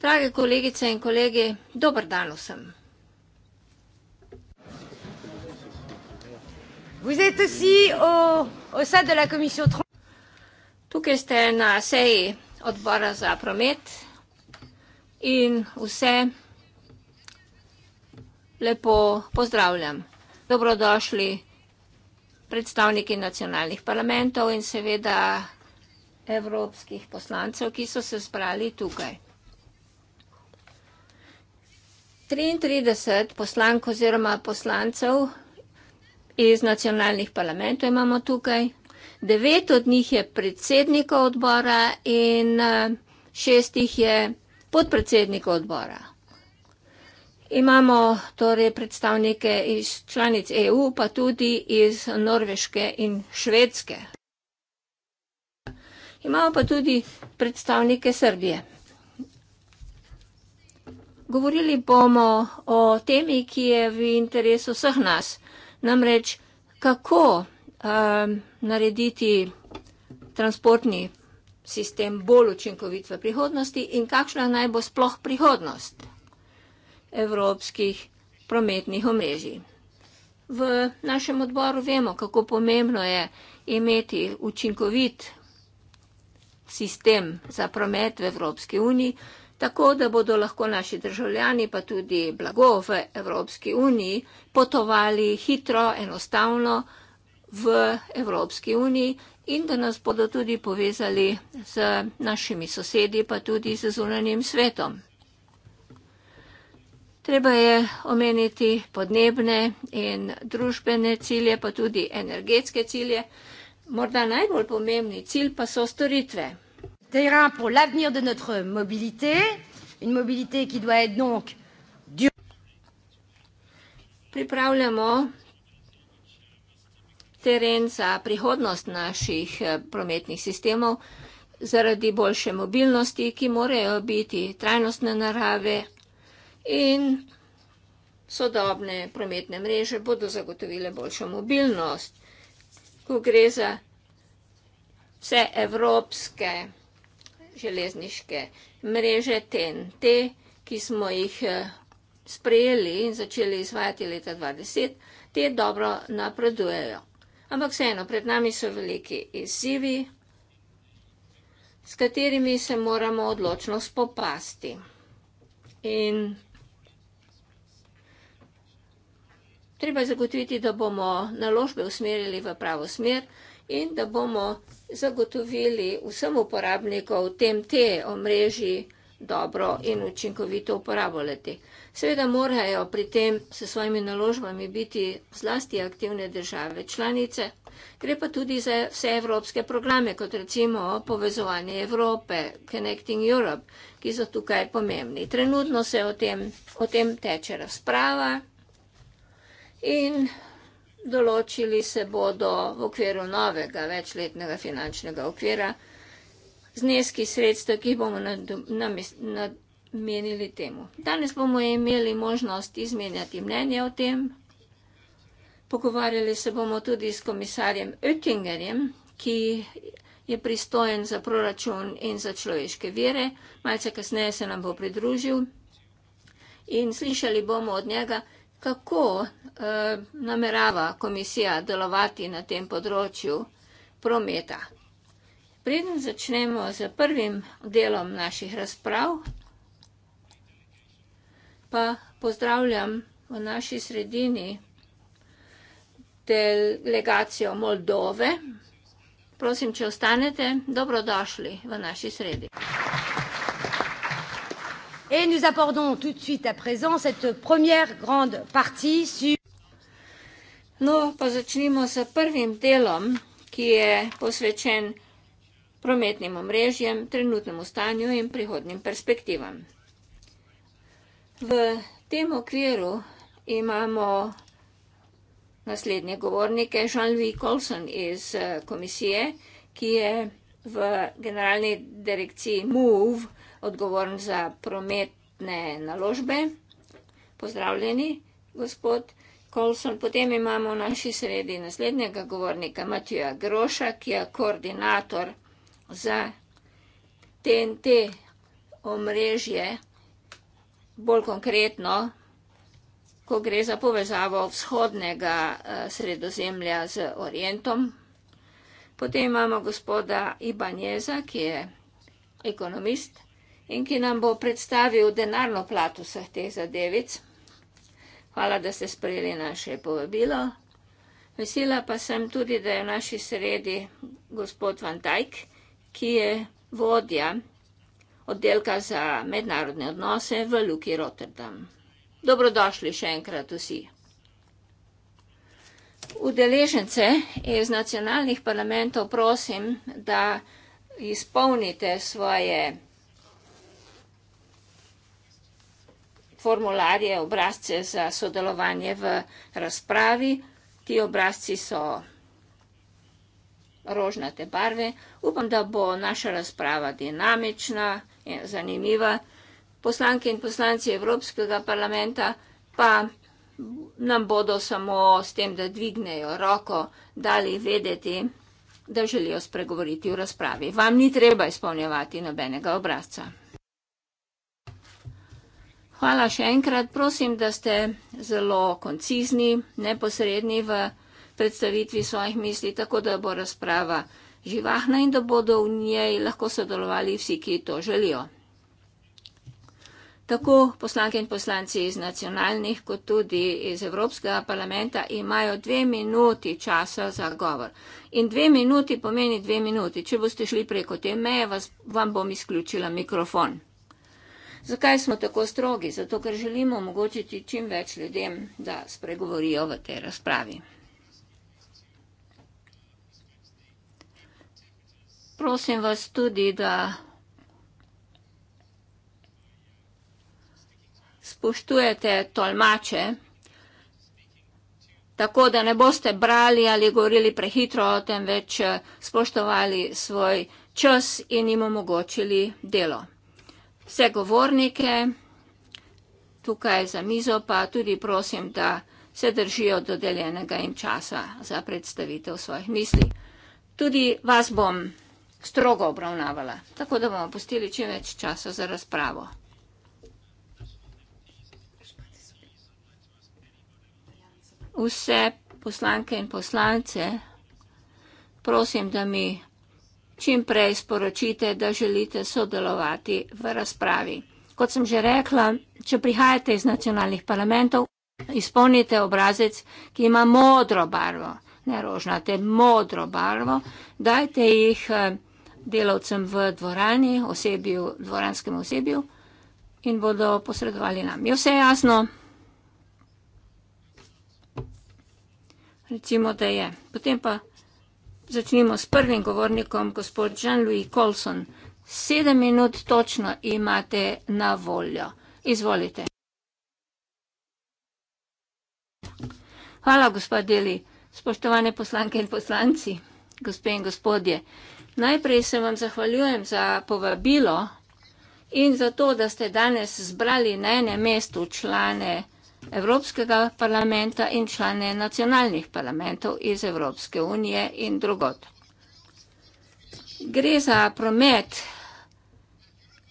Drage kolegice in kolegi, dober dan vsem. Vous êtes aussi au, au sein de la commission 3. Tukaj ste na seji odbora za promet in vse lepo pozdravljam. Dobrodošli predstavniki nacionalnih parlamentov in seveda evropskih poslancev, ki so se sprali tukaj. 33 poslank oziroma poslancev iz nacionalnih parlamentov imamo tukaj. Devet od njih je predsednikov odbora in eh, šestih je podpredsednikov odbora. Imamo torej predstavnike iz članic EU, pa tudi iz Norveške in Švedske. Imamo pa tudi predstavnike Srbije. Govorili bomo o temi, ki je v interesu vseh nas, namreč kako um, narediti transportni sistem bolj učinkovit v prihodnosti in kakšna naj bo sploh prihodnost evropskih prometnih omrežij. V našem odboru vemo, kako pomembno je imeti učinkovit sistem za promet v Evropski uniji, tako da bodo lahko naši državljani, pa tudi blago v Evropski uniji, potovali hitro, enostavno v Evropski uniji in da nas bodo tudi povezali z našimi sosedi, pa tudi z zunanjim svetom. Treba je omeniti podnebne in družbene cilje, pa tudi energetske cilje. Morda najbolj pomembni cilj pa so storitve. Terrain pour l'avenir de notre mobilité, une mobilité qui doit être donc Pripravljamo teren za prihodnost naših eh, prometnih sistemov zaradi boljše mobilnosti, ki morajo biti trajnostne narave in sodobne prometne mreže bodo zagotovile boljšo mobilnost ko gre za vse evropske železniške mreže TNT, ki smo jih eh, sprejeli in začeli izvajati leta 2010, te dobro napredujejo. Ampak vseeno, pred nami so veliki izzivi, s katerimi se moramo odločno spopasti. In treba je zagotoviti, da bomo naložbe usmerili v pravo smer in da bomo zagotovili vsem uporabnikom tem te omrežji dobro in učinkovito uporabljati. Seveda morajo pri tem s svojimi naložbami biti zlasti aktivne države članice, gre pa tudi za vse evropske programe, kot recimo povezovanje Evrope, Connecting Europe, ki so tukaj pomembni. Trenutno se o tem, o tem teče razprava in določili se bodo v okviru novega večletnega finančnega okvira zneski sredstev, ki bomo namenili temu. Danes bomo imeli možnost izmenjati mnenje o tem. Pogovarjali se bomo tudi s komisarjem Oettingerjem, ki je pristojen za proračun in za človeške vire. Malce kasneje se nam bo pridružil in slišali bomo od njega, kako eh, namerava komisija delovati na tem področju prometa. Preden začnemo z prvim delom naših razprav, pa pozdravljam v naši sredini delegacijo Moldove. Prosim, če ostanete, dobrodošli v naši sredini. Et nous abordons tout de suite à présent cette première grande partie sur... No, pa začnimo s prvim delom, ki je posvečen prometnim omrežjem, trenutnemu stanju in prihodnim perspektivam. V tem okviru imamo naslednje govornike, Jean-Louis Colson iz eh, komisije, ki je v generalni direkciji MOVE, odgovoren za prometne naložbe. Pozdravljeni, gospod Kolson. Potem imamo v naši sredi naslednjega govornika Matija Groša, ki je koordinator za TNT omrežje, bolj konkretno, ko gre za povezavo vzhodnega eh, sredozemlja z Orientom. Potem imamo gospoda Ibaneza, ki je ekonomist, in ki nam bo predstavil denarno plat vseh teh zadevic. Hvala, da ste sprejeli naše povabilo. Vesela pa sem tudi, da je v naši sredi gospod Van Dijk, ki je vodja oddelka za mednarodne odnose v Luki Rotterdam. Dobrodošli še enkrat vsi. Udeležence iz nacionalnih parlamentov prosim, da izpolnite svoje formularje, obrazce za sodelovanje v razpravi. Ti obrazci so rožnate barve. Upam, da bo naša razprava dinamična in zanimiva. Poslanke in poslanci Evropskega parlamenta pa nam bodo samo s tem, da dvignejo roko, dali vedeti, da želijo spregovoriti v razpravi. Vam ni treba izpolnjevati nobenega obrazca. Hvala še enkrat. Prosim, da ste zelo koncizni, neposredni v predstavitvi svojih misli, tako da bo razprava živahna in da bodo v njej lahko sodelovali vsi, ki to želijo. Tako poslanke in poslanci iz nacionalnih, kot tudi iz Evropskega parlamenta imajo dve minuti časa za govor. In dve minuti pomeni dve minuti. Če boste šli preko te meje, vas, vam bom izključila mikrofon. Zakaj smo tako strogi? Zato, ker želimo omogočiti čim več ljudem, da spregovorijo v tej razpravi. Prosim vas tudi, da spoštujete tolmače, tako da ne boste brali ali govorili prehitro o tem, več eh, spoštovali svoj čas in jim omogočili delo vse govornike tukaj za mizo, pa tudi prosim, da se držijo dodeljenega in časa za predstavitev svojih misli. Tudi vas bom strogo obravnavala, tako da bomo pustili čim več časa za razpravo. Vse poslanke in poslance prosim, da mi čim prej sporočite, da želite sodelovati v razpravi. Kot sem že rekla, če prihajate iz nacionalnih parlamentov, izpolnite obrazec, ki ima modro barvo, ne rožnate, modro barvo, dajte jih eh, delavcem v dvorani, osebju, dvoranskem osebju in bodo posredovali nam. Je vse jasno? Recimo, da je. Potem pa. Začnimo s prvim govornikom, gospod Jean-Louis Colson. Sedem minut točno imate na voljo. Izvolite. Hvala, gospod Deli. Spoštovane poslanke in poslanci, gospe in gospodje. Najprej se vam zahvaljujem za povabilo in za to, da ste danes zbrali na enem mestu člane. Evropskega parlamenta in člane nacionalnih parlamentov iz Evropske unije in drugot. Gre za promet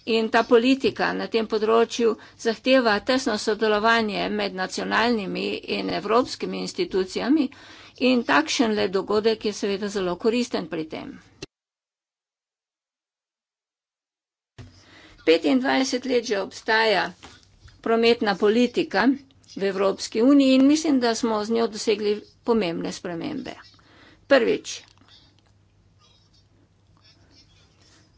in ta politika na tem področju zahteva tesno sodelovanje med nacionalnimi in evropskimi institucijami in takšen le dogodek je seveda zelo koristen pri tem. 25 let že obstaja prometna politika v Evropski uniji in mislim, da smo z njo dosegli pomembne spremembe. Prvič,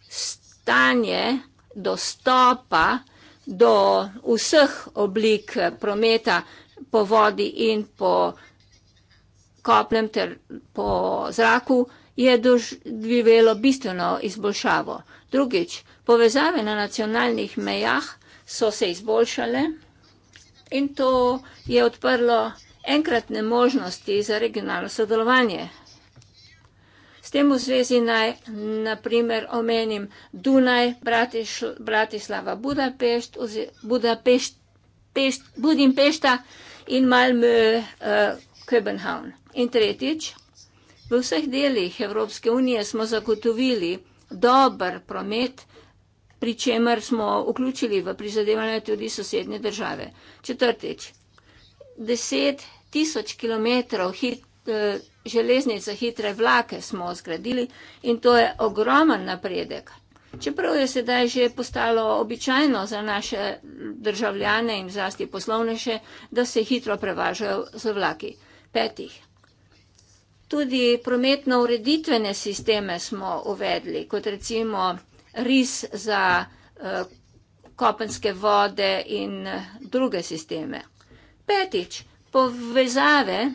stanje dostopa do vseh oblik prometa po vodi in po koplem ter po zraku je doživelo bistveno izboljšavo. Drugič, povezave na nacionalnih mejah so se izboljšale in to je odprlo enkratne možnosti za regionalno sodelovanje. S tem v zvezi naj naprimer omenim Dunaj, Bratiš, Bratislava, Budapešt, oz, Budapešt pešt, Budimpešta in Malmö, uh, Köbenhavn. In tretjič, v vseh delih Evropske unije smo zagotovili dober promet, pri čemer smo vključili v prizadevanje tudi sosednje države. Četrtič, deset tisoč kilometrov hit, eh, železnica hitre vlake smo zgradili in to je ogroman napredek. Čeprav je sedaj že postalo običajno za naše državljane in zlasti poslovneše, da se hitro prevažajo z vlaki. Petih. Tudi prometno ureditvene sisteme smo uvedli, kot recimo ris za eh, kopenske vode in eh, druge sisteme. Petič, povezave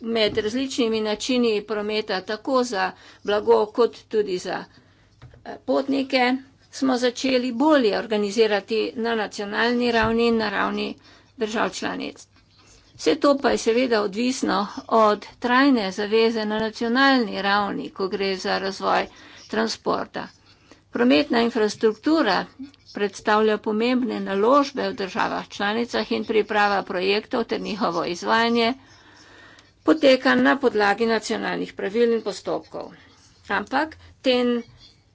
med različnimi načini prometa, tako za blago, kot tudi za eh, potnike, smo začeli bolje organizirati na nacionalni ravni in na ravni držav članic. Vse to pa je seveda odvisno od trajne zaveze na nacionalni ravni, ko gre za razvoj transporta. Prometna infrastruktura predstavlja pomembne naložbe v državah članicah in priprava projektov ter njihovo izvajanje poteka na podlagi nacionalnih pravil in postopkov. Ampak ten,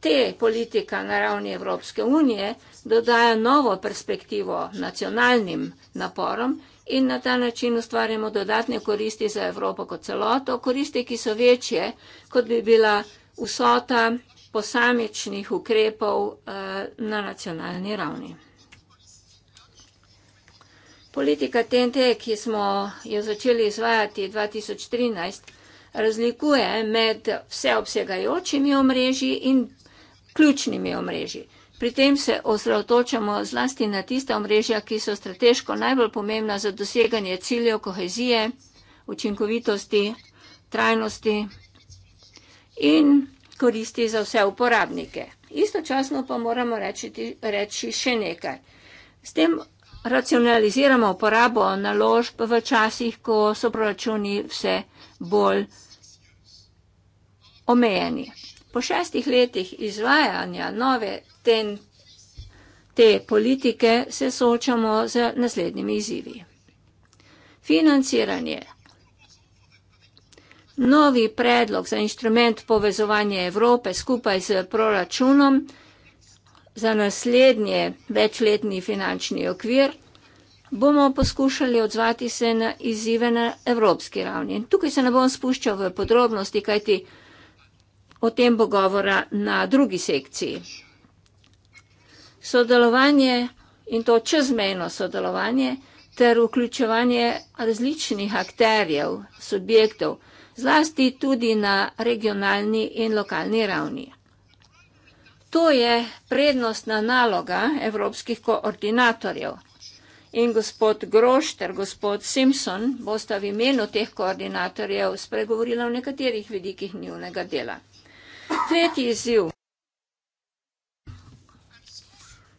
te politika na ravni Evropske unije dodaja novo perspektivo nacionalnim naporom in na ta način ustvarjamo dodatne koristi za Evropo kot celoto, koristi, ki so večje, kot bi bila vsota posamičnih ukrepov eh, na nacionalni ravni. Politika TNT, ki smo jo začeli izvajati 2013, razlikuje med vseobsegajočimi omrežji in ključnimi omrežji. Pri tem se osredotočamo zlasti na tiste omrežja, ki so strateško najbolj pomembna za doseganje ciljev kohezije, učinkovitosti, trajnosti in koristi za vse uporabnike. Istočasno pa moramo reči, reči še nekaj. S tem racionaliziramo uporabo naložb v časih, ko so proračuni vse bolj omejeni. Po šestih letih izvajanja nove ten, te politike se soočamo z naslednjimi izzivi. Financiranje novi predlog za inštrument povezovanja Evrope skupaj z proračunom za naslednje večletni finančni okvir, bomo poskušali odzvati se na izzive na evropski ravni. In tukaj se ne bom spuščal v podrobnosti, kajti o tem bo govora na drugi sekciji. Sodelovanje in to čezmejno sodelovanje ter vključevanje različnih akterjev, subjektov, zlasti tudi na regionalni in lokalni ravni. To je prednostna naloga evropskih koordinatorjev. In gospod Groš ter gospod Simpson bosta v imenu teh koordinatorjev spregovorila o nekaterih vidikih njunega dela. Tretji izziv.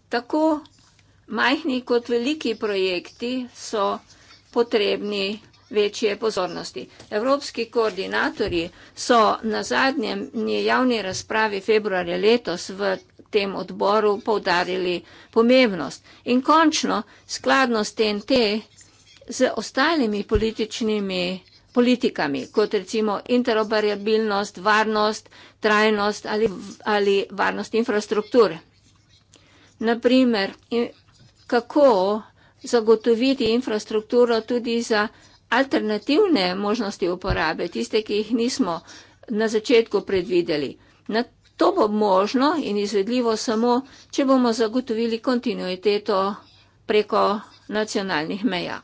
Tako majhni kot veliki projekti so potrebni večje pozornosti. Evropski koordinatorji so na zadnjem javni razpravi februarja letos v tem odboru povdarili pomembnost. In končno, skladno s TNT z ostalimi političnimi politikami, kot recimo interoperabilnost, varnost, trajnost ali, ali varnost infrastrukture. Naprimer, kako zagotoviti infrastrukturo tudi za alternativne možnosti uporabe, tiste, ki jih nismo na začetku predvideli. Na to bo možno in izvedljivo samo, če bomo zagotovili kontinuiteto preko nacionalnih meja.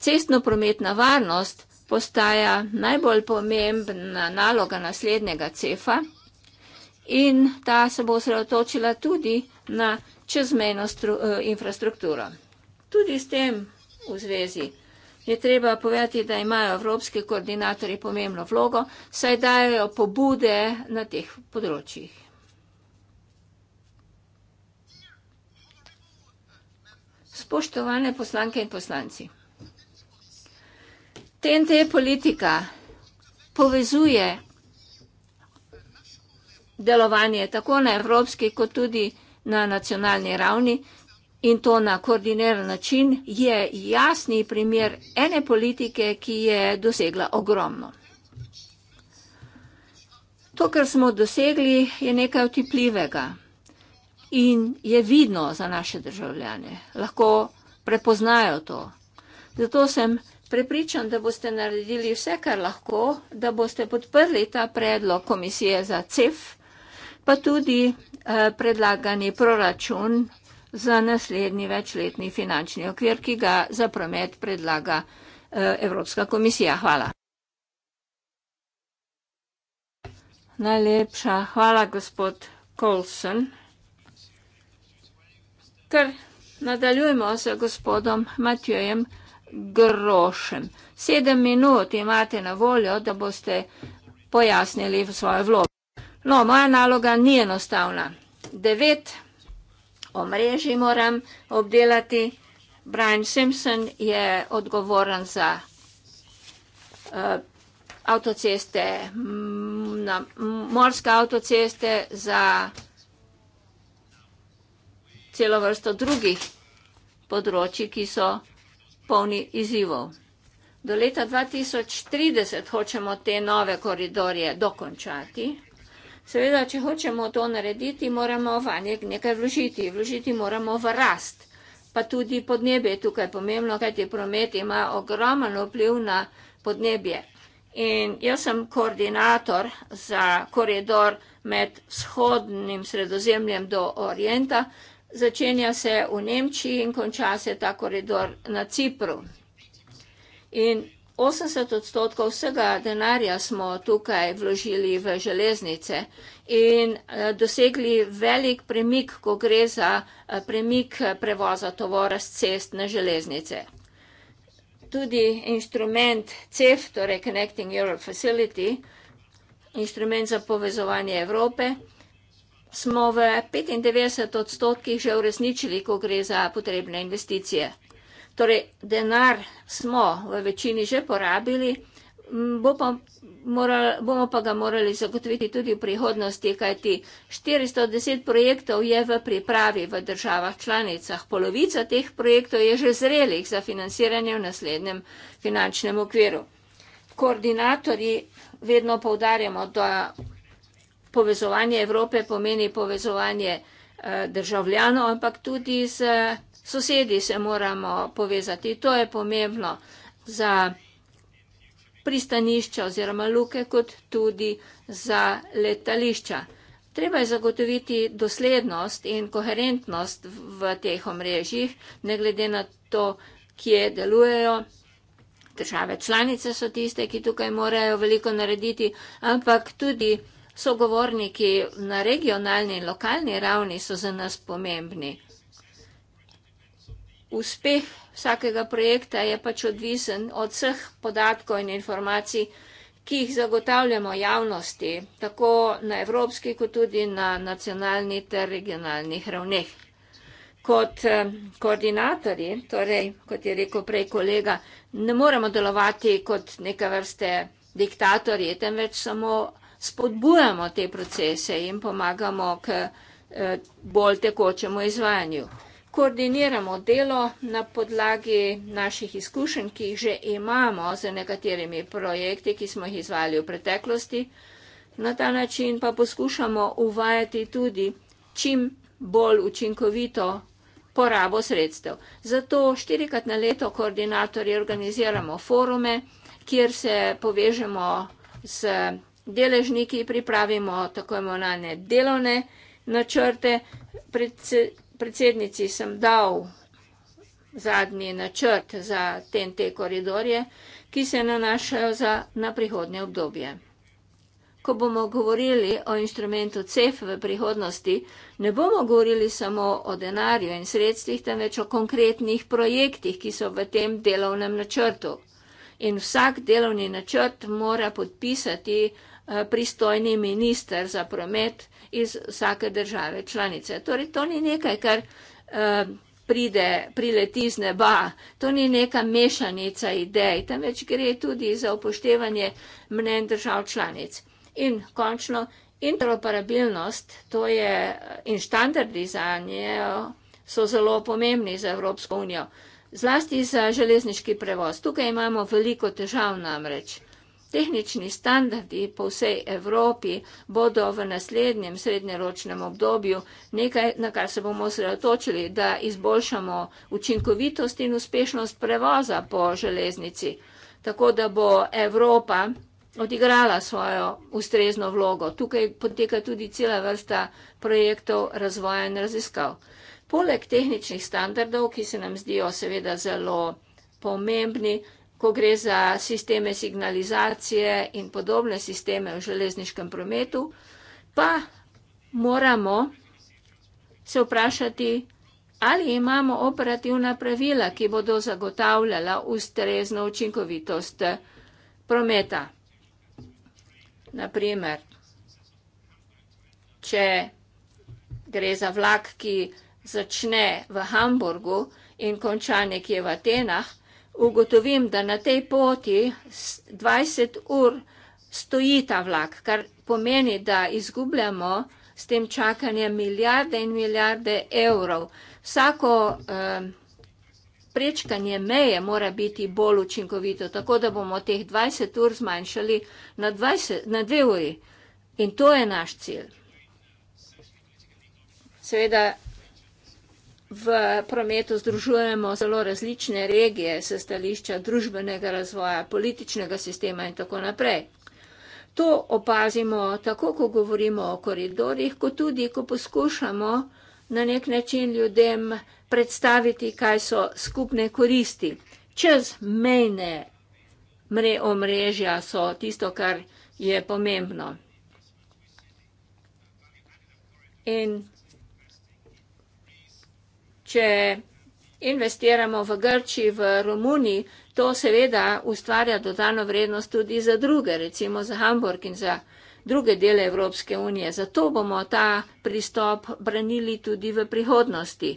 Cestno-prometna varnost postaja najbolj pomembna naloga naslednjega cefa in ta se bo osredotočila tudi na čezmejno eh, infrastrukturo. Tudi s tem v zvezi. Je treba povedati, da imajo evropski koordinatorji pomembno vlogo, saj dajo pobude na teh področjih. Spoštovane poslanke in poslanci, TNT politika povezuje delovanje tako na evropski kot tudi na nacionalni ravni, in to na koordiniran način, je jasni primer ene politike, ki je dosegla ogromno. To, kar smo dosegli, je nekaj otipljivega in je vidno za naše državljane. Lahko prepoznajo to. Zato sem prepričan, da boste naredili vse, kar lahko, da boste podprli ta predlog komisije za CEF, pa tudi eh, predlagani proračun za naslednji večletni finančni okvir, ki ga za promet predlaga eh, Evropska komisija. Hvala. Najlepša hvala, gospod Colson. Kar nadaljujemo s gospodom Matjojem Grošem. Sedem minut imate na voljo, da boste pojasnili svojo vlogo. No, moja naloga ni enostavna. Devet minut omrežji moram obdelati. Brian Simpson je odgovoren za eh, avtoceste, morske avtoceste, za celo vrsto drugih področji, ki so polni izzivov. Do leta 2030 hočemo te nove koridorje dokončati. Seveda, če hočemo to narediti, moramo vanje nekaj vložiti, vložiti moramo v rast. Pa tudi podnebje je tukaj pomembno, kajti promet ima ogromen vpliv na podnebje. In jaz sem koordinator za koridor med vzhodnim sredozemljem do Orienta. Začenja se v Nemčiji in konča se ta koridor na Cipru. In 80 odstotkov vsega denarja smo tukaj vložili v železnice in eh, dosegli velik premik, ko gre za eh, premik eh, prevoza tovora z cest na železnice. Tudi inštrument CEF, torej Connecting Europe Facility, inštrument za povezovanje Evrope, smo v 95 odstotkih že uresničili, ko gre za potrebne investicije. Torej, denar smo v večini že porabili, bo pa moral, bomo pa ga morali zagotoviti tudi v prihodnosti, kajti 410 projektov je v pripravi v državah članicah. Polovica teh projektov je že zrelih za financiranje v naslednjem finančnem okviru. Koordinatorji vedno povdarjamo, da povezovanje Evrope pomeni povezovanje eh, državljanov, ampak tudi z Sosedi se moramo povezati, to je pomembno za pristanišča oziroma luke, kot tudi za letališča. Treba je zagotoviti doslednost in koherentnost v teh omrežjih, ne glede na to, kje delujejo. Države članice so tiste, ki tukaj morajo veliko narediti, ampak tudi sogovorniki na regionalni in lokalni ravni so za nas pomembni uspeh vsakega projekta je pač odvisen od vseh podatkov in informacij, ki jih zagotavljamo javnosti, tako na evropski, kot tudi na nacionalni ter regionalnih ravneh. Kot eh, koordinatorji, torej, kot je rekel prej kolega, ne moremo delovati kot neka vrste diktatorji, temveč samo spodbujamo te procese in pomagamo k eh, bolj tekočemu izvajanju koordiniramo delo na podlagi naših izkušenj, ki jih že imamo z nekaterimi projekti, ki smo jih izvali v preteklosti. Na ta način pa poskušamo uvajati tudi čim bolj učinkovito porabo sredstev. Zato štirikrat na leto koordinatorji organiziramo forume, kjer se povežemo s deležniki, pripravimo tako imenovane delovne načrte, predsednici sem dal zadnji načrt za TNT koridorje, ki se nanašajo za, na prihodnje obdobje. Ko bomo govorili o instrumentu CEF v prihodnosti, ne bomo govorili samo o denarju in sredstvih, temveč o konkretnih projektih, ki so v tem delovnem načrtu. In vsak delovni načrt mora podpisati eh, pristojni minister za promet iz vsake države članice. Torej, to ni nekaj, kar eh, pride, prileti z neba, to ni neka mešanica idej, temveč gre tudi za upoštevanje mnen držav članic. In končno, interoperabilnost to je, in standardi za njo so zelo pomembni za Evropsko unijo, zlasti za železniški prevoz. Tukaj imamo veliko težav namreč. Tehnični standardi po vsej Evropi bodo v naslednjem srednjeročnem obdobju nekaj, na kar se bomo sredotočili, da izboljšamo učinkovitost in uspešnost prevoza po železnici, tako da bo Evropa odigrala svojo ustrezno vlogo. Tukaj poteka tudi cela vrsta projektov razvoja in raziskav. Poleg tehničnih standardov, ki se nam zdijo seveda zelo pomembni, ko gre za sisteme signalizacije in podobne sisteme v železniškem prometu, pa moramo se vprašati, ali imamo operativna pravila, ki bodo zagotavljala ustrezno učinkovitost prometa. Naprimer, če gre za vlak, ki začne v Hamburgu in konča nekje v Atenah, ugotovim, da na tej poti 20 ur stoji ta vlak, kar pomeni, da izgubljamo s tem čakanjem milijarde in milijarde evrov. Vsako eh, prečkanje meje mora biti bolj učinkovito, tako da bomo teh 20 ur zmanjšali na, 20, na 2 uri. In to je naš cilj. Seveda v prometu združujemo zelo različne regije, se stališča družbenega razvoja, političnega sistema in tako naprej. To opazimo tako, ko govorimo o koridorjih, kot tudi, ko poskušamo na nek način ljudem predstaviti, kaj so skupne koristi. Čez mejne mre omrežja so tisto, kar je pomembno. In če investiramo v Grči, v Romuniji, to seveda ustvarja dodano vrednost tudi za druge, recimo za Hamburg in za druge dele Evropske unije. Zato bomo ta pristop branili tudi v prihodnosti.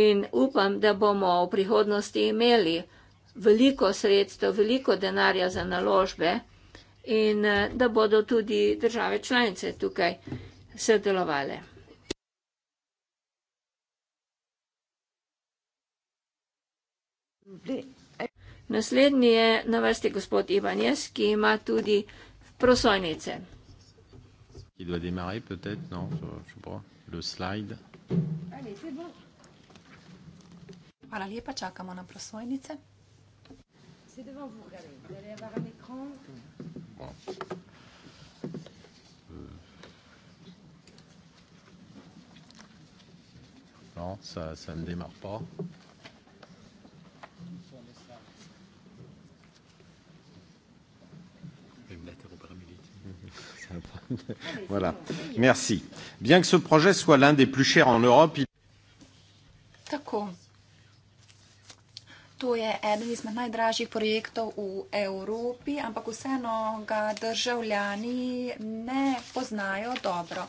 In upam, da bomo v prihodnosti imeli veliko sredstev, veliko denarja za naložbe in eh, da bodo tudi države članice tukaj sodelovale. Naslednji je na vrsti gospod Ivan Jes, ki ima tudi prosojnice. Hvala lepa, čakamo na prosojnice. Euh. Non, ça, ça ne démarre pas. voilà. Merci. Bien que ce projet soit l'un des plus chers en Europe, il... Tako. To je eden izmed najdražjih projektov v Evropi, ampak vseeno ga državljani ne poznajo dobro.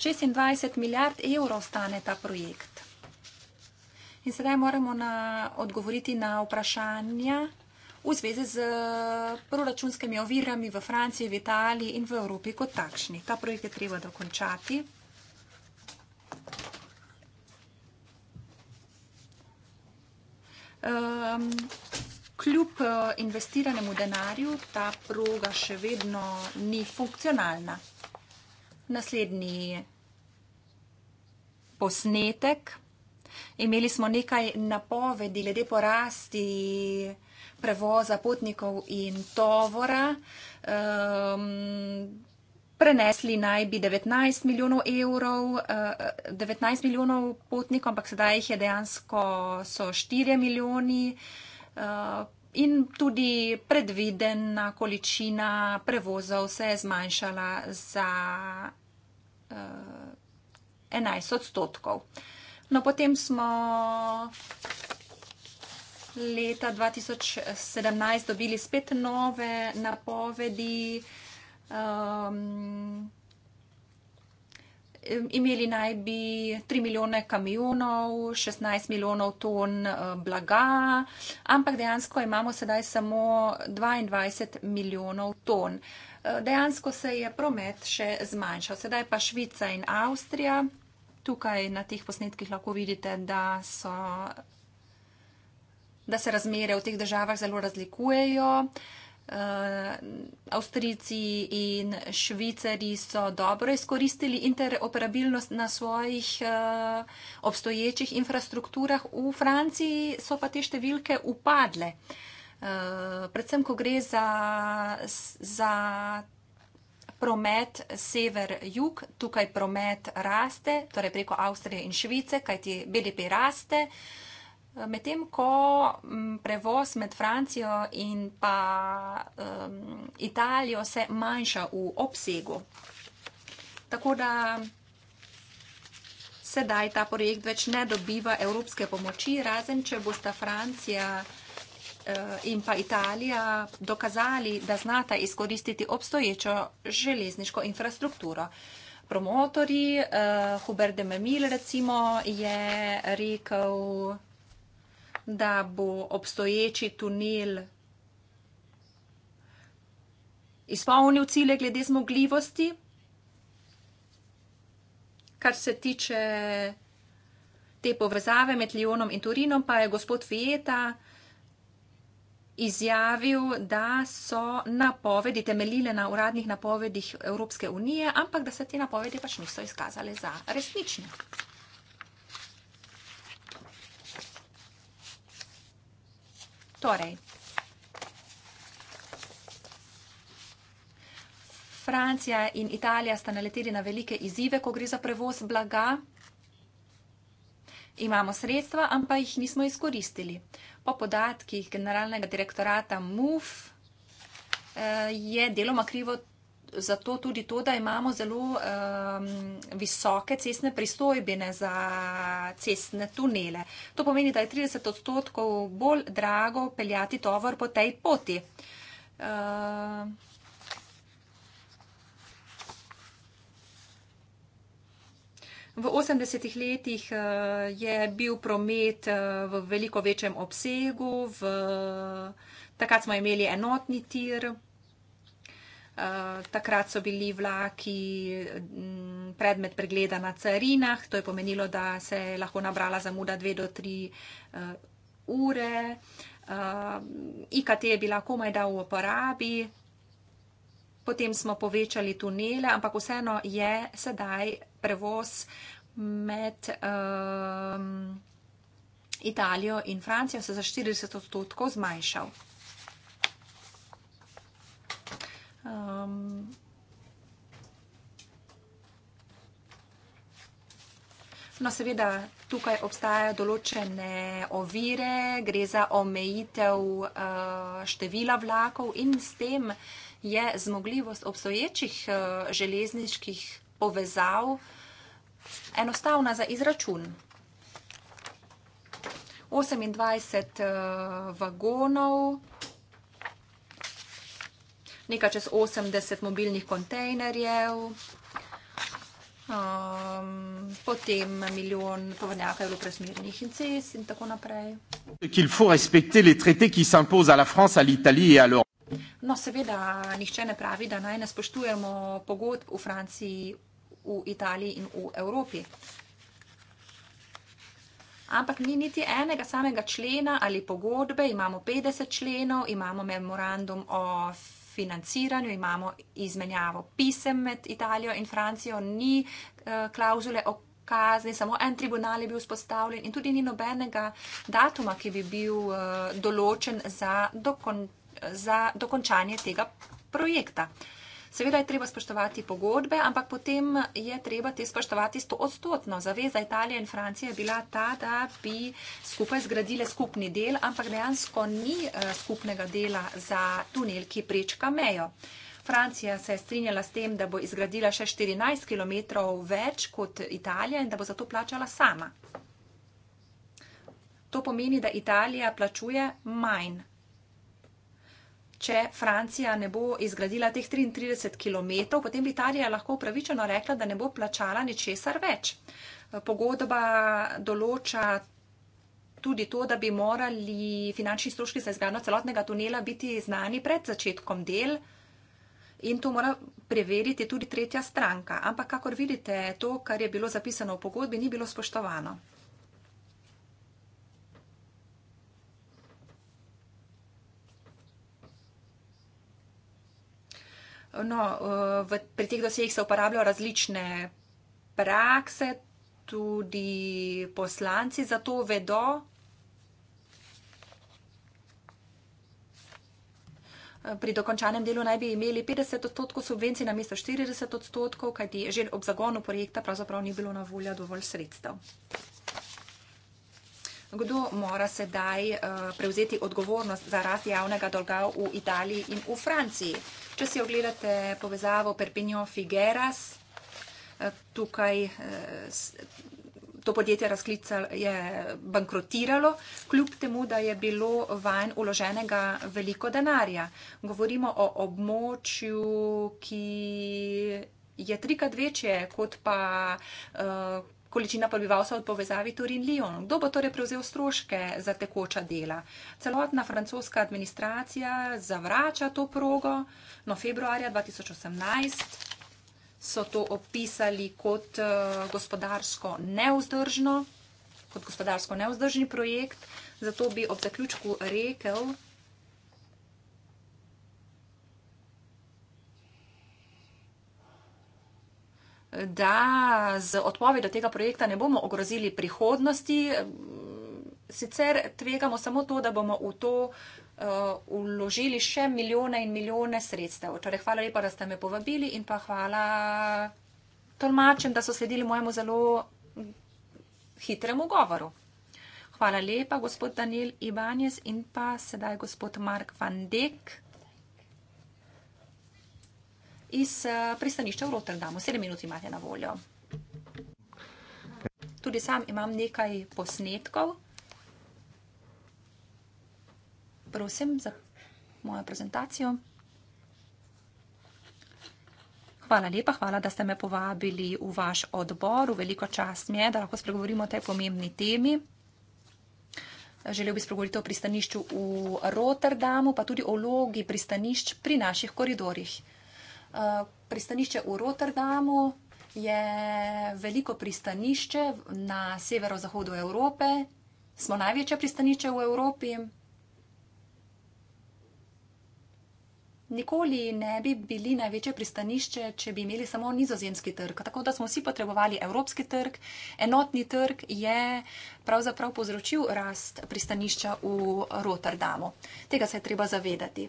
26 milijard evrov stane ta projekt. In sedaj moramo na, odgovoriti na vprašanja, v zvezi z eh, proračunskimi ovirami v Franciji, v Italiji in v Evropi kot takšni. Ta projekt je treba dokončati. Um, kljub eh, investiranemu denarju ta proga še vedno ni funkcionalna. Naslednji posnetek. Imeli smo nekaj napovedi glede porasti prevoza potnikov in tovora. Um, prenesli naj bi 19 milijonov evrov, uh, eh, 19 milijonov potnikov, ampak sedaj jih je dejansko so 4 milijoni. Uh, In tudi predvidena količina prevozov se je zmanjšala za uh, eh, 11 odstotkov. No, potem smo leta 2017 dobili spet nove napovedi, um, imeli naj bi 3 milijone kamionov, 16 milijonov ton eh, blaga, ampak dejansko imamo sedaj samo 22 milijonov ton. Eh, dejansko se je promet še zmanjšal. Sedaj pa Švica in Avstrija. Tukaj na teh posnetkih lahko vidite, da so da se razmere v teh državah zelo razlikujejo. Uh, Avstrijci in Švicari so dobro izkoristili interoperabilnost na svojih uh, obstoječih infrastrukturah, v Franciji so pa te številke upadle. Uh, predvsem, ko gre za, za promet sever-jug, tukaj promet raste, torej preko Avstrije in Švice, kajti BDP raste. Uh, Medtem ko prevoz med Francijo in pa um, Italijo se manjša v obsegu. Tako da sedaj ta projekt več ne dobiva evropske pomoči, razen če bosta Francija uh, in pa Italija dokazali, da znata izkoristiti obstoječo železniško infrastrukturo. Promotori, uh, e, Hubert de Memil recimo, je rekel, da bo obstoječi tunel izpolnil cilje glede zmogljivosti, kar se tiče te povezave med Lionom in Turinom, pa je gospod Fijeta izjavil, da so napovedi temeljile na uradnih napovedih Evropske unije, ampak da se te napovedi pač niso izkazale za resnične. Torej, Francija in Italija sta naleteli na velike izzive, ko gre za prevoz blaga. Imamo sredstva, ampak jih nismo izkoristili. Po podatkih generalnega direktorata MUF eh, je deloma krivo zato tudi to, da imamo zelo um, visoke cestne pristojbine za cestne tunele. To pomeni, da je 30 odstotkov bolj drago peljati tovor po tej poti. Uh, V 80-ih letih eh, je bil promet eh, v veliko večjem obsegu, v... takrat smo imeli enotni tir. Eh, takrat so bili vlaki mm, predmet pregleda na carinah, to je pomenilo, da se je lahko nabrala zamuda dve do tri uh, ure. Uh, eh, IKT je bila komaj da v uporabi, potem smo povečali tunele, ampak vseeno je sedaj prevoz med um, Italijo in Francijo se za 40 odstotkov zmanjšal. Um, no, seveda, tukaj obstajajo določene ovire, gre za omejitev uh, števila vlakov in s tem je zmogljivost obstoječih uh, železniških povezav enostavna za izračun. 28 uh, vagonov nekaj čez 80 mobilnih kontejnerjev, um, potem milijon tovornjakov evropresmernih in cest in tako naprej. Qu'il faut respecter les traités qui s'imposent à la France, à l'Italie et à l'Europe. No, seveda, nihče ne pravi, da naj ne spoštujemo pogodb v Franciji, v Italiji in v Evropi. Ampak ni niti enega samega člena ali pogodbe, imamo 50 členov, imamo memorandum o financiranju, imamo izmenjavo pisem med Italijo in Francijo, ni eh, klauzule o kazni, samo en tribunal je bil spostavljen in tudi ni nobenega datuma, ki bi bil eh, določen za, dokon, za dokončanje tega projekta. Seveda je treba spoštovati pogodbe, ampak potem je treba te spoštovati stoodstotno. Zaveza Italije in Francije je bila ta, da bi skupaj zgradile skupni del, ampak dejansko ni eh, skupnega dela za tunel, ki prečka mejo. Francija se je strinjala s tem, da bo izgradila še 14 km več kot Italija in da bo za to plačala sama. To pomeni, da Italija plačuje manj če Francija ne bo izgradila teh 33 km, potem Italija lahko upravičeno rekla, da ne bo plačala ničesar več. Pogodba določa tudi to, da bi morali finančni stroški za izgradnjo celotnega tunela biti znani pred začetkom del in to mora preveriti tudi tretja stranka. Ampak, kakor vidite, to, kar je bilo zapisano v pogodbi, ni bilo spoštovano. No, eh, v, pri teh dosjejih se uporabljajo različne prakse, tudi poslanci za to vedo. Eh, pri dokončanem delu naj bi imeli 50 odstotkov subvencij na mesto 40 odstotkov, kajti že ob zagonu projekta pravzaprav ni bilo na voljo dovolj sredstev. Kdo mora sedaj uh, prevzeti odgovornost za rast javnega dolga v Italiji in v Franciji? Uh, Če si ogledate povezavo Perpignan-Figueras, eh, tukaj eh, to podjetje je bankrotiralo, kljub temu, da je bilo vanj uloženega veliko denarja. Govorimo o območju, ki je trikrat večje kot pa. Uh, količina prebivalstva v povezavi Turin-Lyon. Kdo bo torej prevzel stroške za tekoča dela? Celotna francoska administracija zavrača to progo, no februarja 2018 so to opisali kot eh, gospodarsko neuzdržno, kot gospodarsko neuzdržni projekt, zato bi ob zaključku rekel, da z odpovedjo tega projekta ne bomo ogrozili prihodnosti. Eh, sicer tvegamo samo to, da bomo v to uložili eh, še milijone in milijone sredstev. Torej, hvala lepa, da ste me povabili in pa hvala tolmačem, da so sledili mojemu zelo hitremu govoru. Hvala lepa, gospod Daniel Ivanjes in pa sedaj gospod Mark Van Dek iz eh, pristanišča v Rotterdamu. Sedem minut imate na voljo. Tudi sam imam nekaj posnetkov. Prosim za mojo prezentacijo. Hvala lepa, hvala, da ste me povabili v vaš odbor. V veliko čast mi je, da lahko spregovorimo o tej pomembni temi. Želel bi spregovoriti o pristanišču v Rotterdamu, pa tudi o vlogi pristanišč pri naših koridorjih pristanišče v Rotterdamu je veliko pristanišče na severozahodu Evrope. Smo največje pristanišče v Evropi. Nikoli ne bi bili največje pristanišče, če bi imeli samo nizozemski trg. Tako da smo vsi potrebovali evropski trg. Enotni trg je pravzaprav povzročil rast pristanišča v Rotterdamu. Tega se je treba zavedati.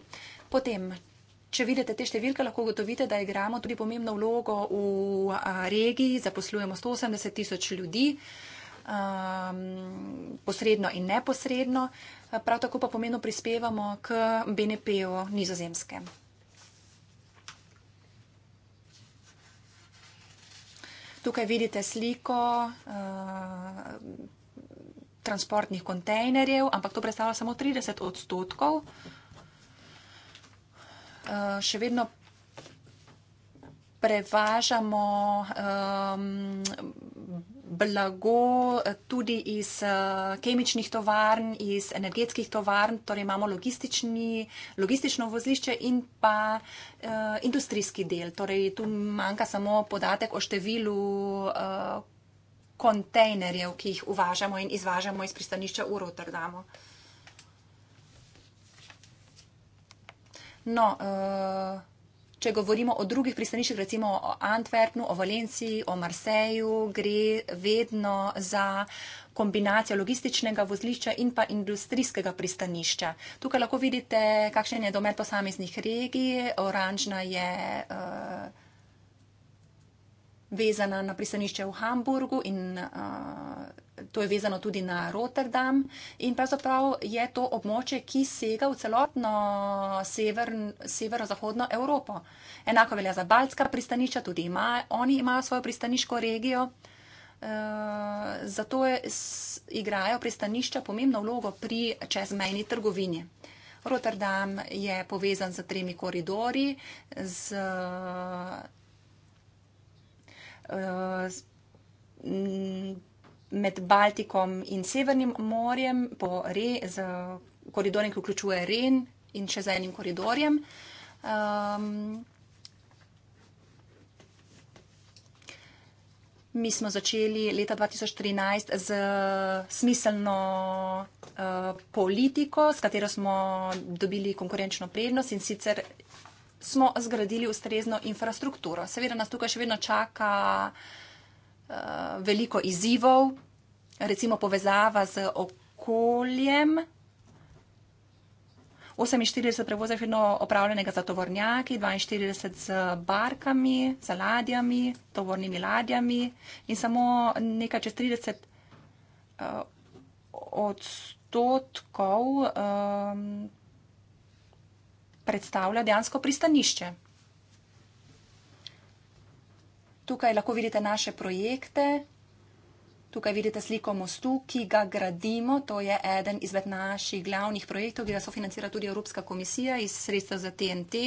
Potem, Če vidite te številke, lahko gotovite, da igramo tudi pomembno vlogo v regiji, zaposlujemo 180 tisoč ljudi, um, posredno in neposredno, prav tako pa pomembno prispevamo k BNP-u nizozemske. Tukaj vidite sliko transportnih kontejnerjev, ampak to predstavlja samo 30 odstotkov. Eh, še vedno prevažamo um, blago eh, tudi iz uh, kemičnih tovarn, iz energetskih tovarn, torej imamo logistično vozlišče in pa uh, industrijski del. Torej tu manjka samo podatek o številu. Uh, kontejnerjev, ki jih uvažamo in izvažamo iz pristanišča v Rotterdamu. No, eh, če govorimo o drugih pristaniščih, recimo o Antwerpnu, o Valenciji, o Marseju, gre vedno za kombinacijo logističnega vozlišča in pa industrijskega pristanišča. Tukaj lahko vidite, kakšen je domet posameznih regij. Oranžna je eh, vezana na pristanišče v Hamburgu in eh, to je vezano tudi na Rotterdam in pravzaprav je to območje, ki sega v celotno sever, severozahodno Evropo. Enako velja za Baltska pristanišča, tudi ima, oni imajo svojo pristaniško regijo, eh, zato je, igrajo pristanišča pomembno vlogo pri čezmejni trgovini. Rotterdam je povezan z tremi eh, koridori, z, z, z med Baltikom in Severnim morjem, po Re, z koridorjem, ki vključuje Ren in še z enim koridorjem. Um, Mi smo začeli leta 2013 z smiselno uh, politiko, s katero smo dobili konkurenčno prednost in sicer smo zgradili ustrezno infrastrukturo. Seveda nas tukaj še vedno čaka uh, Eh, veliko izzivov, recimo povezava z okoljem. 48 prevozov je vedno opravljenega za tovornjaki, 42 z barkami, z ladjami, tovornimi ladjami in samo nekaj čez 30 eh, odstotkov eh, predstavlja dejansko pristanišče. Tukaj lahko vidite naše projekte. Tukaj vidite sliko mostu, ki ga gradimo. To je eden izmed naših glavnih projektov, ki ga sofinancira tudi Evropska komisija iz sredstva za TNT.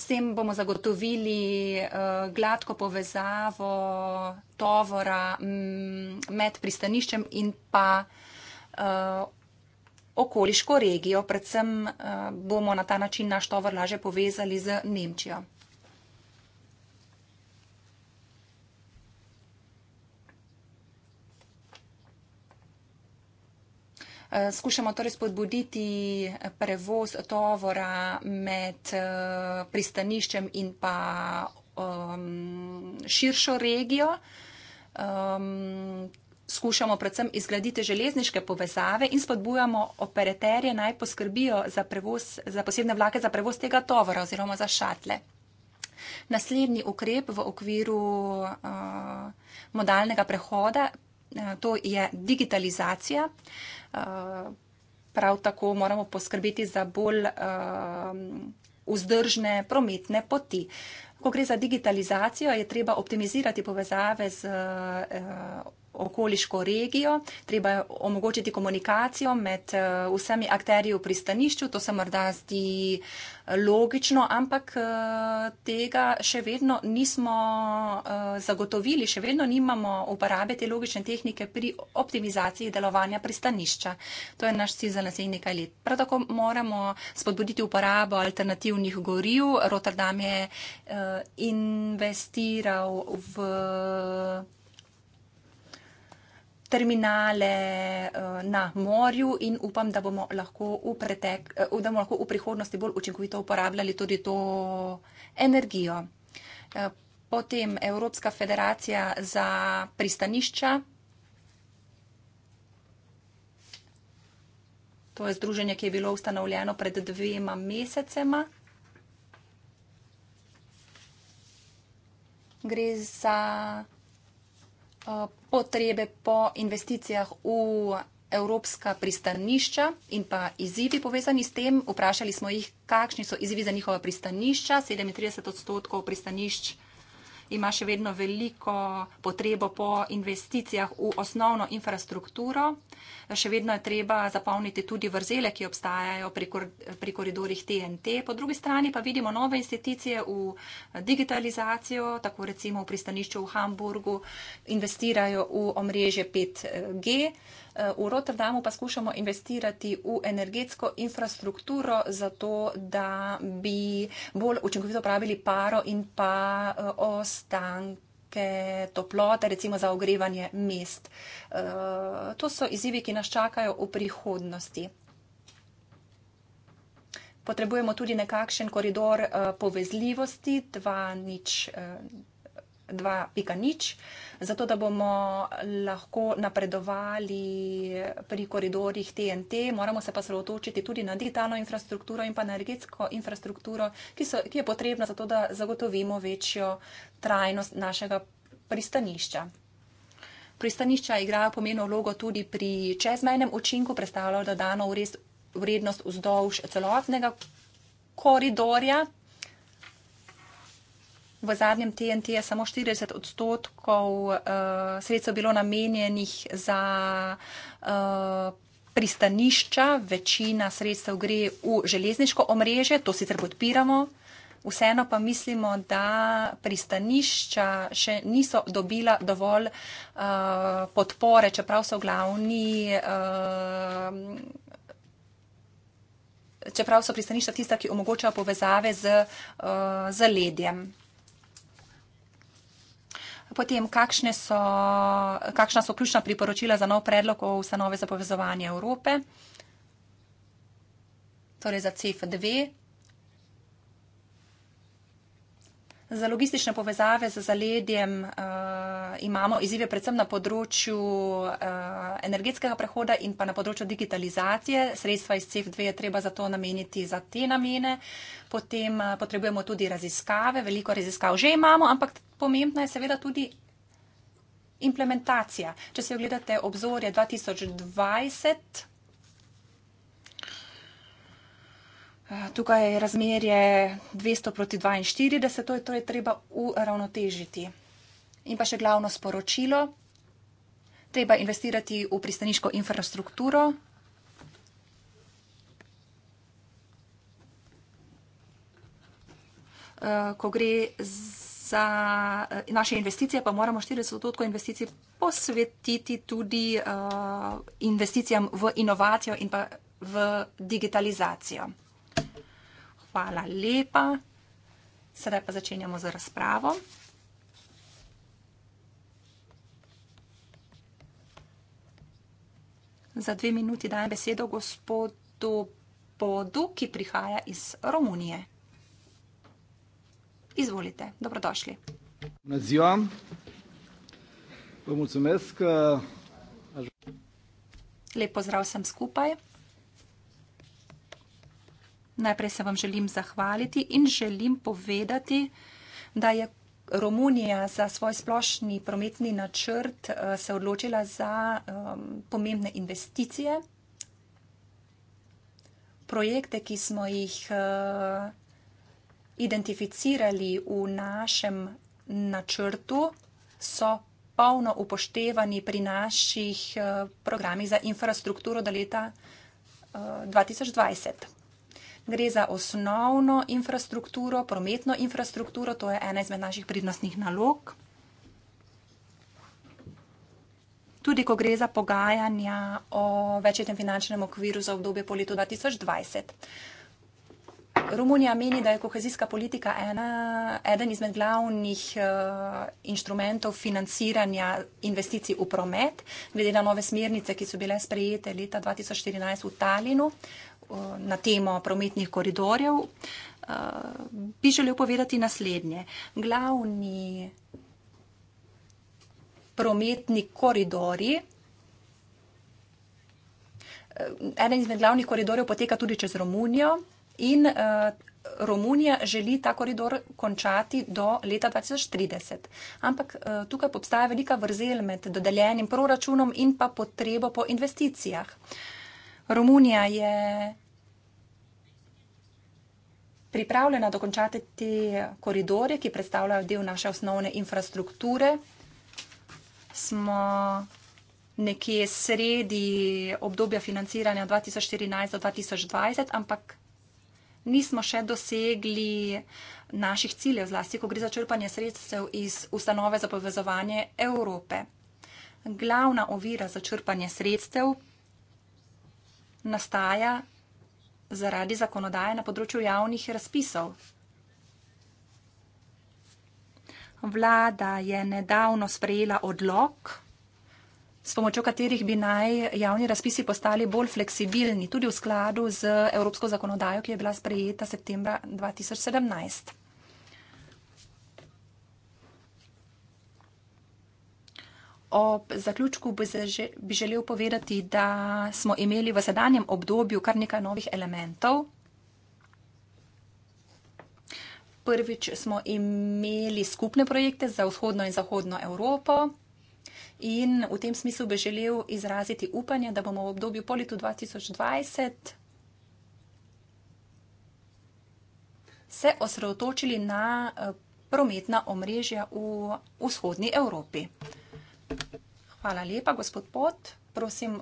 S tem bomo zagotovili eh, gladko povezavo tovora mm, med pristaniščem in pa eh, okoliško regijo, predvsem eh, bomo na ta način naš tovor laže povezali z Nemčijo. Eh, skušamo torej spodbuditi prevoz tovora med eh, pristaniščem in pa ehm, širšo regijo. Ehm, skušamo predvsem izgraditi železniške povezave in spodbujamo operaterje naj poskrbijo za, prevoz, za posebne vlake za prevoz tega tovora oziroma za šatle. Naslednji ukrep v okviru uh, modalnega prehoda uh, to je digitalizacija. Uh, prav tako moramo poskrbeti za bolj uh, vzdržne prometne poti. Ko gre za digitalizacijo, je treba optimizirati povezave z uh, okoliško regijo, treba je omogočiti komunikacijo med eh, vsemi akterji v pristanišču, to se morda zdi eh, logično, ampak eh, tega še vedno nismo zagotovili, še vedno nimamo uporabe te logične tehnike pri optimizaciji delovanja pristanišča. To je naš cilj za naslednjih nekaj let. Prav tako moramo spodbuditi uporabo alternativnih goriv. Rotterdam je investiral v terminale eh, na morju in upam, da bomo lahko v, pretek, eh, da bomo lahko v prihodnosti bolj učinkovito uporabljali tudi to energijo. Eh, potem Evropska federacija za pristanišča. To je združenje, ki je bilo ustanovljeno pred dvema mesecema. Gre za potrebe po investicijah v evropska pristanišča in pa izzivi povezani s tem. Vprašali smo jih, kakšni so izzivi za njihova pristanišča. 37 odstotkov pristanišč uh, ima še vedno veliko potrebo po investicijah v osnovno infrastrukturo. Še vedno je treba zapolniti tudi vrzele, ki obstajajo pri, kor, pri koridorih TNT. Po drugi strani pa vidimo nove institucije v digitalizacijo, tako recimo v pristanišču v Hamburgu investirajo v omrežje 5G. Eh, v Rotterdamu pa skušamo investirati v energetsko infrastrukturo, zato da bi bolj učinkovito pravili paro in pa eh, ostanek toplote, recimo za ogrevanje mest. Eh, to so izzivi, ki nas čakajo v prihodnosti. Potrebujemo tudi nekakšen koridor povezljivosti 2.0. 2.0, zato da bomo lahko napredovali pri koridorjih TNT. Moramo se pa slootočiti tudi na digitalno infrastrukturo in pa energetsko infrastrukturo, ki, so, ki je potrebna zato, da zagotovimo večjo trajnost našega pristanišča. Pristanišča igrajo pomeno vlogo tudi pri čezmejnem učinku, predstavljajo dodano vrednost vzdolž celotnega koridorja V zadnjem TNT je samo 40 odstotkov uh, sredstev bilo namenjenih za uh, pristanišča, večina sredstev gre v železniško omrežje, to sicer podpiramo. Vseeno pa mislimo, da pristanišča še niso dobila dovolj uh, podpore, čeprav so glavni. Uh, Čeprav so pristanišča tista, ki omogočajo povezave z, uh, z ledjem. Potem, so, kakšna so ključna priporočila za nov predlog o ustanovi za povezovanje Evrope, torej za CF2, Za logistične povezave z zaledjem uh, imamo izzive predvsem na področju uh, energetskega prehoda in pa na področju digitalizacije. Sredstva iz CEF2 je treba za to nameniti za te namene. Potem uh, potrebujemo tudi raziskave. Veliko raziskav že imamo, ampak pomembna je seveda tudi implementacija. Če se ogledate obzorje 2020. Tukaj je razmerje 200 proti 42, to je, to je treba uravnotežiti. In pa še glavno sporočilo, treba investirati v pristaniško infrastrukturo. Eh, ko gre za eh, naše investicije, pa moramo 40% investicij posvetiti tudi eh, investicijam v inovacijo in pa v digitalizacijo. Hvala lepa. Sedaj pa začenjamo z razpravo. Za dve minuti dajem besedo gospodu Bodu, ki prihaja iz Romunije. Izvolite, dobrodošli. Nazivam. Uh, Lep pozdrav sem skupaj. Najprej se vam želim zahvaliti in želim povedati, da je Romunija za svoj splošni prometni načrt eh, se odločila za um, pomembne investicije, projekte, ki smo jih uh, identificirali v našem načrtu, so polno upoštevani pri naših uh, programih za infrastrukturo do leta uh, 2020 gre za osnovno infrastrukturo, prometno infrastrukturo, to je ena izmed naših prednostnih nalog. Tudi, ko gre za pogajanja o večjem finančnem okviru za obdobje po letu 2020. Romunija meni, da je kohezijska politika ena, eden izmed glavnih uh, inštrumentov financiranja investicij v promet, glede na nove smernice, ki so bile sprejete leta 2014 v Talinu. Uh, Eh, na temo prometnih koridorjev, eh, bi želel povedati naslednje. Glavni prometni koridori, eh, eden izmed glavnih koridorjev poteka tudi čez Romunijo in Romunija želi ta koridor končati do leta 2030. Ampak tukaj obstaja velika vrzel med dodeljenim proračunom in pa potrebo po investicijah. Romunija je pripravljena dokončati te koridore, ki predstavljajo del naše osnovne infrastrukture. Smo nekje sredi obdobja financiranja 2014 do 2020, ampak nismo še dosegli naših ciljev, zlasti ko gre za črpanje sredstev iz ustanove za povezovanje Evrope. Glavna ovira za črpanje sredstev nastaja zaradi zakonodaje na področju javnih razpisov. Vlada je nedavno sprejela odlog, s pomočjo katerih bi naj javni razpisi postali bolj fleksibilni, tudi v skladu z evropsko zakonodajo, ki je bila sprejeta septembra 2017. Ob zaključku bi, že, bi želel povedati, da smo imeli v sedanjem obdobju kar nekaj novih elementov. Prvič smo imeli skupne projekte za vzhodno in zahodno Evropo in v tem smislu bi želel izraziti upanje, da bomo v obdobju po letu 2020 se osredotočili na eh, prometna omrežja v vzhodni Evropi. Hvala lepa, gospod Pot. Prosim,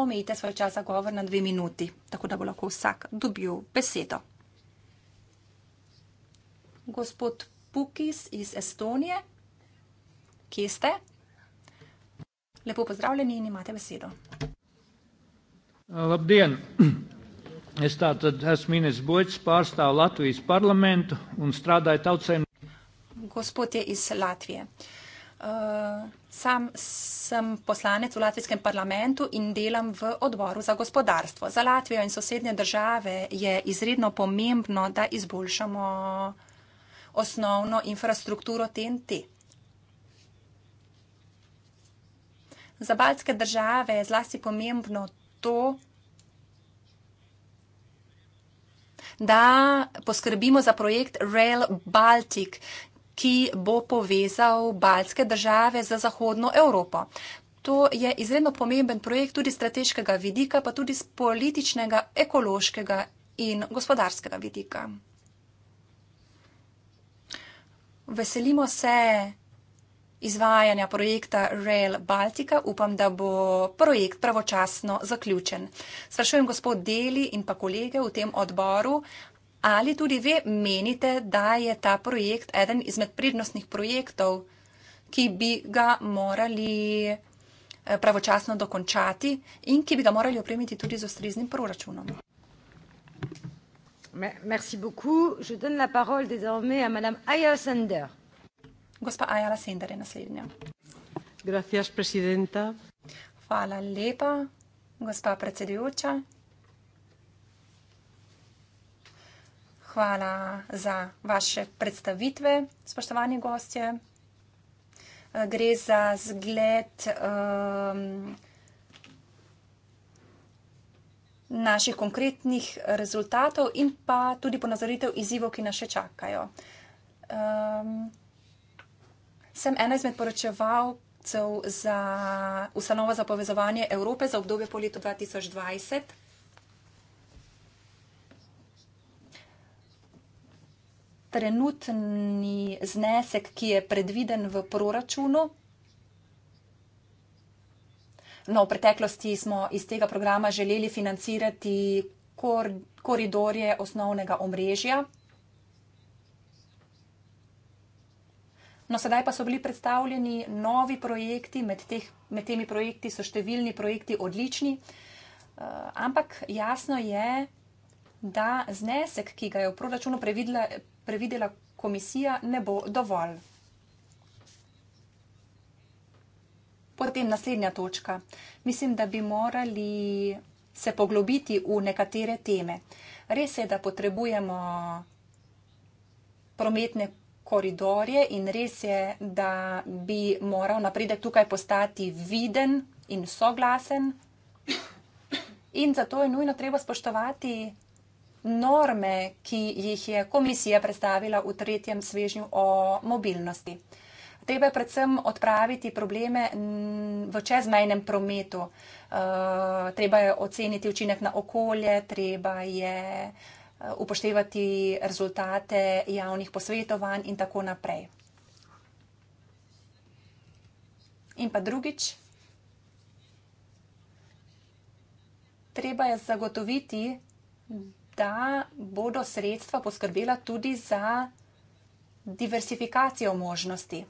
omejite svoj čas za govor na dve minuti, tako da bo lahko vsak dobil besedo. Gospod Pukis iz Estonije, kje ste? Lepo pozdravljeni in imate besedo. Lep dan. Es tātad esmu Ines Boits, pārstāvu Latvijas parlamentu un strādāju tautsēm. Gospod je iz Latvijas sam sem poslanec v Latvijskem parlamentu in delam v odboru za gospodarstvo. Za Latvijo in sosednje države je izredno pomembno, da izboljšamo osnovno infrastrukturo TNT. Za baltske države je zlasti pomembno to, da poskrbimo za projekt Rail Baltic, ki bo povezal balske države z Zahodno Evropo. To je izredno pomemben projekt tudi strateškega vidika, pa tudi z političnega, ekološkega in gospodarskega vidika. Veselimo se izvajanja projekta Rail Baltica. Upam, da bo projekt pravočasno zaključen. Sprašujem gospod Deli in pa kolege v tem odboru, Ali tudi vi menite, da je ta projekt eden izmed prednostnih projektov, ki bi ga morali eh, pravočasno dokončati in ki bi ga morali opremiti tudi z ustreznim proračunom? Merci beaucoup. Je donne la parole désormais à madame Aya Sender. Gospa Aya Sender je naslednja. Gracias, presidenta. Hvala lepa, gospa predsedujoča. hvala za vaše predstavitve, spoštovani gostje. Eh, gre za zgled um, naših konkretnih rezultatov in pa tudi ponazoritev izzivov, ki nas še čakajo. Um, sem ena izmed poročevalcev za ustanovo za povezovanje Evrope za obdobje po letu 2020. trenutni znesek, ki je predviden v proračunu. No, v preteklosti smo iz tega programa želeli financirati kor koridorje osnovnega omrežja. No, sedaj pa so bili predstavljeni novi projekti, med, teh, med temi projekti so številni projekti odlični, eh, ampak jasno je, da znesek, ki ga je v proračunu previdela komisija, ne bo dovolj. Potem naslednja točka. Mislim, da bi morali se poglobiti v nekatere teme. Res je, da potrebujemo prometne koridorje in res je, da bi moral napredek tukaj postati viden in soglasen. In zato je nujno treba spoštovati norme, ki jih je komisija predstavila v tretjem svežnju o mobilnosti. Treba je predvsem odpraviti probleme v čezmejnem prometu. Eh, treba je oceniti učinek na okolje, treba je eh, upoštevati rezultate javnih posvetovanj in tako naprej. In pa drugič, treba je zagotoviti, da bodo sredstva poskrbela tudi za diversifikacijo možnosti.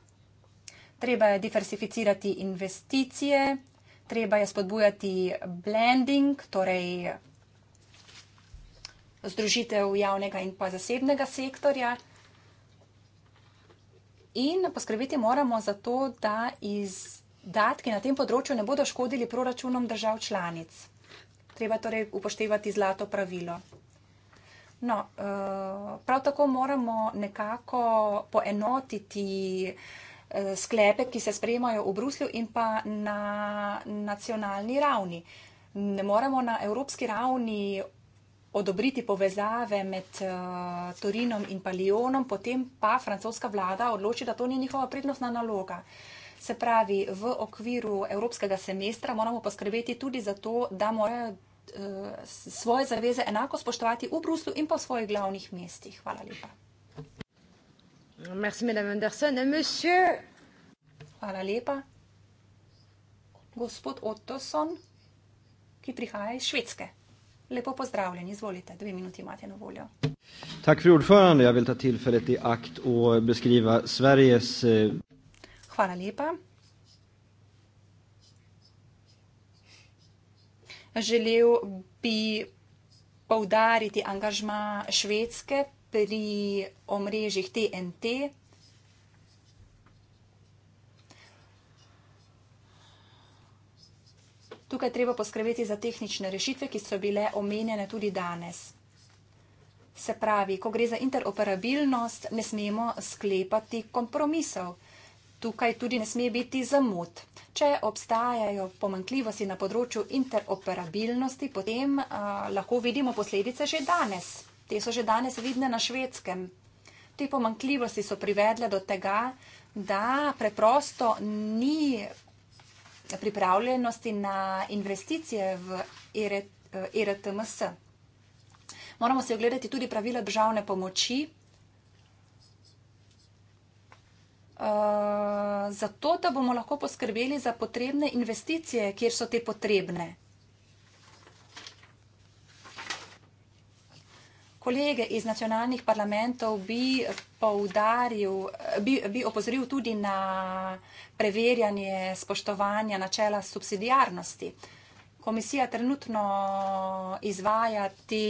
Treba je diversificirati investicije, treba je spodbujati blending, torej združitev javnega in pa zasebnega sektorja. In poskrbeti moramo za to, da izdatki na tem področju ne bodo škodili proračunom držav članic. Treba torej upoštevati zlato pravilo. No, eh, prav tako moramo nekako poenotiti eh, sklepe, ki se sprejemajo v Bruslju in pa na nacionalni ravni. Ne moremo na evropski ravni odobriti povezave med eh, Torinom in Palionom, potem pa francoska vlada odloči, da to ni njihova prednostna naloga. Se pravi, v okviru evropskega semestra moramo poskrbeti tudi za to, da morajo Eh, svoje zaveze enako spoštovati v Bruslu in pa v svojih glavnih mestih. Hvala lepa. Merci, Anderson, Hvala lepa. Gospod Ottoson, ki prihaja iz Švedske. Lepo pozdravljen, izvolite, dve minuti imate na voljo. Tak fru ordförande, jag vill ta tillfället i akt och beskriva Sveriges... Eh, Hvala lepa. Želel bi povdariti angažma Švedske pri omrežjih TNT. Tukaj treba poskrbeti za tehnične rešitve, ki so bile omenjene tudi danes. Se pravi, ko gre za interoperabilnost, ne smemo sklepati kompromisov tukaj tudi ne sme biti zamud. Če obstajajo pomankljivosti na področju interoperabilnosti, potem a, lahko vidimo posledice že danes. Te so že danes vidne na švedskem. Te pomankljivosti so privedle do tega, da preprosto ni pripravljenosti na investicije v ERTMS. E Moramo se ogledati tudi pravila državne pomoči, Eh, zato, da bomo lahko poskrbeli za potrebne investicije, kjer so te potrebne. Kolege iz nacionalnih parlamentov bi, poudaril, bi, bi opozoril tudi na preverjanje spoštovanja načela subsidijarnosti. Komisija trenutno izvaja te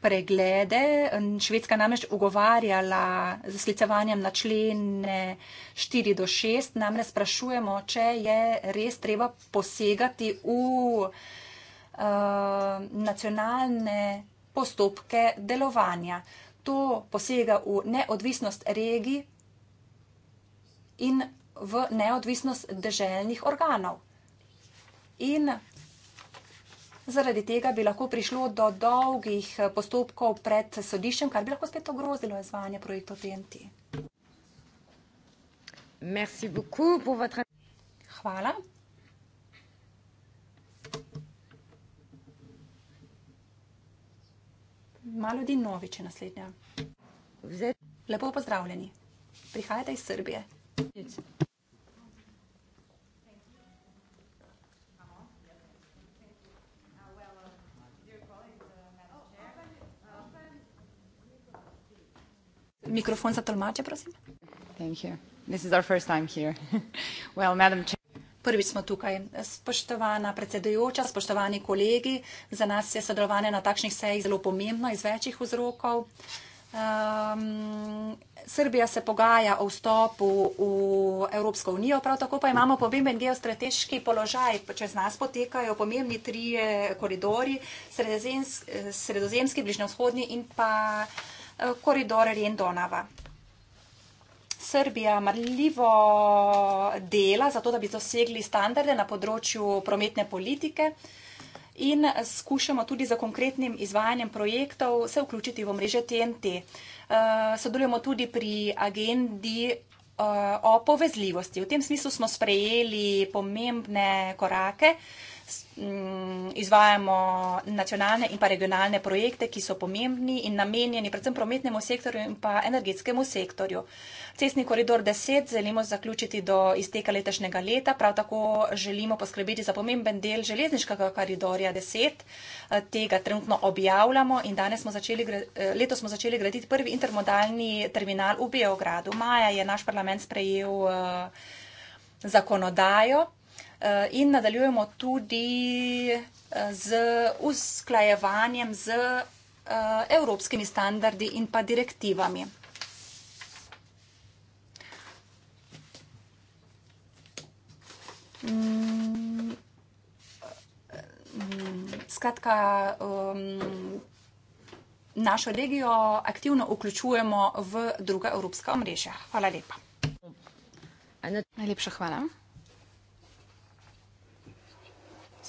preglede. Švedska namreč ugovarjala z sklicevanjem na člene 4 do 6, namreč sprašujemo, če je res treba posegati v uh, nacionalne postopke delovanja. To posega v neodvisnost regij in v neodvisnost deželnih organov. In Zaradi tega bi lahko prišlo do dolgih eh, postopkov pred sodiščem, kar bi lahko spet ogrozilo izvajanje projektov TNT. Hvala. Malodin Novič je naslednja. Lepo pozdravljeni. Prihajate iz Srbije. Mikrofon za tolmače, prosim. well, Prvič smo tukaj. Spoštovana predsedujoča, spoštovani kolegi, za nas je sodelovanje na takšnih sejih zelo pomembno iz večjih vzrokov. Um, Srbija se pogaja o vstopu v Evropsko unijo, prav tako pa imamo pomemben geostrateški položaj. Čez nas potekajo pomembni trije koridori, sredozemski, bližnjo vzhodni in pa koridor Rijendonava. Srbija marljivo dela za to, da bi dosegli standarde na področju prometne politike in skušamo tudi za konkretnim izvajanjem projektov se vključiti v mreže TNT. Eh, sodelujemo tudi pri agendi eh, o povezljivosti. V tem smislu smo sprejeli pomembne korake. Mm, izvajamo nacionalne in pa regionalne projekte, ki so pomembni in namenjeni predvsem prometnemu sektorju in pa energetskemu sektorju. Cestni koridor 10 želimo zaključiti do izteka letošnjega leta, prav tako želimo poskrbeti za pomemben del železniškega koridorja 10. Eh, tega trenutno objavljamo in smo začeli, eh, letos smo začeli graditi prvi intermodalni terminal v Beogradu. Maja je naš parlament sprejel eh, zakonodajo. Eh, in nadaljujemo tudi eh, z usklajevanjem z eh, evropskimi standardi in pa direktivami. Mm, skratka, našo regijo aktivno vključujemo v druga evropska omrežja. Hvala lepa. Najlepša hvala.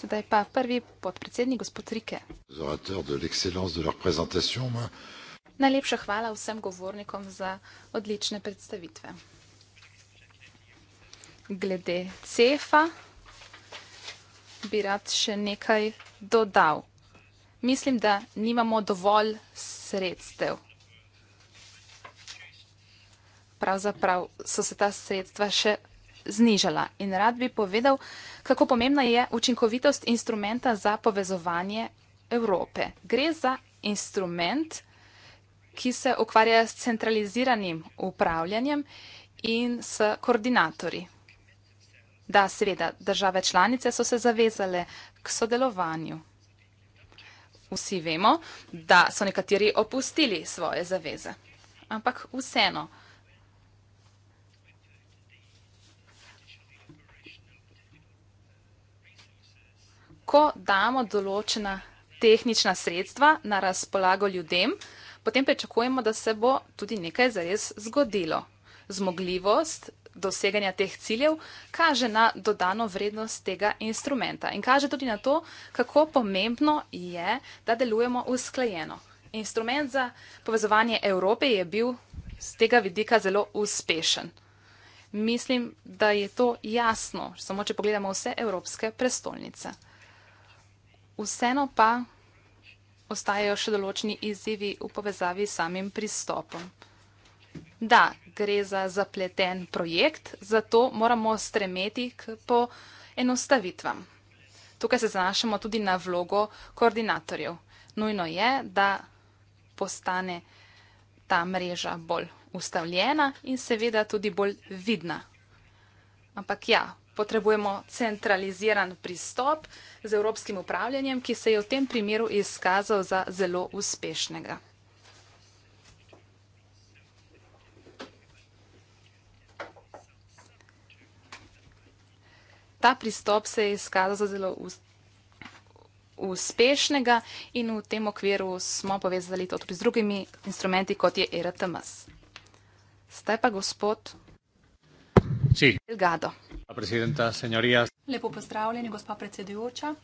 Sedaj pa prvi podpredsednik, gospod Rike. Najlepša hvala vsem govornikom za odlične predstavitve. Glede CEFA bi rad še nekaj dodal. Mislim, da nimamo dovolj sredstev. Pravzaprav so se ta sredstva še znižala. In rad bi povedal, da kako pomembna je učinkovitost instrumenta za povezovanje Evrope. Gre za instrument, ki se ukvarja s centraliziranim upravljanjem in s koordinatorji. Da, seveda, države članice so se zavezale k sodelovanju. Vsi vemo, da so nekateri opustili svoje zaveze. Ampak vseeno. ko damo določena tehnična sredstva na razpolago ljudem, potem pričakujemo, da se bo tudi nekaj zares zgodilo. Zmogljivost doseganja teh ciljev kaže na dodano vrednost tega instrumenta in kaže tudi na to, kako pomembno je, da delujemo usklajeno. Instrument za povezovanje Evrope je bil z tega vidika zelo uspešen. Mislim, da je to jasno, samo če pogledamo vse evropske prestolnice vseeno pa ostajajo še določeni izzivi v povezavi s samim pristopom. Da, gre za zapleten projekt, zato moramo stremeti k poenostavitvam. Tukaj se zanašamo tudi na vlogo koordinatorjev. Nujno je, da postane ta mreža bolj ustavljena in seveda tudi bolj vidna. Ampak ja, potrebujemo centraliziran pristop z evropskim upravljanjem, ki se je v tem primeru izkazal za zelo uspešnega. Ta pristop se je izkazal za zelo uspešnega in v tem okviru smo povezali to tudi z drugimi instrumenti, kot je ERTMS. Zdaj pa gospod. Delgado. Sí presidenta, señorías. Lepo pozdravljeni, gospa predsedujoča.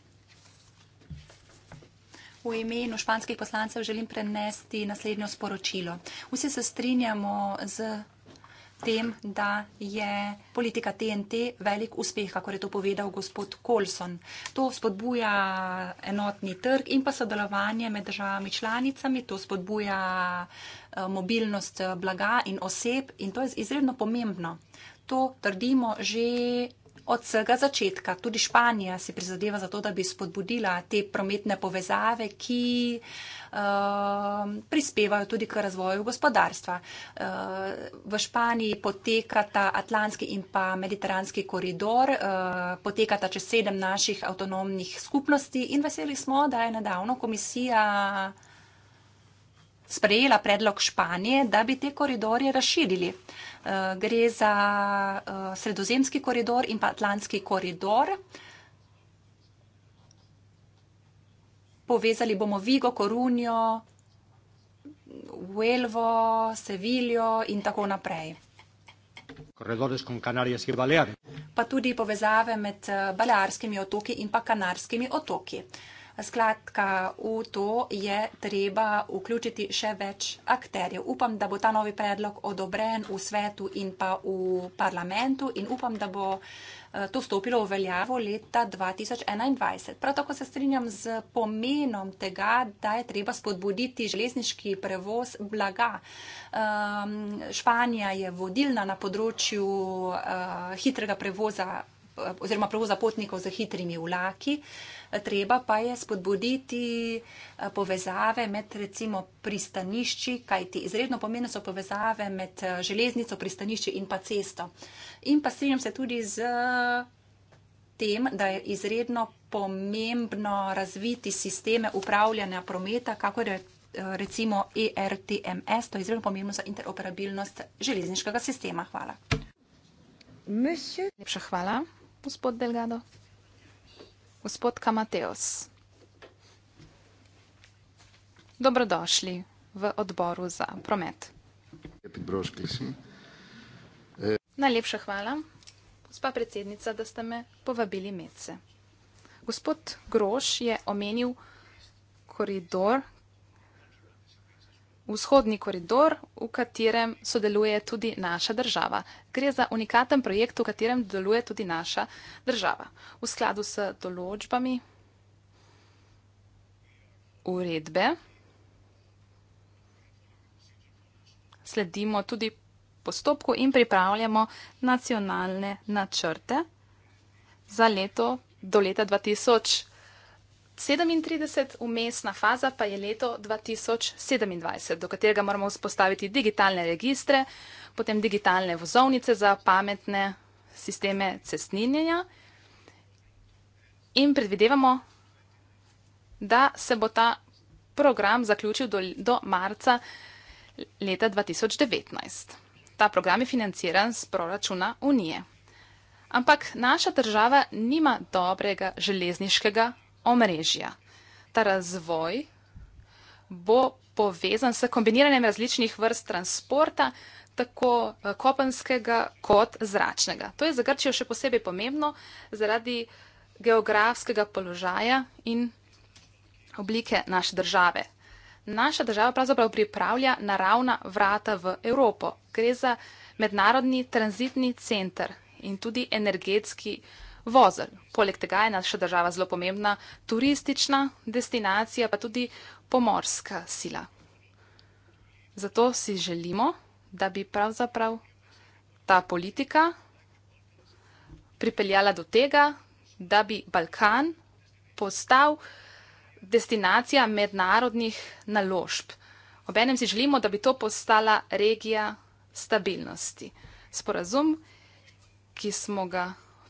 V imenu španskih poslancev želim prenesti naslednjo sporočilo. Vsi se strinjamo z tem, da je politika TNT velik uspeh, kako je to povedal gospod Kolson. To spodbuja enotni trg in pa sodelovanje med državami članicami, to spodbuja eh, mobilnost blaga in oseb in to je izredno pomembno to trdimo že od vsega začetka. Tudi Španija si prizadeva za to, da bi spodbudila te prometne povezave, ki eh, prispevajo tudi k razvoju gospodarstva. Eh, v Španiji potekata Atlantski in pa Mediteranski koridor, eh, potekata čez sedem naših avtonomnih skupnosti in veseli smo, da je nedavno komisija sprejela predlog Španije, da bi te koridorje razširili. Eh, gre za eh, sredozemski koridor in pa atlantski koridor. Povezali bomo Vigo, Korunjo, Uelvo, Seviljo in tako naprej. Pa tudi povezave med eh, Balearskimi otoki in pa Kanarskimi otoki. Skladka, v to je treba vključiti še več akterjev. Upam, da bo ta novi predlog odobren v svetu in pa v parlamentu in upam, da bo eh, to stopilo v veljavo leta 2021. Prav tako se strinjam z pomenom tega, da je treba spodbuditi železniški prevoz blaga. Um, Španija je vodilna na področju uh, hitrega prevoza oziroma provoza potnikov z hitrimi vlaki. Treba pa je spodbuditi eh, povezave med recimo pristanišči, kajti izredno pomembne so povezave med eh, železnico, pristanišči in pa cesto. In pa strinjam se tudi z tem, da je izredno pomembno razviti sisteme upravljanja prometa, kako je eh, recimo ERTMS, to je izredno pomembno za interoperabilnost železniškega sistema. Hvala. Monsieur... Hvala gospod Delgado? Gospod Kamateos. Dobrodošli v odboru za promet. Najlepša hvala, gospa predsednica, da ste me povabili medse. Gospod Groš je omenil koridor, vzhodni koridor, v katerem sodeluje tudi naša država. Gre za unikaten projekt, v katerem deluje tudi naša država. V skladu s določbami uredbe sledimo tudi postopku in pripravljamo nacionalne načrte za leto do leta 2020. 2037, umestna faza pa je leto 2027, do katerega moramo vzpostaviti digitalne registre, potem digitalne vozovnice za pametne sisteme cestninjenja in predvidevamo, da se bo ta program zaključil do, do marca leta 2019. Ta program je financiran z proračuna Unije. Ampak naša država nima dobrega železniškega omrežja. Ta razvoj bo povezan s kombiniranjem različnih vrst transporta, tako eh, kopenskega kot zračnega. To je za Grčijo še posebej pomembno zaradi geografskega položaja in oblike naše države. Naša država pravzaprav pripravlja naravna vrata v Evropo. Gre za mednarodni tranzitni center in tudi energetski vozelj. Poleg tega je naša država zelo pomembna turistična destinacija, pa tudi pomorska sila. Zato si želimo, da bi pravzaprav ta politika pripeljala do tega, da bi Balkan postal destinacija mednarodnih naložb. Obenem si želimo, da bi to postala regija stabilnosti. Sporazum, ki smo ga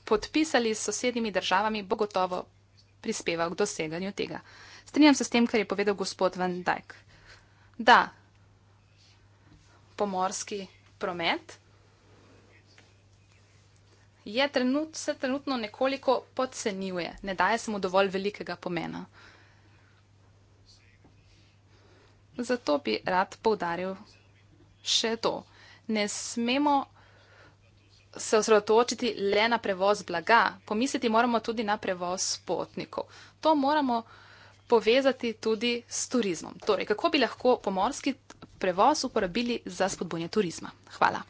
podpisali s sosednjimi državami, bo gotovo prispeval k doseganju tega. Strinjam se s tem, kar je povedal gospod Van Dijk. Da, pomorski promet trenut, se trenutno nekoliko podcenjuje, ne daje se mu dovolj velikega pomena. Zato bi rad povdaril še to. Ne smemo se osredotočiti le na prevoz blaga, pomisliti moramo tudi na prevoz potnikov. To moramo povezati tudi s turizmom. Torej, kako bi lahko pomorski prevoz uporabili za spodbujanje turizma? Hvala.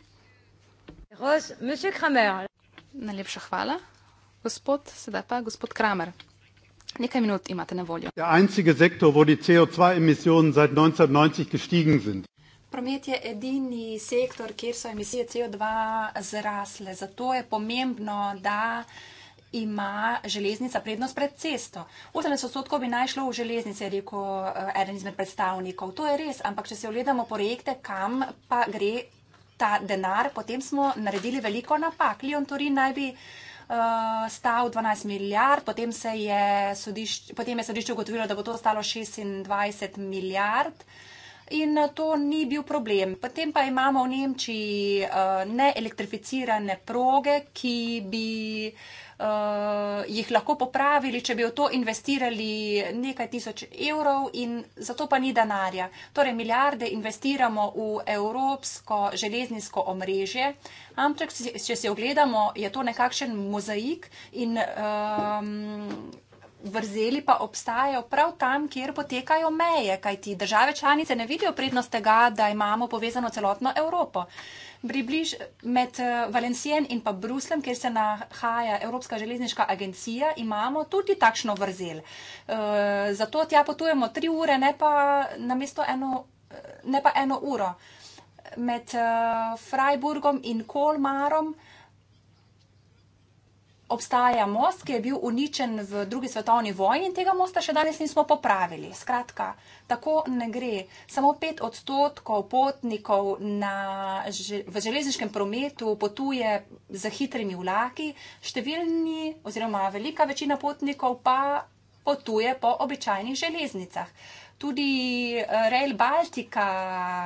Najlepša hvala. Gospod, sedaj pa gospod Kramer. Nekaj minut imate na voljo. Der einzige sektor, wo die CO2-emissionen seit 1990 gestiegen sind. Promet je edini sektor, kjer so emisije CO2 zrasle. Zato je pomembno, da ima železnica prednost pred cesto. 80 odstotkov bi naj šlo v železnice, je rekel eh, eden izmed predstavnikov. To je res, ampak če se ogledamo projekte, kam pa gre ta denar, potem smo naredili veliko napak. Lion Turin naj bi uh, stal 12 milijard, potem, je sodišč, potem je sodišče ugotovilo, da bo to stalo 26 milijard. Uh, in to ni bil problem. Potem pa imamo v Nemčiji uh, neelektrificirane proge, ki bi uh, jih lahko popravili, če bi v to investirali nekaj tisoč evrov in za to pa ni denarja. Torej milijarde investiramo v evropsko železninsko omrežje, ampak če se ogledamo, je to nekakšen mozaik in. Um, vrzeli pa obstajajo prav tam, kjer potekajo meje, kajti države članice ne vidijo prednost tega, da imamo povezano celotno Evropo. Približ med eh, Valencijen in pa Bruslem, kjer se nahaja Evropska železniška agencija, imamo tudi takšno vrzel. Eh, zato tja potujemo tri ure, ne pa na mesto eno, eh, ne pa eno uro. Med Freiburgom in Kolmarom obstaja most, ki je bil uničen v drugi svetovni vojni in tega mosta še danes nismo popravili. Skratka, tako ne gre. Samo pet odstotkov potnikov na, v železniškem prometu potuje za hitrimi vlaki, številni oziroma velika večina potnikov pa potuje po običajnih železnicah. Tudi eh, Rail Baltica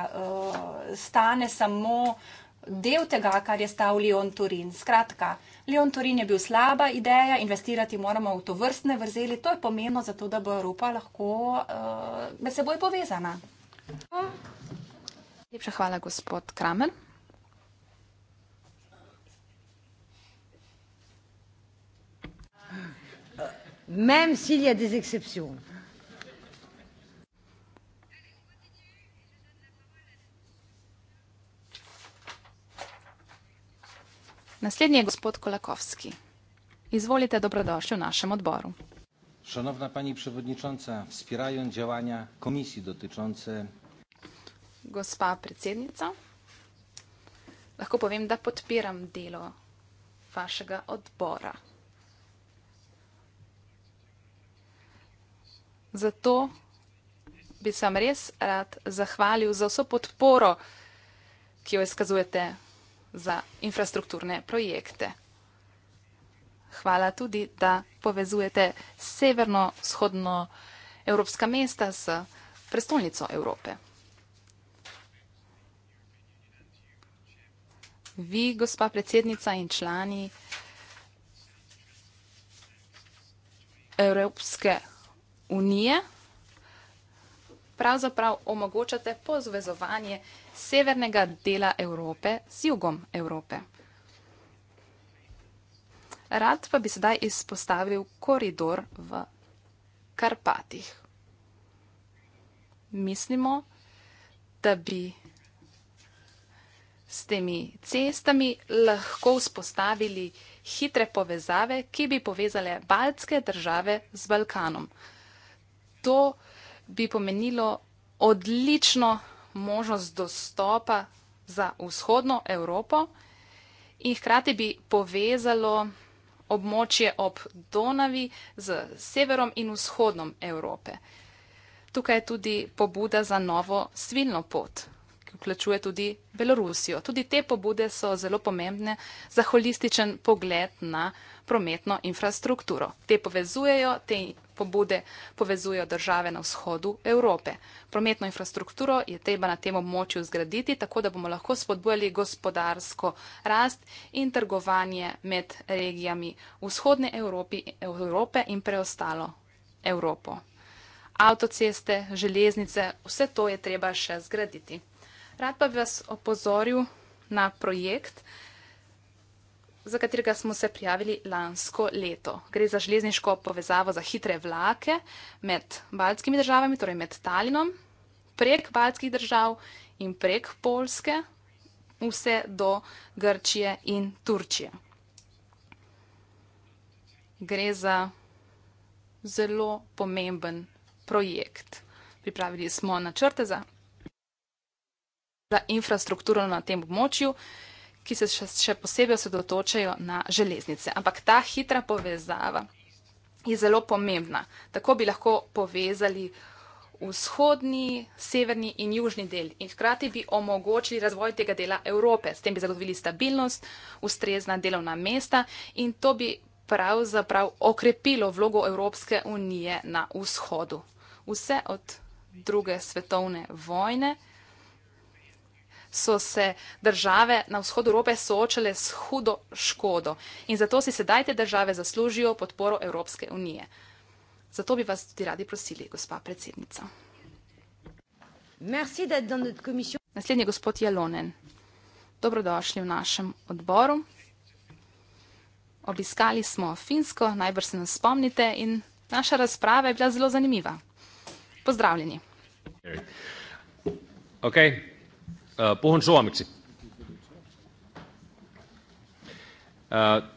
uh, stane samo del tega, kar je stal Lyon Turin. Skratka, Leon Torin je bil slaba ideja, investirati moramo v to vrstne vrzeli, to je pomembno zato, da bo Evropa lahko uh, med seboj povezana. Lepša hvala, gospod Kramer. Même s'il y a des exceptions, Naslednji je gospod Kolakowski. Izvolite, dobrodošli v našem odboru. Szanowna pani przewodnicząca, wspierają działania komisji dotyczące. Gospa predsednica, lahko povem, da podpiram delo vašega odbora. Zato bi se vam res rad zahvalil za vso podporo, ki jo izkazujete za infrastrukturne projekte. Hvala tudi, da povezujete severno-shodno evropska mesta s prestolnico Evrope. Vi, gospa predsednica in člani Evropske unije, pravzaprav omogočate povezovanje severnega dela Evrope z jugom Evrope. Rad pa bi sedaj izpostavil koridor v Karpatih. Mislimo, da bi s temi cestami lahko vzpostavili hitre povezave, ki bi povezale baltske države z Balkanom. To je bi pomenilo odlično možnost dostopa za vzhodno Evropo in hkrati bi povezalo območje ob Donavi z severom in vzhodom Evrope. Tukaj je tudi pobuda za novo svilno pot vključuje tudi Belorusijo. Tudi te pobude so zelo pomembne za holističen pogled na prometno infrastrukturo. Te povezujejo, te pobude povezujejo države na vzhodu Evrope. Prometno infrastrukturo je treba na tem območju zgraditi, tako da bomo lahko spodbujali gospodarsko rast in trgovanje med regijami vzhodne Evropi, Evrope in preostalo Evropo. Avtoceste, železnice, vse to je treba še zgraditi. Rad pa bi vas opozoril na projekt, za katerega smo se prijavili lansko leto. Gre za železniško povezavo za hitre vlake med baltskimi državami, torej med Talinom, prek baltskih držav in prek Polske, vse do Grčije in Turčije. Gre za zelo pomemben projekt. Pripravili smo načrte za za infrastrukturo na tem območju, ki se še, še posebej osredotočajo na železnice. Ampak ta hitra povezava je zelo pomembna. Tako bi lahko povezali vzhodni, severni in južni del in hkrati bi omogočili razvoj tega dela Evrope. S tem bi zagotovili stabilnost, ustrezna delovna mesta in to bi pravzaprav okrepilo vlogo Evropske unije na vzhodu. Vse od druge svetovne vojne so se države na vzhodu Evrope soočale s hudo škodo in zato si sedaj te države zaslužijo podporo Evropske unije. Zato bi vas tudi radi prosili, gospa predsednica. Naslednji gospod Jelonen, dobrodošli v našem odboru. Obiskali smo Finsko, najbrž se nas spomnite in naša razprava je bila zelo zanimiva. Pozdravljeni. Okay. Puhun suomiksi.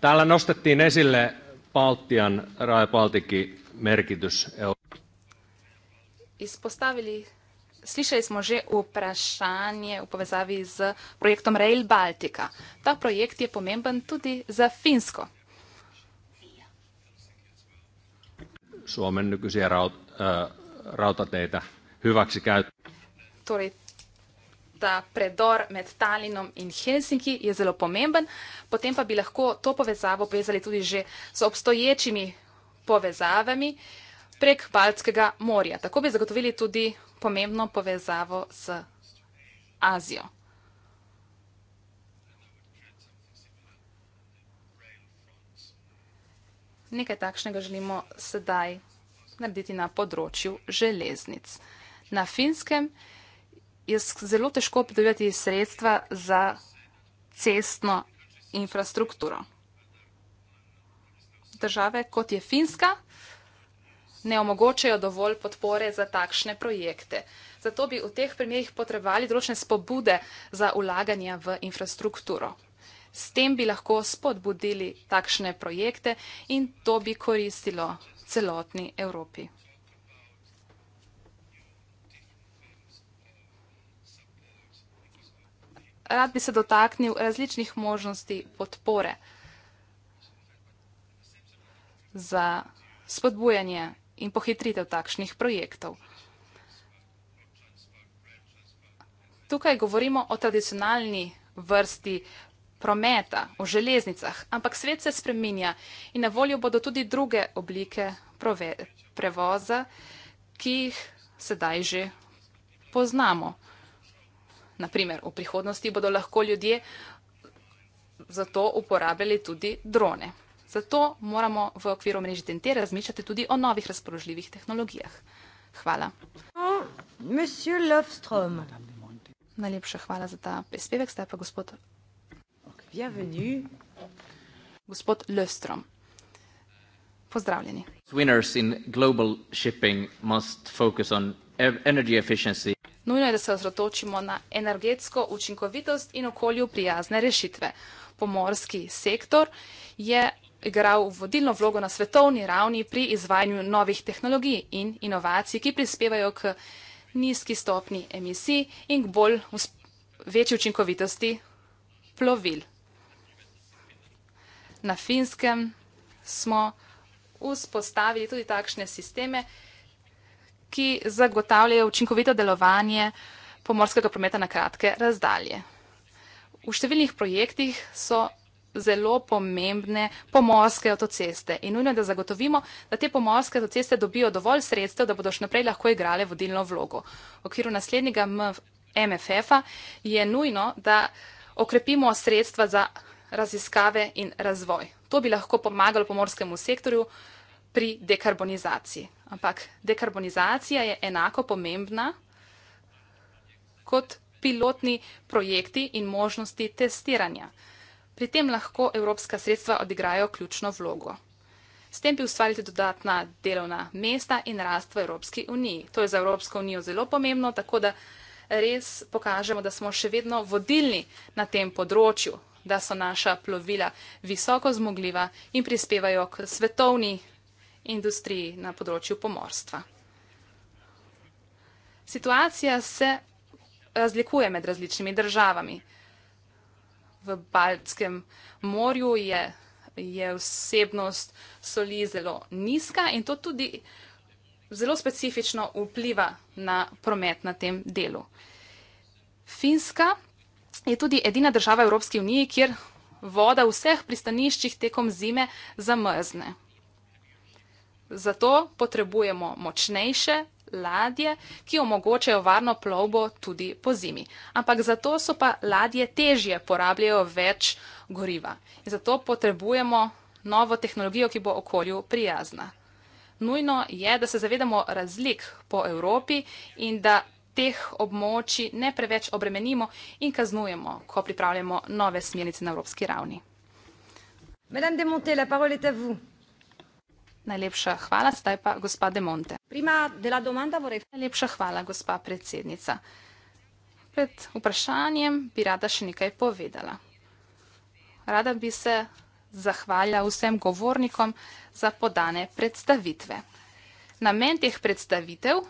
Täällä nostettiin esille Baltian Baltikin merkitys. Ispostavili. Slišali smo že vprašanje v povezavi z projektom Rail Baltica. Ta projekt je pomemben tudi za Finsko. Suomen nykyisiä raut, äh, rautateita hyväksi käyttää. Torej, ta predor med Tallinom in Helsinki je zelo pomemben, potem pa bi lahko to povezavo povezali tudi že z obstoječimi povezavami prek Baltskega morja. Tako bi zagotovili tudi pomembno povezavo z Azijo. Nekaj takšnega želimo sedaj narediti na področju železnic. Na finskem je zelo težko pridobivati sredstva za cestno infrastrukturo. Države, kot je Finska, ne omogočajo dovolj podpore za takšne projekte. Zato bi v teh primerjih potrebovali določene spodbude za ulaganje v infrastrukturo. S tem bi lahko spodbudili takšne projekte in to bi koristilo celotni Evropi. rad bi se dotaknil različnih možnosti podpore za spodbujanje in pohitritev takšnih projektov. Tukaj govorimo o tradicionalni vrsti prometa, o železnicah, ampak svet se spreminja in na voljo bodo tudi druge oblike prevoza, ki jih sedaj že poznamo. Naprimer, v prihodnosti bodo lahko ljudje zato uporabljali tudi drone. Zato moramo v okviru mreže DNT razmišljati tudi o novih razpoložljivih tehnologijah. Hvala. Najlepša hvala za ta prispevek, zdaj pa gospod. Bienvenue. Gospod Löstrom. Pozdravljeni. Nujno je, da se osredotočimo na energetsko učinkovitost in okolju prijazne rešitve. Pomorski sektor je igral vodilno vlogo na svetovni ravni pri izvajanju novih tehnologij in inovacij, ki prispevajo k nizki stopni emisij in k bolj večji učinkovitosti plovil. Na finskem smo vzpostavili tudi takšne sisteme, ki zagotavljajo učinkovito delovanje pomorskega prometa na kratke razdalje. V številnih projektih so zelo pomembne pomorske avtoceste in nujno je, da zagotovimo, da te pomorske avtoceste dobijo dovolj sredstev, da bodo še naprej lahko igrale vodilno vlogo. V okviru naslednjega MFF-a je nujno, da okrepimo sredstva za raziskave in razvoj. To bi lahko pomagalo pomorskemu sektorju, pri dekarbonizaciji. Ampak dekarbonizacija je enako pomembna kot pilotni projekti in možnosti testiranja. Pri tem lahko evropska sredstva odigrajo ključno vlogo. S tem bi ustvarili dodatna delovna mesta in rast v Evropski uniji. To je za Evropsko unijo zelo pomembno, tako da res pokažemo, da smo še vedno vodilni na tem področju, da so naša plovila visoko zmogljiva in prispevajo k svetovni industriji na področju pomorstva. Situacija se razlikuje med različnimi državami. V Baltskem morju je, je vsebnost soli zelo nizka in to tudi zelo specifično vpliva na promet na tem delu. Finska je tudi edina država Evropske unije, kjer voda v vseh pristaniščih tekom zime zamrzne. Zato potrebujemo močnejše ladje, ki omogočajo varno plovbo tudi po zimi. Ampak zato so pa ladje težje, porabljajo več goriva. In zato potrebujemo novo tehnologijo, ki bo okolju prijazna. Nujno je, da se zavedamo razlik po Evropi in da teh območij ne preveč obremenimo in kaznujemo, ko pripravljamo nove smernice na evropski ravni. Madame Demonte, la parole est à vous. Najlepša hvala, zdaj pa gospa De Monte. Prima dela domanda vorej. Najlepša hvala, gospa predsednica. Pred vprašanjem bi rada še nekaj povedala. Rada bi se zahvalila vsem govornikom za podane predstavitve. Namen teh predstavitev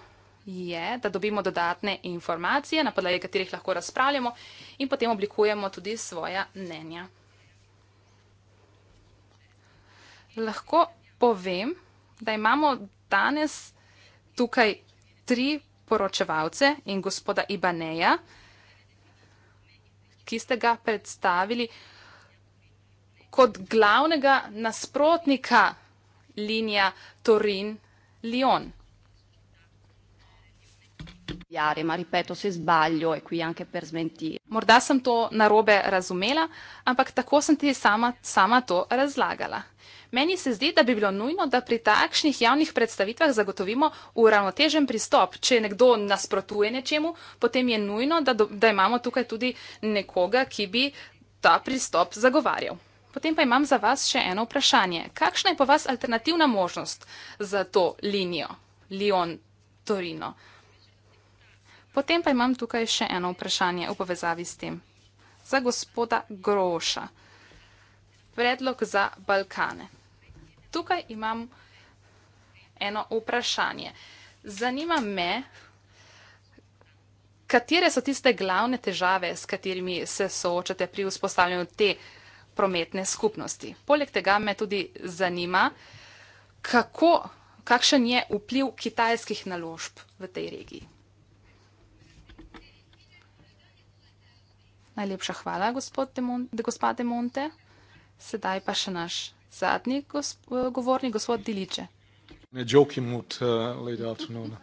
je, da dobimo dodatne informacije, na podlagi katerih lahko razpravljamo in potem oblikujemo tudi svoja mnenja. Lahko povem, da imamo danes tukaj tri poročevalce in gospoda Ibaneja, ki ste ga predstavili kot glavnega nasprotnika linija Torin-Lyon. Ma ripeto, se zbaljo e qui anche per smentire. Morda sem to narobe razumela, ampak tako sem ti sama, sama to razlagala. Meni se zdi, da bi bilo nujno, da pri takšnih javnih predstavitvah zagotovimo uravnotežen pristop. Če nekdo nasprotuje nečemu, potem je nujno, da, do, da imamo tukaj tudi nekoga, ki bi ta pristop zagovarjal. Potem pa imam za vas še eno vprašanje. Kakšna je po vas alternativna možnost za to linijo Lion-Torino? Potem pa imam tukaj še eno vprašanje v povezavi s tem. Za gospoda Groša. Predlog za Balkane. Tukaj imam eno vprašanje. Zanima me, katere so tiste glavne težave, s katerimi se soočate pri vzpostavljanju te prometne skupnosti. Poleg tega me tudi zanima, kako, kakšen je vpliv kitajskih naložb v tej regiji. Najlepša hvala, gospod Demonte, gospa Demonte. Sedaj pa še naš zadnji gosp, govornik, gospod Diliče. Ne jokim od uh, late afternoon.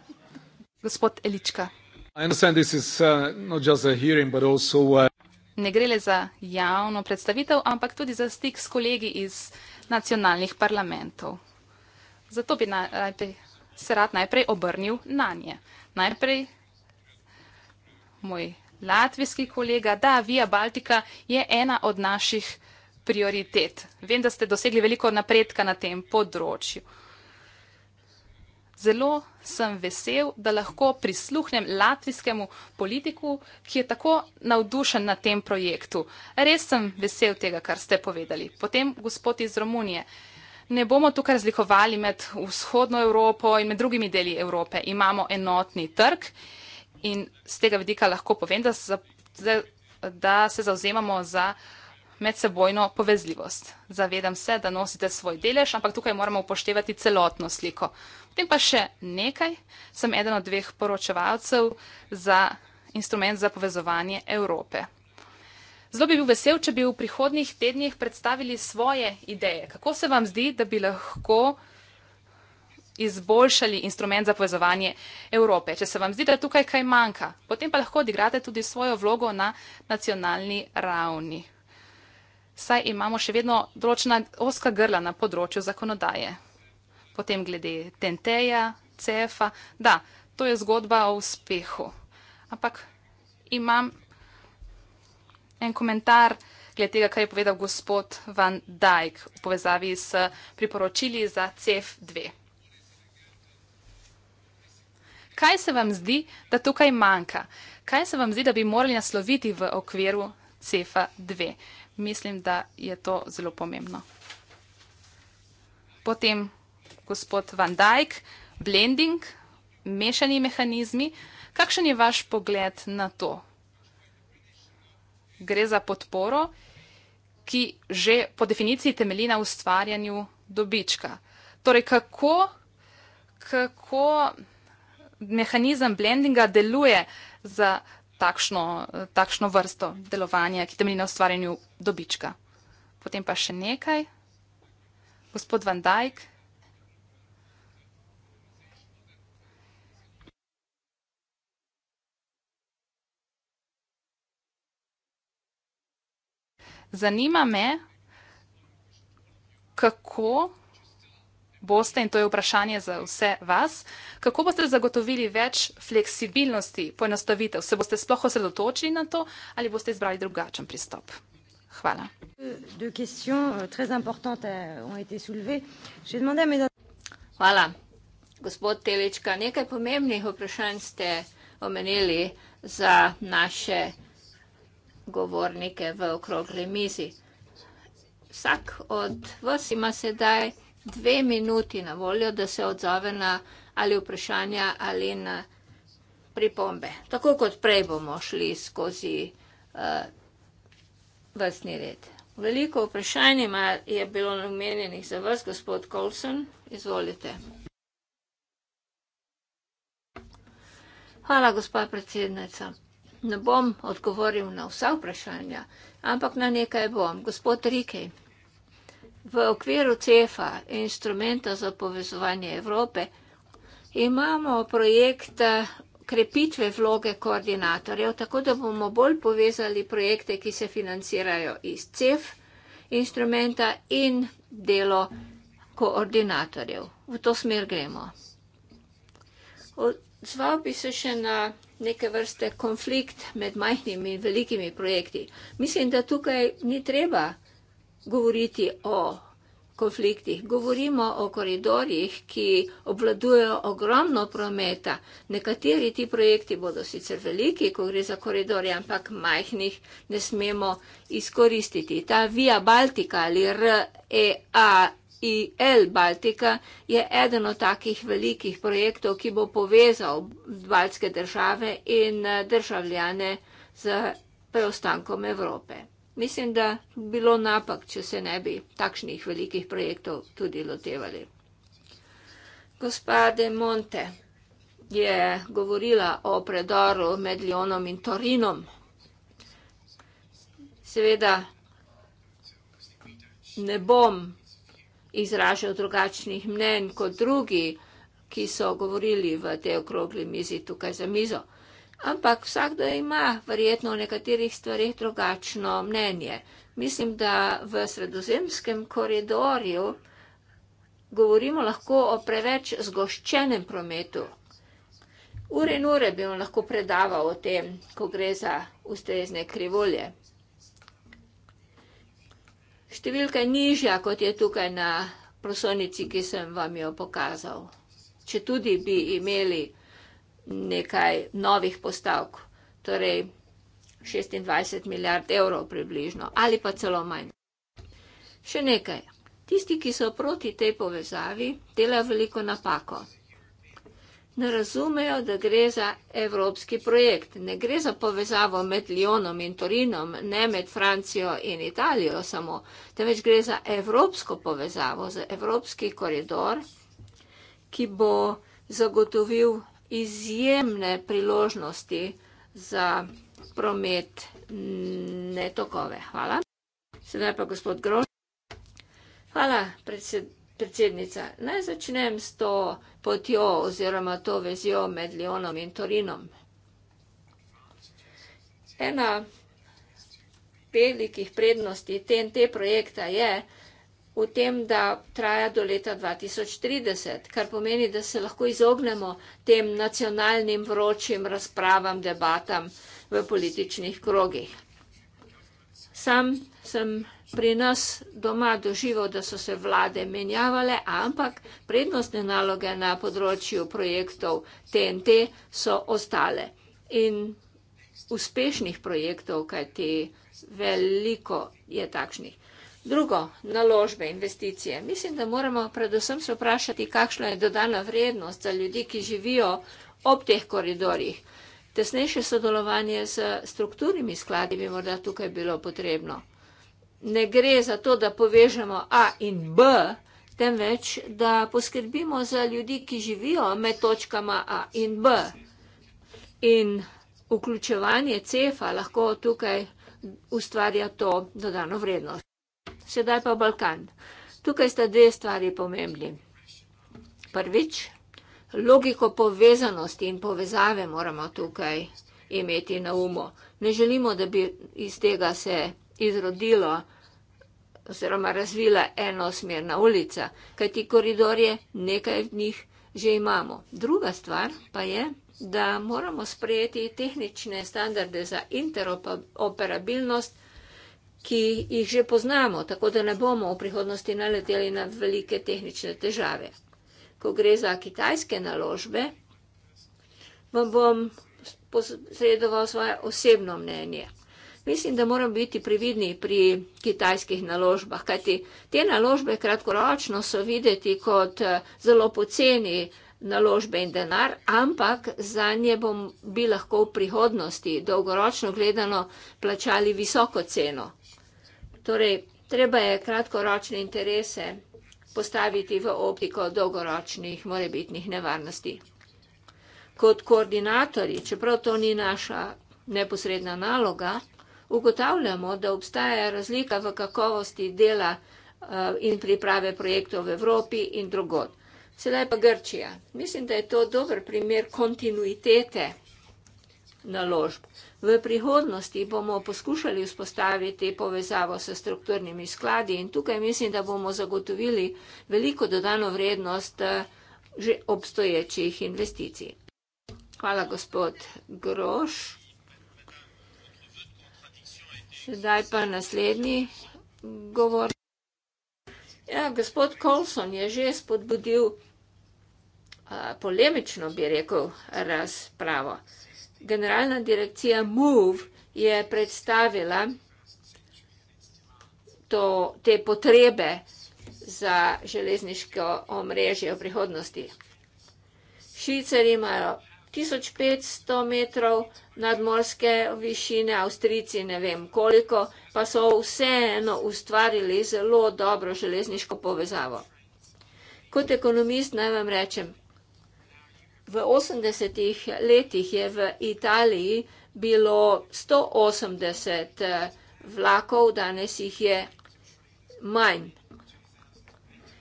gospod Elička. Is, uh, hearing, also, uh... Ne gre le za javno predstavitev, ampak tudi za stik s kolegi iz nacionalnih parlamentov. Zato bi najprej, se rad najprej obrnil na nje. Najprej moj latvijski kolega, da Via Baltica je ena od naših prioritet. Vem, da ste dosegli veliko napredka na tem področju. Zelo sem vesel, da lahko prisluhnem latvijskemu politiku, ki je tako navdušen na tem projektu. Res sem vesel tega, kar ste povedali. Potem gospod iz Romunije. Ne bomo tukaj razlikovali med vzhodno Evropo in med drugimi deli Evrope. Imamo enotni trg. In z tega vidika lahko povem, da se, da se zauzemamo za medsebojno povezljivost. Zavedam se, da nosite svoj delež, ampak tukaj moramo upoštevati celotno sliko. Potem pa še nekaj. Sem eden od dveh poročevalcev za instrument za povezovanje Evrope. Zelo bi bil vesel, če bi v prihodnjih tednih predstavili svoje ideje. Kako se vam zdi, da bi lahko izboljšali instrument za povezovanje Evrope. Če se vam zdi, da tukaj kaj manjka, potem pa lahko odigrate tudi svojo vlogo na nacionalni ravni. Saj imamo še vedno določena oska grla na področju zakonodaje. Potem glede TNT-ja, CEF-a, da, to je zgodba o uspehu. Ampak imam en komentar glede tega, kar je povedal gospod Van Dijk v povezavi s priporočili za CEF 2. Kaj se vam zdi, da tukaj manjka? Kaj se vam zdi, da bi morali nasloviti v okviru CEFA 2? Mislim, da je to zelo pomembno. Potem gospod Van Dijk, blending, mešani mehanizmi. Kakšen je vaš pogled na to? Gre za podporo, ki že po definiciji temelji na ustvarjanju dobička. Torej, kako, kako mehanizem blendinga deluje za takšno, takšno vrsto delovanja, ki temelji na ustvarjanju dobička. Potem pa še nekaj. Gospod Van Dijk. Zanima me, kako boste, in to je vprašanje za vse vas, kako boste zagotovili več fleksibilnosti, poenostavitev? Se boste sploh osredotočili na to ali boste izbrali drugačen pristop? Hvala. Euh, euh, Hvala. Gospod Telička, nekaj pomembnih vprašanj ste omenili za naše govornike v okrogli mizi. Vsak od vas ima sedaj dve minuti na voljo, da se odzove na ali vprašanja ali na pripombe. Tako kot prej bomo šli skozi uh, vrstni red. Veliko vprašanj ima, je bilo namenjenih za vas, gospod Kolson. Izvolite. Hvala, gospa predsednica. Ne bom odgovoril na vsa vprašanja, ampak na nekaj bom. Gospod Rikej. V okviru CEFA, instrumenta za povezovanje Evrope, imamo projekt eh, krepitve vloge koordinatorjev, tako da bomo bolj povezali projekte, ki se financirajo iz CEF instrumenta in delo koordinatorjev. V to smer gremo. Odzval bi se še na neke vrste konflikt med majhnimi in velikimi projekti. Mislim, da tukaj ni treba govoriti o konfliktih. Govorimo o koridorjih, ki obvladujejo ogromno prometa. Nekateri ti projekti bodo sicer veliki, ko gre za koridorje, ampak majhnih ne smemo izkoristiti. Ta Via Baltica ali REA. IL Baltika je eden od takih velikih projektov, ki bo povezal baltske države in eh, državljane z preostankom Evrope mislim, da bi bilo napak, če se ne bi takšnih velikih projektov tudi lotevali. Gospa De Monte je govorila o predoru med Lionom in Torinom. Seveda ne bom izražal drugačnih mnen kot drugi, ki so govorili v tej okrogli mizi tukaj za mizo. Ampak vsakdo ima verjetno v nekaterih stvarih drugačno mnenje. Mislim, da v sredozemskem koridorju govorimo lahko o preveč zgoščenem prometu. Ure in ure bi vam lahko predaval o tem, ko gre za ustrezne krivulje. Številka je nižja, kot je tukaj na prosonici, ki sem vam jo pokazal. Če tudi bi imeli nekaj novih postavk, torej 26 milijard evrov približno ali pa celo manj. Še nekaj. Tisti, ki so proti tej povezavi, delajo veliko napako. Ne razumejo, da gre za evropski projekt. Ne gre za povezavo med Lyonom in Torinom, ne med Francijo in Italijo samo, temveč gre za evropsko povezavo, za evropski koridor, ki bo zagotovil izjemne priložnosti za prometne tokove. Hvala. Sedaj pa gospod Grož. Hvala, predsed, predsednica. Naj začnem s to potjo oziroma to vezjo med Lionom in Torinom. Ena velikih prednosti TNT projekta je, v tem, da traja do leta 2030, kar pomeni, da se lahko izognemo tem nacionalnim vročim razpravam, debatam v političnih krogih. Sam sem pri nas doma doživel, da so se vlade menjavale, ampak prednostne naloge na področju projektov TNT so ostale. In uspešnih projektov, kajti veliko je takšnih. Drugo, naložbe, investicije. Mislim, da moramo predvsem se vprašati, kakšna je dodana vrednost za ljudi, ki živijo ob teh koridorjih. Tesnejše sodelovanje z strukturnimi skladi bi morda tukaj bilo potrebno. Ne gre za to, da povežemo A in B, temveč, da poskrbimo za ljudi, ki živijo med točkama A in B. In vključevanje CEFA lahko tukaj ustvarja to dodano vrednost. Sedaj pa Balkan. Tukaj sta dve stvari pomembni. Prvič, logiko povezanosti in povezave moramo tukaj imeti na umu. Ne želimo, da bi iz tega se izrodilo oziroma razvila enosmerna ulica, kajti koridorje nekaj v njih že imamo. Druga stvar pa je, da moramo sprejeti tehnične standarde za interoperabilnost ki jih že poznamo, tako da ne bomo v prihodnosti naleteli na velike tehnične težave. Ko gre za kitajske naložbe, vam bom posredoval svoje osebno mnenje. Mislim, da moramo biti prividni pri kitajskih naložbah, kajti te naložbe kratkoročno so videti kot eh, zelo poceni naložbe in denar, ampak za nje bom, bi lahko v prihodnosti dolgoročno gledano plačali visoko ceno. Torej, treba je kratkoročne interese postaviti v optiko dolgoročnih morebitnih nevarnosti. Kot koordinatori, čeprav to ni naša neposredna naloga, ugotavljamo, da obstaja razlika v kakovosti dela eh, in priprave projektov v Evropi in drugod. Sedaj pa Grčija. Mislim, da je to dober primer kontinuitete naložb. V prihodnosti bomo poskušali vzpostaviti povezavo s strukturnimi skladi in tukaj mislim, da bomo zagotovili veliko dodano vrednost eh, že obstoječih investicij. Hvala, gospod Groš. Sedaj pa naslednji govor. Ja, gospod Colson je že spodbudil eh, polemično, bi rekel, razpravo generalna direkcija MOVE je predstavila to, te potrebe za železniško omrežje v prihodnosti. Švicari imajo 1500 metrov nadmorske višine, Avstrici ne vem koliko, pa so vseeno ustvarili zelo dobro železniško povezavo. Kot ekonomist naj vam rečem, V 80 letih je v Italiji bilo 180 eh, vlakov, danes jih je manj.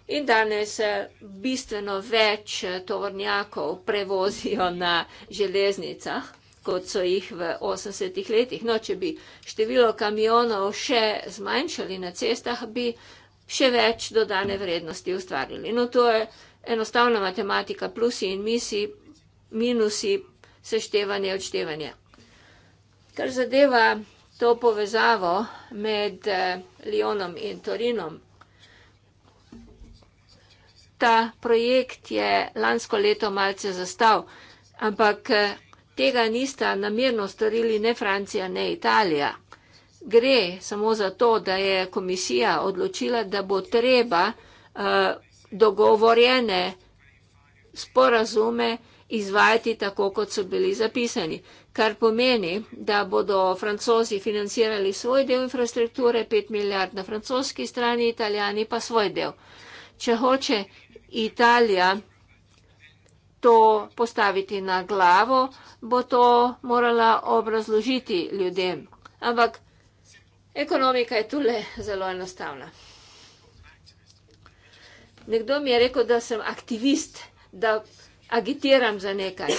In danes eh, bistveno več eh, tovornjakov prevozijo na železnicah, kot so jih v 80 letih. No, če bi število kamionov še zmanjšali na cestah, bi še več dodane vrednosti ustvarili. No, enostavna matematika, plusi in misi, minusi, seštevanje, odštevanje. Kar zadeva to povezavo med eh, Lionom in Torinom, ta projekt je lansko leto malce zastav, ampak eh, tega nista namerno storili ne Francija, ne Italija. Gre samo za to, da je komisija odločila, da bo treba uh, dogovorjene sporazume izvajati tako, kot so bili zapisani. Kar pomeni, da bodo francozi financirali svoj del infrastrukture, 5 milijard na francoski strani, italijani pa svoj del. Če hoče Italija to postaviti na glavo, bo to morala obrazložiti ljudem. Ampak ekonomika je tule zelo enostavna. Nekdo mi je rekel, da sem aktivist, da agitiram za nekaj.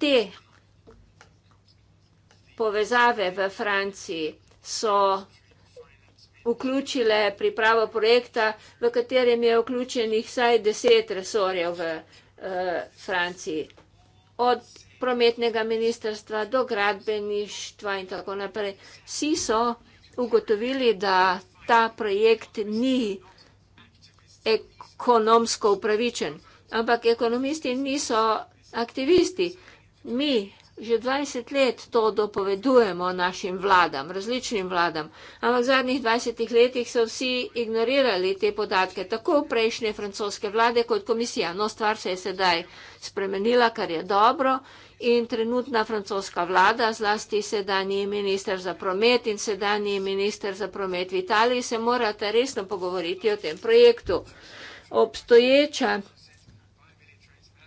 Te povezave v Franciji so vključile pripravo projekta, v katerem je vključenih vsaj deset resorjev v eh, Franciji. Od prometnega ministrstva do gradbeništva in tako naprej. Vsi so ugotovili, da ta projekt ni vključen ekonomsko upravičen. Ampak ekonomisti niso aktivisti. Mi že 20 let to dopovedujemo našim vladam, različnim vladam. Ampak v zadnjih 20 letih so vsi ignorirali te podatke, tako prejšnje francoske vlade kot komisija. No, stvar se je sedaj spremenila, kar je dobro in trenutna francoska vlada, zlasti sedanji minister za promet in sedanji minister za promet v Italiji, se morata resno pogovoriti o tem projektu. Obstoječa,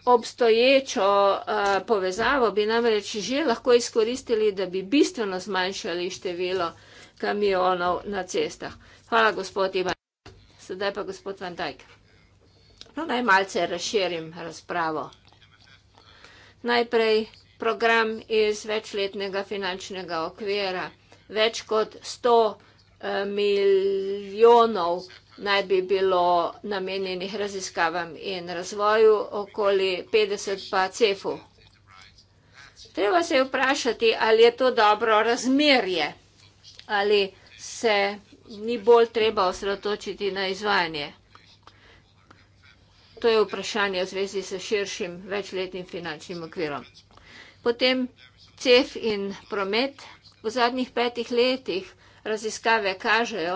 obstoječo uh, povezavo bi namreč že lahko izkoristili, da bi bistveno zmanjšali število kamionov na cestah. Hvala, gospod Ivan. Sedaj pa gospod Van Dijk. No, naj malce razširim razpravo. Najprej program iz večletnega finančnega okvira. Več kot 100 eh, milijonov naj bi bilo namenjenih raziskavam in razvoju, okoli 50 pa cefu. Treba se je vprašati, ali je to dobro razmerje, ali se ni bolj treba osredotočiti na izvajanje. To je vprašanje v zvezi s širšim večletnim finančnim okvirom. Potem cef in promet. V zadnjih petih letih raziskave kažejo,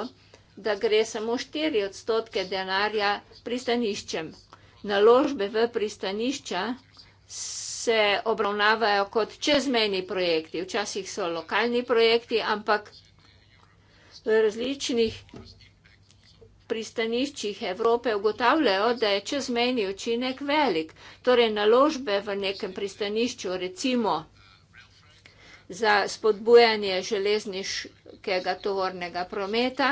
da gre samo 4 odstotke denarja pristaniščem. Naložbe v pristanišča se obravnavajo kot čezmeni projekti. Včasih so lokalni projekti, ampak različnih pristaniščih Evrope ugotavljajo, da je čezmejni učinek velik. Torej naložbe v nekem pristanišču, recimo za spodbujanje železniškega tovornega prometa,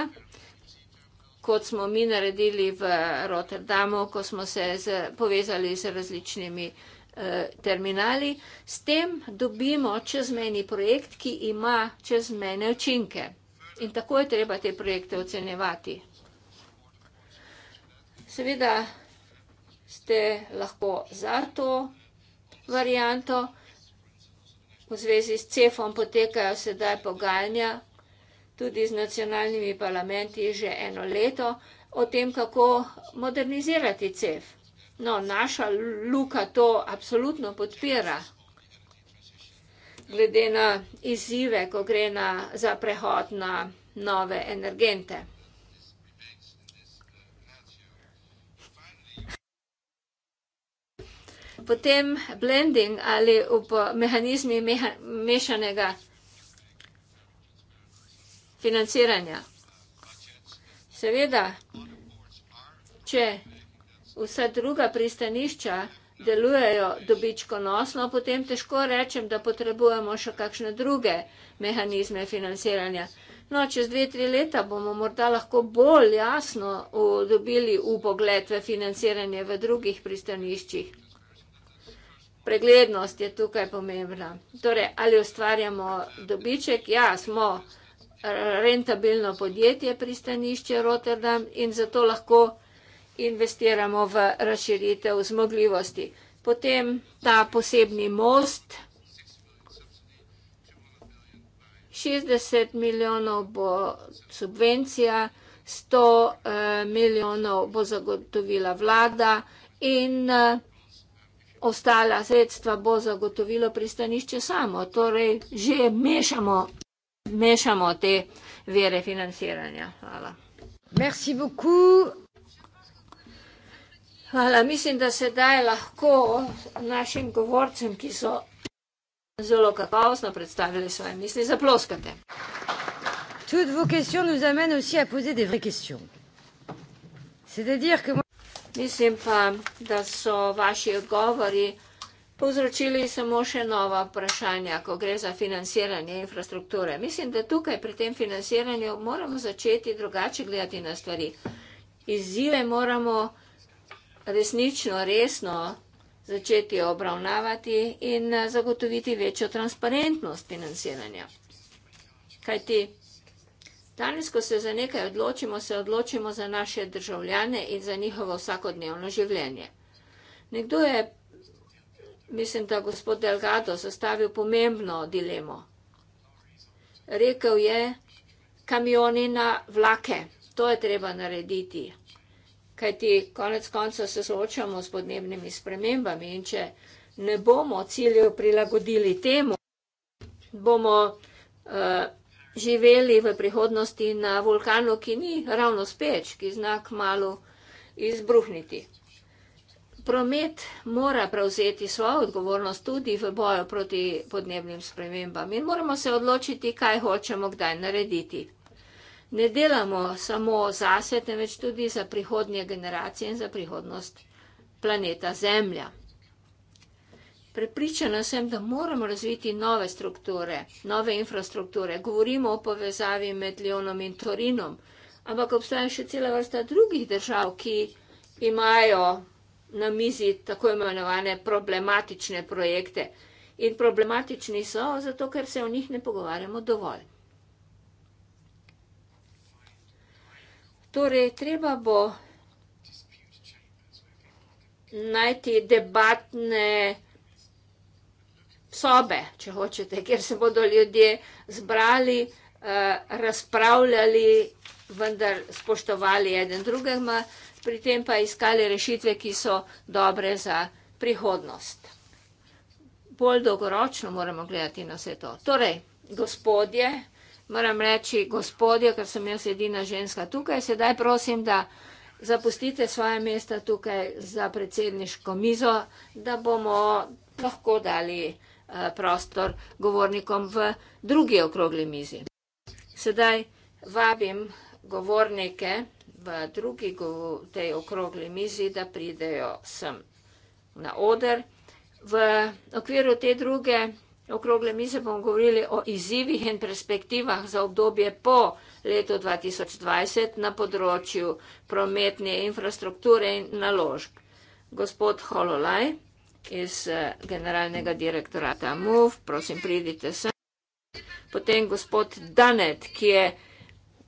kot smo mi naredili v Rotterdamu, ko smo se z, povezali z različnimi eh, terminali, s tem dobimo čezmeni projekt, ki ima čezmene učinke. In tako je treba te projekte ocenjevati. Seveda ste lahko za to varianto. V zvezi s CEF-om potekajo sedaj pogajanja tudi z nacionalnimi parlamenti že eno leto o tem, kako modernizirati CEF. No, naša luka to absolutno podpira. Glede na izzive, ko gre na, za prehod na nove energente. potem blending ali ob mehanizmi mešanega financiranja. Seveda, če vsa druga pristanišča delujejo dobičkonosno, potem težko rečem, da potrebujemo še kakšne druge mehanizme financiranja. No, čez dve, tri leta bomo morda lahko bolj jasno dobili upogled v financiranje v drugih pristaniščih preglednost je tukaj pomembna. Torej, ali ustvarjamo dobiček? Ja, smo rentabilno podjetje pristanišče Rotterdam in zato lahko investiramo v razširitev zmogljivosti. Potem ta posebni most. 60 milijonov bo subvencija, 100 eh, milijonov bo zagotovila vlada in eh, ostala sredstva bo zagotovilo pristanišče samo. Torej, že mešamo, mešamo te vere financiranja. Hvala. Merci Hvala. Mislim, da sedaj lahko našim govorcem, ki so zelo kakovostno predstavili svoje misli, zaploskate. Toutes vos questions nous amènent aussi à poser des vraies questions. C'est-à-dire que moi... Mislim pa, da so vaši odgovori povzročili samo še nova vprašanja, ko gre za financiranje infrastrukture. Mislim, da tukaj pri tem financiranju moramo začeti drugače gledati na stvari. Izzive moramo resnično, resno začeti obravnavati in zagotoviti večjo transparentnost financiranja. Kaj ti? Danes, ko se za nekaj odločimo, se odločimo za naše državljane in za njihovo vsakodnevno življenje. Nekdo je, mislim, da gospod Delgado, zastavil pomembno dilemo. Rekl je, kamioni na vlake, to je treba narediti, kajti konec konca se soočamo s podnebnimi spremembami in če ne bomo ciljev prilagodili temu, bomo. Uh, živeli v prihodnosti na vulkanu, ki ni ravno speč, ki znak malo izbruhniti. Promet mora prevzeti svojo odgovornost tudi v boju proti podnebnim spremembam in moramo se odločiti, kaj hočemo kdaj narediti. Ne delamo samo zase, temveč tudi za prihodnje generacije in za prihodnost planeta Zemlja. Prepričana sem, da moramo razviti nove strukture, nove infrastrukture. Govorimo o povezavi med Lionom in Torinom, ampak obstaja še cela vrsta drugih držav, ki imajo na mizi tako imenovane problematične projekte. In problematični so, zato ker se o njih ne pogovarjamo dovolj. Torej, treba bo najti debatne projekte, sobe, če hočete, kjer se bodo ljudje zbrali, eh, razpravljali, vendar spoštovali eden drugega, pri tem pa iskali rešitve, ki so dobre za prihodnost. Bolj dolgoročno moramo gledati na vse to. Torej, gospodje, moram reči gospodje, ker sem jaz edina ženska tukaj, sedaj prosim, da zapustite svoje mesta tukaj za predsedniško mizo, da bomo lahko dali. Eh, prostor govornikom v drugi okrogli mizi. Sedaj vabim govornike v drugi tej okrogli mizi, da pridejo sem na oder. V okviru te druge okrogle mize bomo govorili o izzivih in perspektivah za obdobje po letu 2020 na področju prometne infrastrukture in naložb. Gospod Hololaj iz eh, generalnega direktorata MUF, prosim, pridite sem. Potem gospod Danet, ki je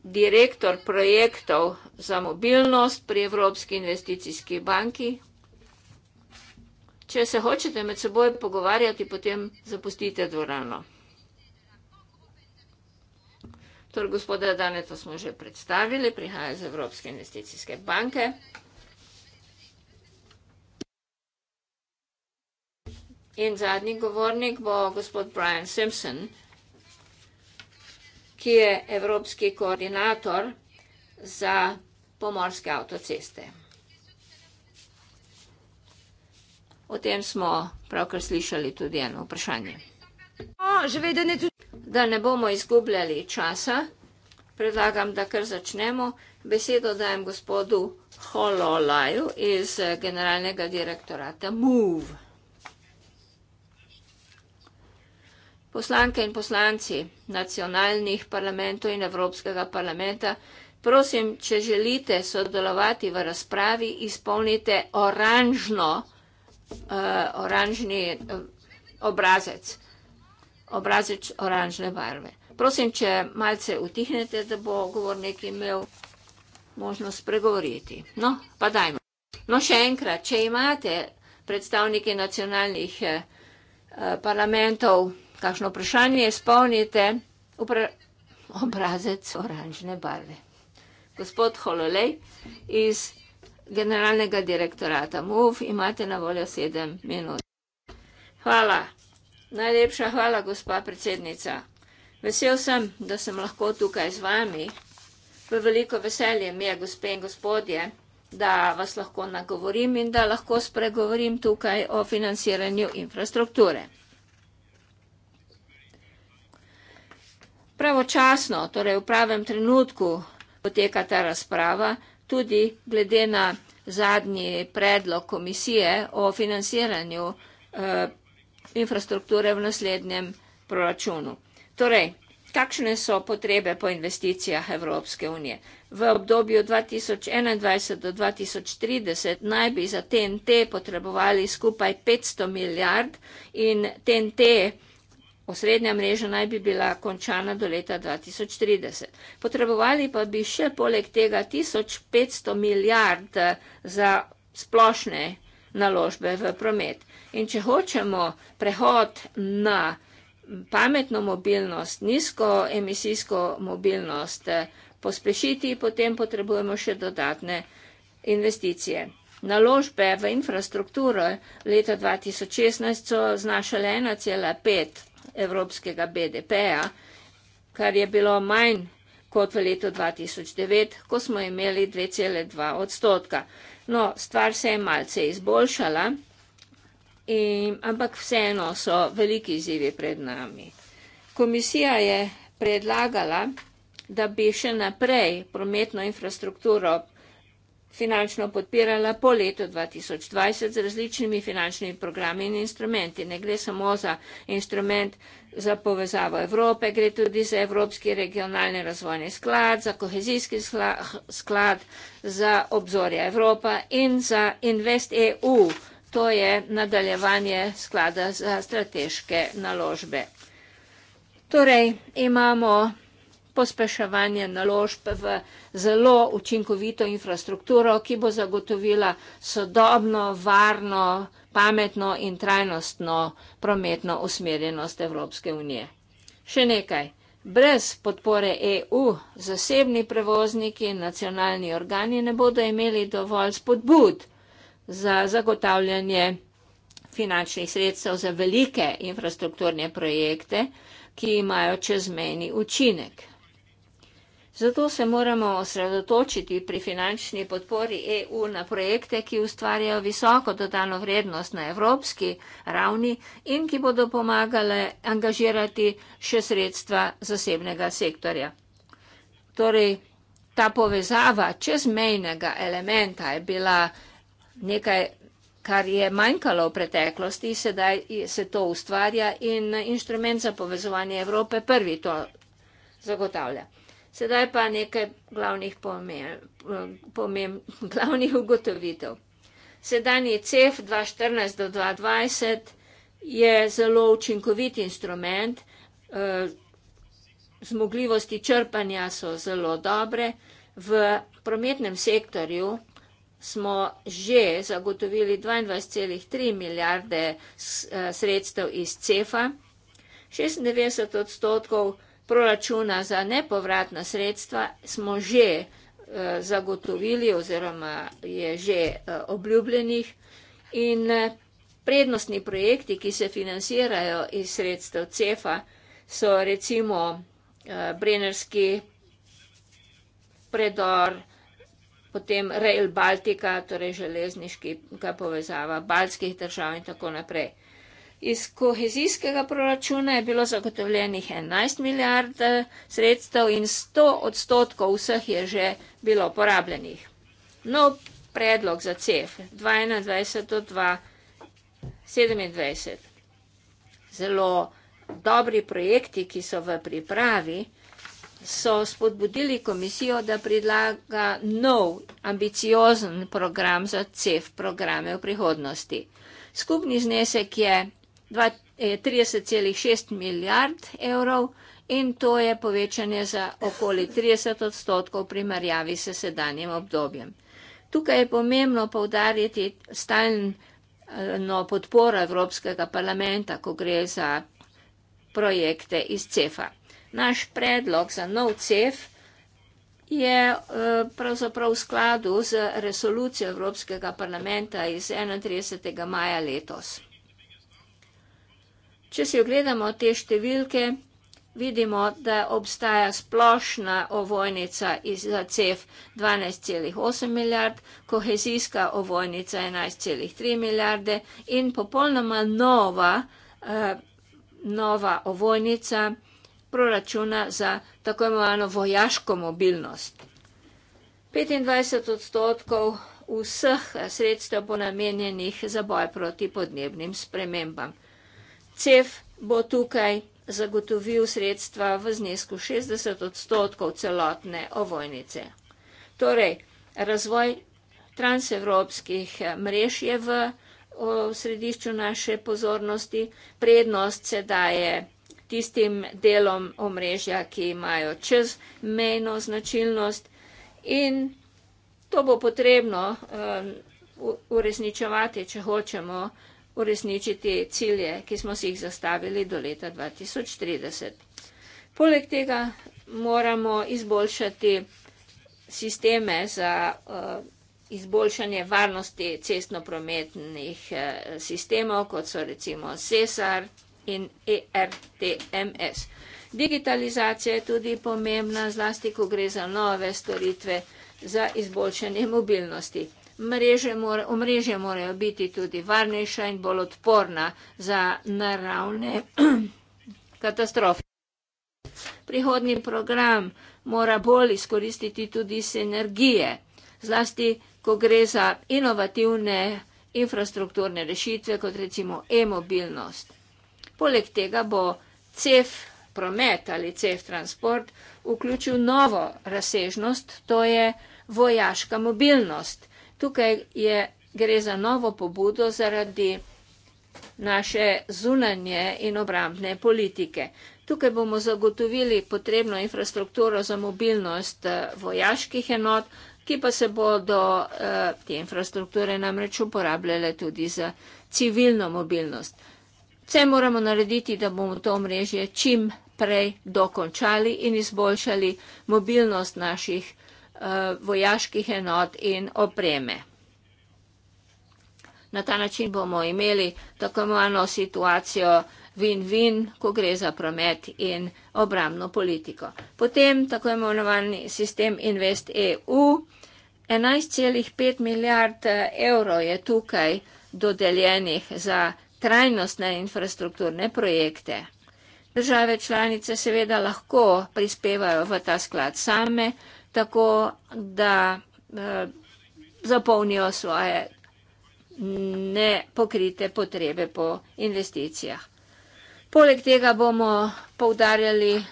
direktor projektov za mobilnost pri Evropski investicijski banki. Če se hočete med seboj pogovarjati, potem zapustite dvorano. Torej, gospoda Daneta smo že predstavili, prihaja iz Evropske investicijske banke. In zadnji govornik bo gospod Brian Simpson, ki je evropski koordinator za pomorske avtoceste. O tem smo pravkar slišali tudi eno vprašanje. No, da ne bomo izgubljali časa, predlagam, da kar začnemo. Besedo dajem gospodu Hololaju iz generalnega direktorata MOVE. Poslanke in poslanci nacionalnih parlamentov in Evropskega parlamenta, prosim, če želite sodelovati v razpravi, izpolnite oranžno, uh, oranžni uh, obrazec, obrazec oranžne barve. Prosim, če malce utihnete, da bo govornik imel možnost spregovoriti. No, pa dajmo. No, še enkrat, če imate predstavnike nacionalnih eh, eh parlamentov, kakšno vprašanje izpolnite, upra... obrazec oranžne barve. Gospod Hololej iz generalnega direktorata MUV, imate na voljo sedem minut. Hvala. Najlepša hvala, gospa predsednica. Vesel sem, da sem lahko tukaj z vami. V veliko veselje mi je, gospe in gospodje, da vas lahko nagovorim in da lahko spregovorim tukaj o financiranju infrastrukture. pravočasno, torej v pravem trenutku, poteka ta razprava, tudi glede na zadnji predlog komisije o financiranju eh, infrastrukture v naslednjem proračunu. Torej, kakšne so potrebe po investicijah Evropske unije? V obdobju 2021 do 2030 naj bi za TNT potrebovali skupaj 500 milijard in TNT je. Osrednja mreža naj bi bila končana do leta 2030. Potrebovali pa bi še poleg tega 1500 milijard za splošne naložbe v promet. In če hočemo prehod na pametno mobilnost, nizko emisijsko mobilnost pospešiti, potem potrebujemo še dodatne investicije. Naložbe v infrastrukturo leta 2016 so znašale 1,5 evropskega BDP-ja, kar je bilo manj kot v letu 2009, ko smo imeli 2,2 odstotka. No, stvar se je malce izboljšala, in, ampak vseeno so veliki izzivi pred nami. Komisija je predlagala, da bi še naprej prometno infrastrukturo finančno podpirala po letu 2020 z različnimi finančnimi programi in instrumenti. Ne gre samo za instrument za povezavo Evrope, gre tudi za Evropski regionalni razvojni sklad, za kohezijski sklad, za obzorje Evropa in za Invest EU. To je nadaljevanje sklada za strateške naložbe. Torej, imamo pospeševanje naložb v zelo učinkovito infrastrukturo, ki bo zagotovila sodobno, varno, pametno in trajnostno prometno usmerjenost Evropske unije. Še nekaj. Brez podpore EU zasebni prevozniki in nacionalni organi ne bodo imeli dovolj spodbud za zagotavljanje finančnih sredstev za velike infrastrukturne projekte, ki imajo čezmejni učinek. Zato se moramo osredotočiti pri finančni podpori EU na projekte, ki ustvarjajo visoko dodano vrednost na evropski ravni in ki bodo pomagale angažirati še sredstva zasebnega sektorja. Torej, ta povezava čezmejnega elementa je bila nekaj, kar je manjkalo v preteklosti, sedaj se to ustvarja in inštrument za povezovanje Evrope prvi to zagotavlja. Sedaj pa nekaj glavnih, pomen, pomen, glavnih ugotovitev. Sedajni CEF 2014 do 2020 je zelo učinkovit instrument, eh, zmogljivosti črpanja so zelo dobre. V prometnem sektorju smo že zagotovili 22,3 milijarde eh, sredstev iz CEF-a, 96 odstotkov proračuna za nepovratna sredstva smo že eh, zagotovili oziroma je že eh, obljubljenih in eh, prednostni projekti, ki se financirajo iz sredstev CEFA, so recimo Brennerski predor, potem Rail Baltica, torej železniška povezava baltskih držav in tako naprej. Iz kohezijskega proračuna je bilo zagotovljenih 11 milijard eh, sredstev in 100 odstotkov vseh je že bilo porabljenih. No, predlog za CEF 2021 do 2027. Zelo dobri projekti, ki so v pripravi, so spodbudili komisijo, da predlaga nov ambiciozen program za CEF programe v prihodnosti. Skupni znesek je 30,6 eh, milijard evrov in to je povečanje za okoli 30 odstotkov v primerjavi s sedanjem obdobjem. Tukaj je pomembno povdariti stalno podporo Evropskega parlamenta, ko gre za projekte iz CEF-a. Naš predlog za nov CEF je eh, pravzaprav v skladu z resolucijo Evropskega parlamenta iz 31. maja letos. Če si ogledamo te številke, vidimo, da obstaja splošna ovojnica za e CEF 12,8 milijard, kohezijska ovojnica 11,3 milijarde in popolnoma nova, eh, nova ovojnica proračuna za tako imenovano vojaško mobilnost. 25 odstotkov vseh sredstev bo namenjenih za boj proti podnebnim spremembam. CEF bo tukaj zagotovil sredstva v znesku 60 odstotkov celotne ovojnice. Torej, razvoj transevropskih eh, mrež je v, v središču naše pozornosti. Prednost se daje tistim delom omrežja, ki imajo čezmejno značilnost in to bo potrebno eh, uresničevati, če hočemo uresničiti cilje, ki smo si jih zastavili do leta 2030. Poleg tega moramo izboljšati sisteme za eh, izboljšanje varnosti cestno-prometnih eh, sistemov, kot so recimo SESAR in ERTMS. Digitalizacija je tudi pomembna, zlasti ko gre za nove storitve za izboljšanje mobilnosti mreže more, omrežja morajo biti tudi varnejša in bolj odporna za naravne katastrofe. Prihodni program mora bolj izkoristiti tudi sinergije, zlasti ko gre za inovativne infrastrukturne rešitve, kot recimo e-mobilnost. Poleg tega bo CEF promet ali CEF transport vključil novo razsežnost, to je vojaška mobilnost. Tukaj je, gre za novo pobudo zaradi naše zunanje in obrambne politike. Tukaj bomo zagotovili potrebno infrastrukturo za mobilnost eh, vojaških enot, ki pa se bodo eh, te infrastrukture namreč uporabljale tudi za civilno mobilnost. Vse moramo narediti, da bomo to mrežje čim prej dokončali in izboljšali mobilnost naših vojaških enot. Eh, vojaških enot in opreme. Na ta način bomo imeli tako imenovano situacijo win-win, ko gre za promet in obramno politiko. Potem tako imenovani sistem Invest EU. 11,5 milijard eh, evrov je tukaj dodeljenih za trajnostne infrastrukturne projekte. Države članice seveda lahko prispevajo v ta sklad same, tako da eh, zapolnijo svoje nepokrite potrebe po investicijah. Poleg tega bomo povdarjali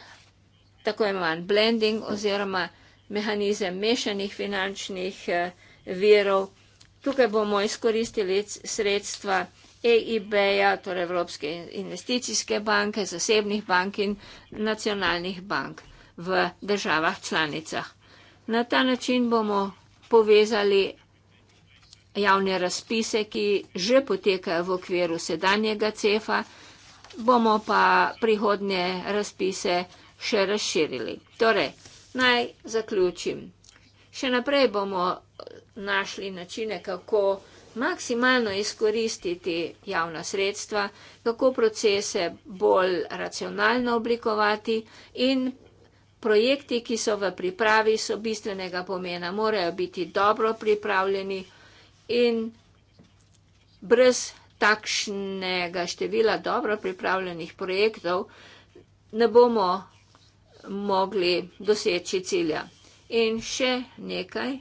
tako imenovan blending oziroma mehanizem mešanih finančnih eh, virov. Tukaj bomo izkoristili sredstva EIB-ja, torej Evropske investicijske banke, zasebnih bank in nacionalnih bank v državah članicah. Na ta način bomo povezali javne razpise, ki že potekajo v okviru sedanjega CEFA, bomo pa prihodnje razpise še razširili. Torej, naj zaključim. Še naprej bomo našli načine, kako maksimalno izkoristiti javna sredstva, kako procese bolj racionalno oblikovati in projekti, ki so v pripravi, so bistvenega pomena, morajo biti dobro pripravljeni in brez takšnega števila dobro pripravljenih projektov ne bomo mogli doseči cilja. In še nekaj,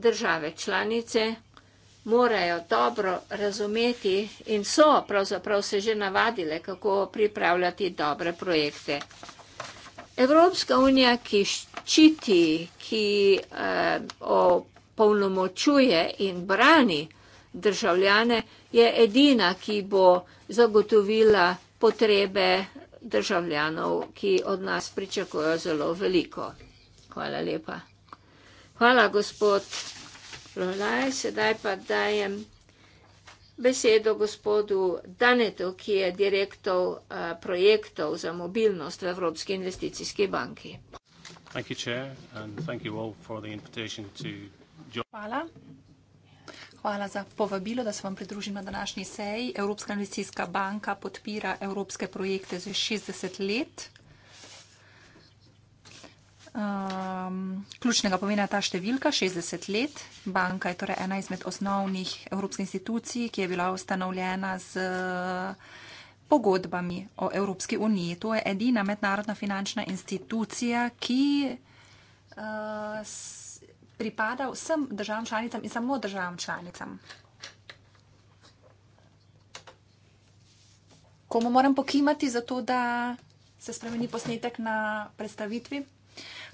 države članice morajo dobro razumeti in so pravzaprav se že navadile, kako pripravljati dobre projekte. Evropska unija, ki ščiti, ki eh, opolnomočuje in brani državljane, je edina, ki bo zagotovila potrebe državljanov, ki od nas pričakujejo zelo veliko. Hvala lepa. Hvala, gospod Lolaj. Sedaj pa dajem besedo gospodu Danetu, ki je direktor uh, projektov za mobilnost v Evropski investicijski banki. Hvala. Hvala za povabilo, da se vam pridružim na današnji seji. Evropska investicijska banka podpira evropske projekte za 60 let um, ključnega pomena ta številka, 60 let. Banka je torej ena izmed osnovnih evropskih institucij, ki je bila ustanovljena z uh, pogodbami o Evropski uniji. To je edina mednarodna finančna institucija, ki uh, pripada vsem državam članicam in samo državam članicam. Komu moram pokimati za to, da se spremeni posnetek na predstavitvi?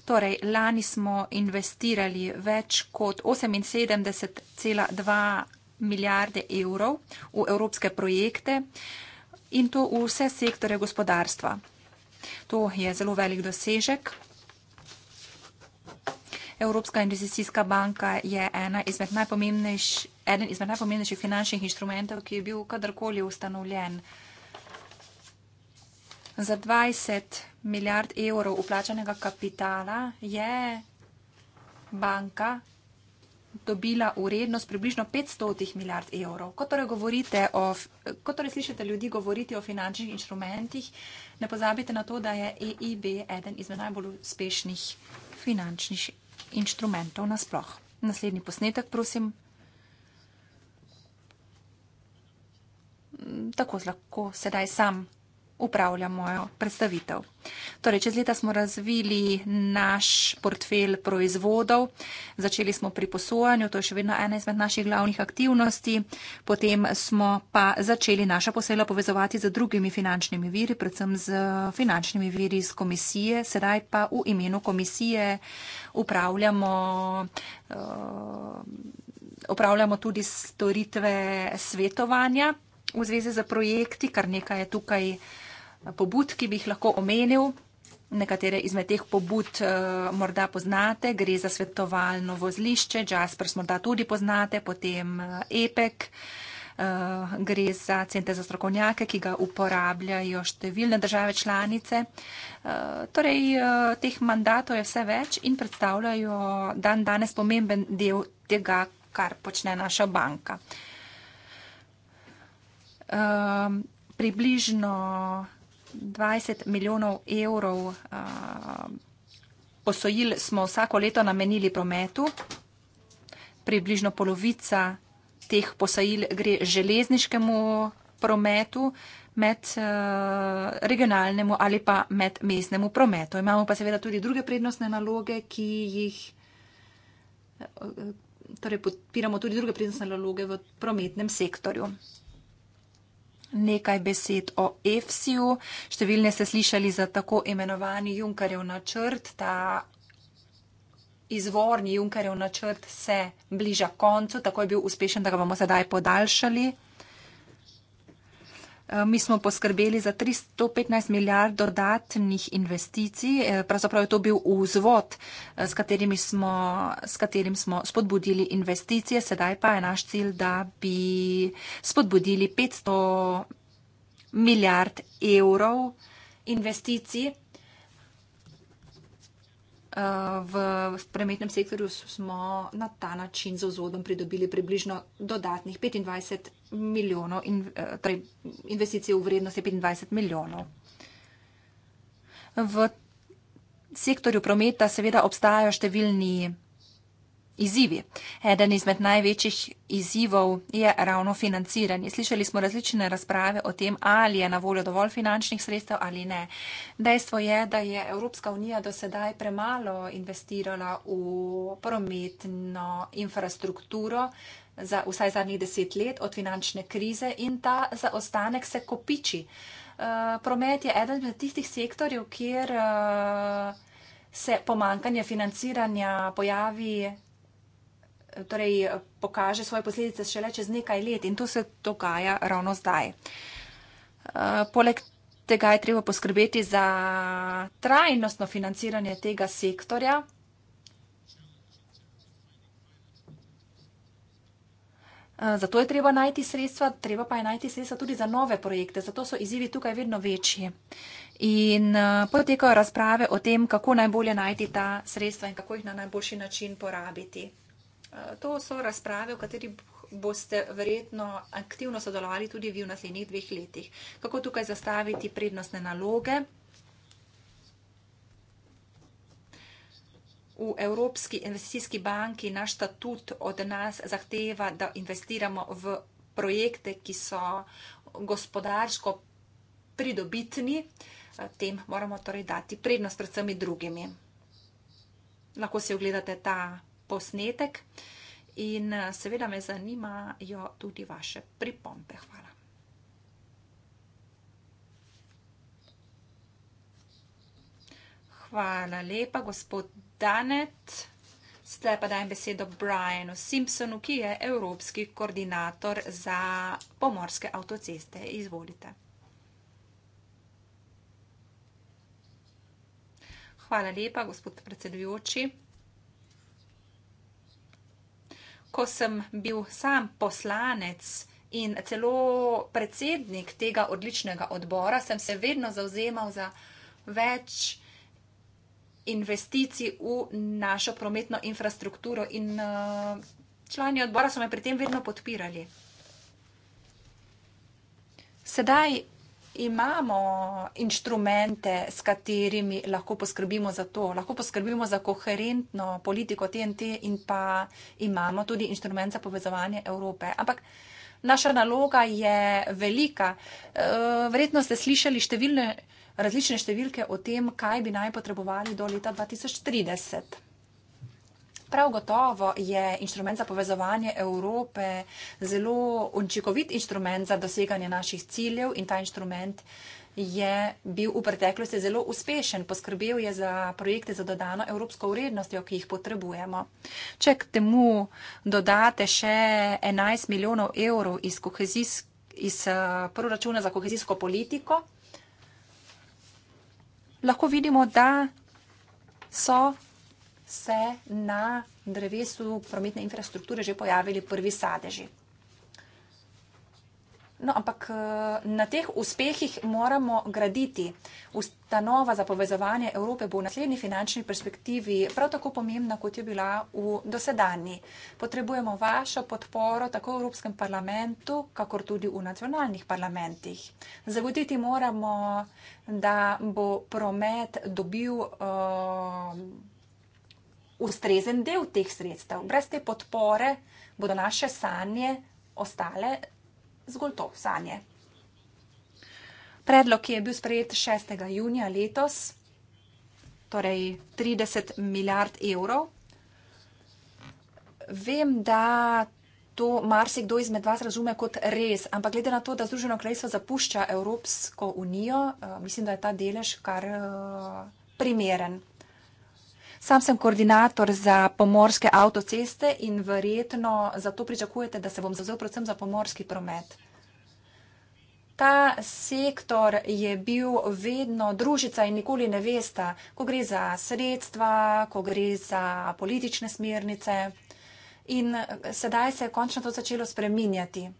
Torej, lani smo investirali več kot 78,2 milijarde evrov v evropske projekte in to v vse sektore gospodarstva. To je zelo velik dosežek. Evropska investicijska banka je ena izmed eden izmed najpomembnejših finančnih inštrumentov, ki je bil kadarkoli ustanovljen za 20 milijard evrov uplačanega kapitala je banka dobila urednost približno 500 milijard evrov. Ko torej, govorite o, ko torej slišite ljudi govoriti o finančnih inštrumentih, ne pozabite na to, da je EIB eden izmed najbolj uspešnih finančnih inštrumentov nasploh. Naslednji posnetek, prosim. Tako lahko sedaj sam upravlja mojo predstavitev. Torej, čez leta smo razvili naš portfelj proizvodov, začeli smo pri posojanju, to je še vedno ena izmed naših glavnih aktivnosti, potem smo pa začeli naša posela povezovati z drugimi finančnimi viri, predvsem z finančnimi viri iz komisije, sedaj pa v imenu komisije upravljamo. Uh, eh, Opravljamo tudi storitve svetovanja v zvezi z projekti, kar nekaj je tukaj uh, pobud, ki bi jih lahko omenil. Nekatere izmed teh pobud uh, morda poznate, gre za svetovalno vozlišče, Jaspers morda tudi poznate, potem eh, EPEC, uh, eh, gre za center za strokovnjake, ki ga uporabljajo številne države članice. Uh, torej, uh, teh mandatov je vse več in predstavljajo dan danes pomemben del tega, kar počne naša banka. Uh, približno 20 milijonov evrov uh, posojil smo vsako leto namenili prometu. Približno polovica teh posojil gre železniškemu prometu, med uh, regionalnemu ali pa med mestnemu prometu. Imamo pa seveda tudi druge prednostne naloge, ki jih. Uh, torej, podpiramo tudi druge prednostne naloge v prometnem sektorju. Nekaj besed o EFSI-ju. Številne ste slišali za tako imenovani Junkarjev načrt. Ta izvorni Junkarjev načrt se bliža koncu, tako je bil uspešen, da ga bomo sedaj podaljšali. Eh, mi smo poskrbeli za 315 milijard dodatnih investicij, eh, pravzaprav je to bil vzvod, eh, s, smo, s katerim smo spodbudili investicije, sedaj pa je naš cilj, da bi spodbudili 500 milijard evrov investicij. Eh, v prometnem sektorju smo na ta način z ozodom pridobili približno dodatnih 25 milijonov, in, eh, torej investicije v vrednosti 25 milijonov. V sektorju prometa seveda obstajajo številni izzivi. Eden izmed največjih izzivov je ravno financiranje. Slišali smo različne razprave o tem, ali je na voljo dovolj finančnih sredstev ali ne. Dejstvo je, da je Evropska unija do sedaj premalo investirala v prometno infrastrukturo. Za vsaj zadnjih deset let od finančne krize in ta zaostanek se kopiči. Eh, promet je eden od tistih sektorjev, kjer eh, se pomankanje financiranja pojavi torej, pokaže svoje posledice šele čez nekaj let in to se dogaja ravno zdaj. Eh, poleg tega je treba poskrbeti za trajnostno financiranje tega sektorja. Eh, zato je treba najti sredstva, treba pa je najti sredstva tudi za nove projekte, zato so izzivi tukaj vedno večji. In eh, potekajo razprave o tem, kako najbolje najti ta sredstva in kako jih na najboljši način porabiti. Eh, to so razprave, v kateri boste verjetno aktivno sodelovali tudi vi v naslednjih dveh letih. Kako tukaj zastaviti prednostne naloge? V Evropski investicijski banki naš statut od nas zahteva, da investiramo v projekte, ki so gospodarsko pridobitni, eh, tem moramo torej dati prednost pred vsemi drugimi. Lahko si ogledate ta projekt posnetek in eh, seveda me zanimajo tudi vaše pripombe. Hvala. Hvala lepa, gospod Danet. Zdaj pa dajem besedo Brianu Simpsonu, ki je evropski koordinator za pomorske avtoceste. Izvolite. Hvala lepa, gospod predsedujoči ko sem bil sam poslanec in celo predsednik tega odličnega odbora, sem se vedno zauzemal za več investicij v našo prometno infrastrukturo in eh, člani odbora so me pri tem vedno podpirali. Sedaj imamo inštrumente, s katerimi lahko poskrbimo za to. Lahko poskrbimo za koherentno politiko TNT in pa imamo tudi inštrument za povezovanje Evrope. Ampak naša naloga je velika. E, verjetno ste slišali številne, različne številke o tem, kaj bi naj potrebovali do leta 2030. Prav gotovo je inštrument za povezovanje Evrope zelo učinkovit inštrument za doseganje naših ciljev in ta inštrument je bil v preteklosti zelo uspešen, poskrbel je za projekte za dodano evropsko vrednostjo, ki jih potrebujemo. Če k temu dodate še 11 milijonov evrov iz, iz eh, proračuna za kohezijsko politiko, lahko vidimo, da so se na drevesu prometne infrastrukture že pojavili prvi sadeži. No, ampak eh, na teh uspehih moramo graditi. Ustanova za povezovanje Evrope bo v naslednji finančni perspektivi prav tako pomembna, kot je bila v dosedanji. Potrebujemo vašo podporo tako v Evropskem parlamentu, kakor tudi v nacionalnih parlamentih. Zagotiti moramo, da bo promet dobil. Uh, ustrezen del teh sredstev. Brez te podpore bodo naše sanje ostale zgolj to sanje. Predlog je bil sprejet 6. junija letos, torej 30 milijard evrov. Vem, da to marsikdo izmed vas razume kot res, ampak glede na to, da Združeno kraljestvo zapušča Evropsko unijo, eh, mislim, da je ta delež kar eh, primeren. Sam sem koordinator za pomorske avtoceste in verjetno zato pričakujete, da se bom zauzel predvsem za pomorski promet. Ta sektor je bil vedno družica in nikoli ne veste, ko gre za sredstva, ko gre za politične smernice. In eh, sedaj se je končno to začelo spreminjati. Eh,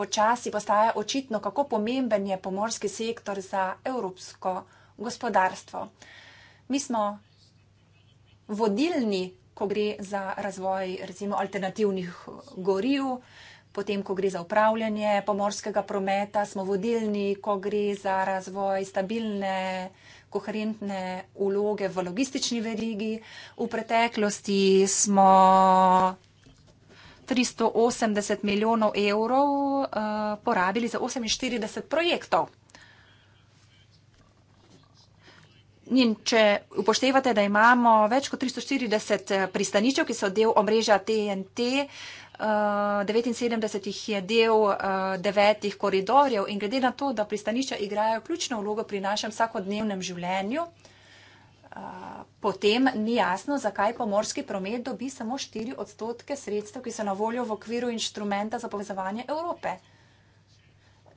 počasi postaja očitno, kako pomemben je pomorski sektor za evropsko gospodarstvo mi smo vodilni, ko gre za razvoj recimo, alternativnih eh, goriv, potem, ko gre za upravljanje pomorskega prometa, smo vodilni, ko gre za razvoj stabilne, koherentne uloge v logistični verigi. V preteklosti smo. 380 milijonov evrov uh, porabili za 48 projektov. In če upoštevate, da imamo več kot 340 eh, pristaničev, ki so del omrežja TNT, 79 eh, jih je del eh, devetih koridorjev in glede na to, da pristanišča igrajo ključno vlogo pri našem vsakodnevnem življenju, potem ni jasno, zakaj pomorski promet dobi samo 4 odstotke sredstev, ki so na voljo v okviru inštrumenta za povezovanje Evrope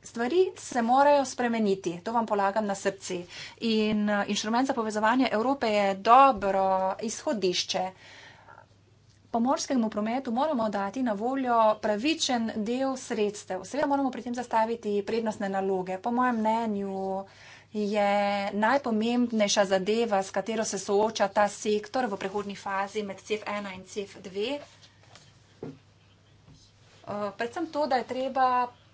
stvari se morajo spremeniti, to vam polagam na srce. In eh, inštrument za povezovanje Evrope je dobro izhodišče. Pomorskemu prometu moramo dati na voljo pravičen del sredstev. Seveda moramo pri tem zastaviti prednostne naloge. Po mojem mnenju je najpomembnejša zadeva, s katero se sooča ta sektor v prehodni fazi med CF1 in CF2, eh, predvsem to, da je treba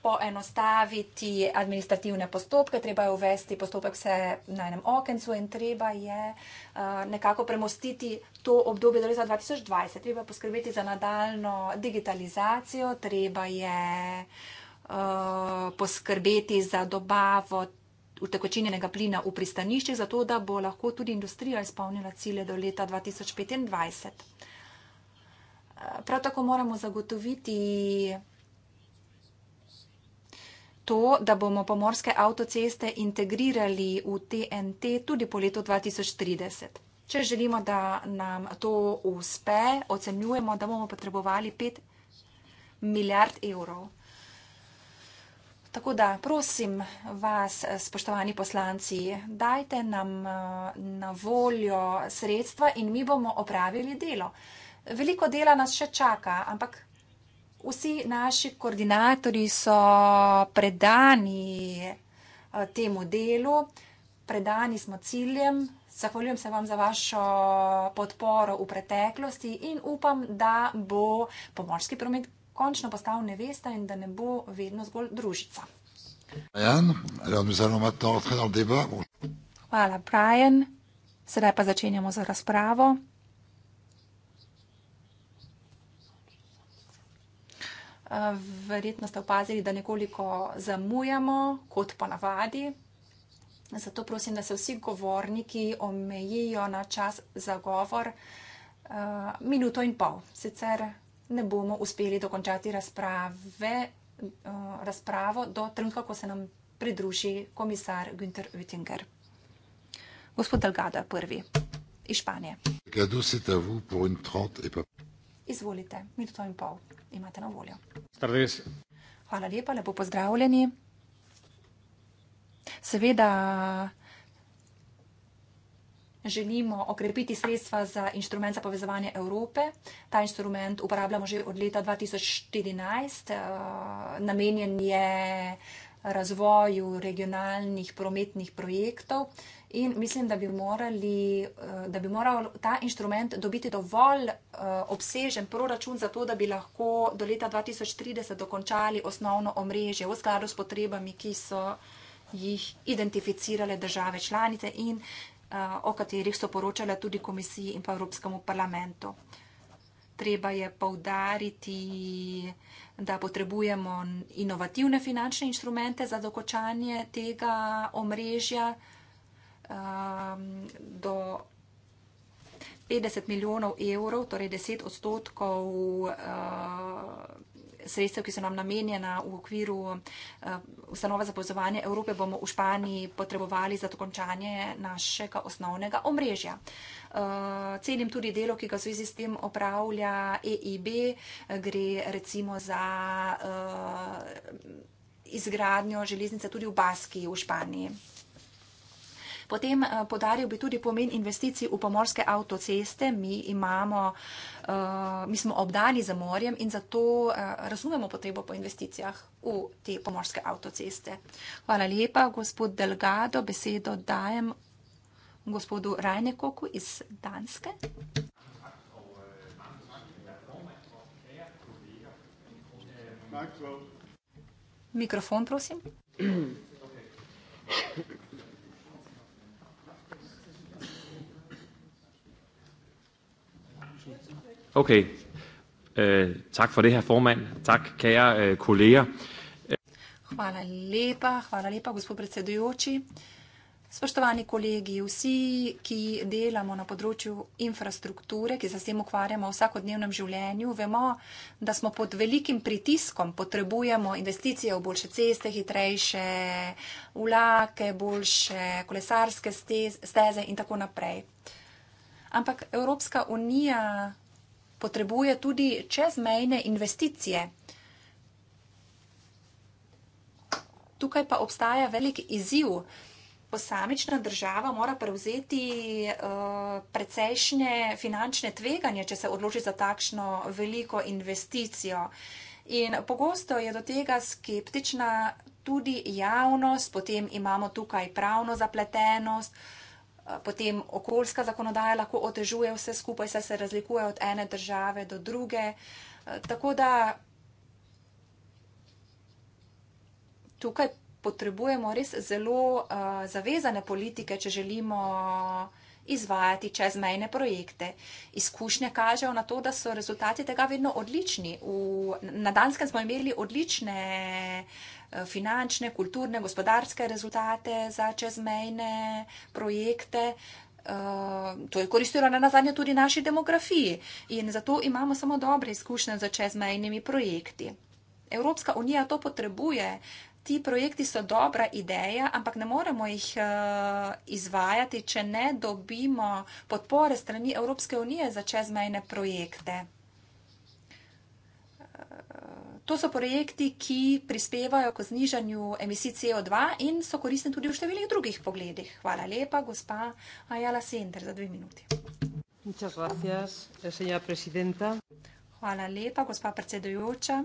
poenostaviti administrativne postopke, treba je uvesti postopek vse na enem okencu in treba je uh, nekako premostiti to obdobje do leta 2020. Treba je poskrbeti za nadaljno digitalizacijo, treba je uh, poskrbeti za dobavo utekočinjenega plina v pristaniščih, zato da bo lahko tudi industrija izpolnila cilje do leta 2025. Eh, prav tako moramo zagotoviti to, da bomo pomorske avtoceste integrirali v TNT tudi po letu 2030. Če želimo, da nam to uspe, ocenjujemo, da bomo potrebovali 5 milijard evrov. Tako da prosim vas, spoštovani poslanci, dajte nam eh, na voljo sredstva in mi bomo opravili delo. Veliko dela nas še čaka, ampak Vsi naši koordinatori so predani eh, temu delu, predani smo ciljem. Zahvaljujem se vam za vašo podporo v preteklosti in upam, da bo pomorski promet končno postal nevesta in da ne bo vedno zgolj družica. Hvala, Brian. Sedaj pa začenjamo z razpravo. Verjetno ste opazili, da nekoliko zamujamo, kot ponavadi. Zato prosim, da se vsi govorniki omejijo na čas za govor eh, minuto in pol. Sicer ne bomo uspeli dokončati razprave, eh, razpravo do trenutka, ko se nam pridruži komisar Günter Oettinger. Gospod Delgada prvi iz Španije izvolite, minuto in pol imate na voljo. Stardes. Hvala lepa, lepo pozdravljeni. Seveda želimo okrepiti sredstva za inštrument za povezovanje Evrope. Ta inštrument uporabljamo že od leta 2014. Eh, namenjen je razvoju regionalnih prometnih projektov. In mislim, da bi, morali, eh, da bi moral ta inštrument dobiti dovolj eh, obsežen proračun za to, da bi lahko do leta 2030 dokončali osnovno omrežje v skladu s potrebami, ki so jih identificirale države članice in eh, o katerih so poročale tudi komisiji in pa Evropskemu parlamentu. Treba je povdariti, da potrebujemo inovativne finančne inštrumente za dokončanje tega omrežja. Um, do 50 milijonov evrov, torej 10 odstotkov uh, sredstev, ki so nam namenjena v okviru uh, ustanova za pozovanje Evrope, bomo v Španiji potrebovali za dokončanje našega osnovnega omrežja. Uh, cenim tudi delo, ki ga v zvezi s tem opravlja EIB, gre recimo za izgradnjo železnice tudi v Baskiji v Španiji. Potem eh, podaril bi tudi pomen investicij v pomorske avtoceste. Mi, imamo, eh, mi smo obdani za morjem in zato eh, razumemo potrebo po investicijah v te pomorske avtoceste. Hvala lepa, gospod Delgado. Besedo dajem gospodu Rajnekoku iz Danske. Mikrofon, prosim. Okay. Øh, tak for det her, formand. Tak, kære øh, kolleger. Hvala lepa, hvala lepa, gospod predsedujoči. Spoštovani kolegi, vsi, ki delamo na področju infrastrukture, ki se s tem ukvarjamo v vsakodnevnem življenju, vemo, da smo pod velikim pritiskom, potrebujemo investicije v boljše ceste, hitrejše vlake, boljše kolesarske steze in tako naprej. Ampak Evropska unija potrebuje tudi čezmejne investicije. Tukaj pa obstaja velik izziv. Posamična država mora prevzeti eh, precejšnje finančne tveganje, če se odloči za takšno veliko investicijo. In pogosto je do tega skeptična tudi javnost, potem imamo tukaj pravno zapletenost, potem okoljska zakonodaja lahko otežuje vse skupaj, saj se razlikuje od ene države do druge. Eh, tako da tukaj potrebujemo res zelo eh, zavezane politike, če želimo izvajati čezmejne projekte. Izkušnje kažejo na to, da so rezultati tega vedno odlični. V, na Danskem smo imeli odlične uh, Eh, finančne, kulturne, gospodarske rezultate za čezmejne projekte. Eh, to je koristilo na nazadnje tudi naši demografiji in zato imamo samo dobre izkušnje za čezmejnimi projekti. Evropska unija to potrebuje. Ti projekti so dobra ideja, ampak ne moremo jih eh, izvajati, če ne dobimo podpore strani Evropske unije za čezmejne projekte. To so projekti, ki prispevajo k znižanju emisij CO2 in so koristni tudi v številnih drugih pogledih. Hvala lepa, gospa Ajala Sender, za dve minuti. Eh, Hvala lepa, gospa predsedujoča.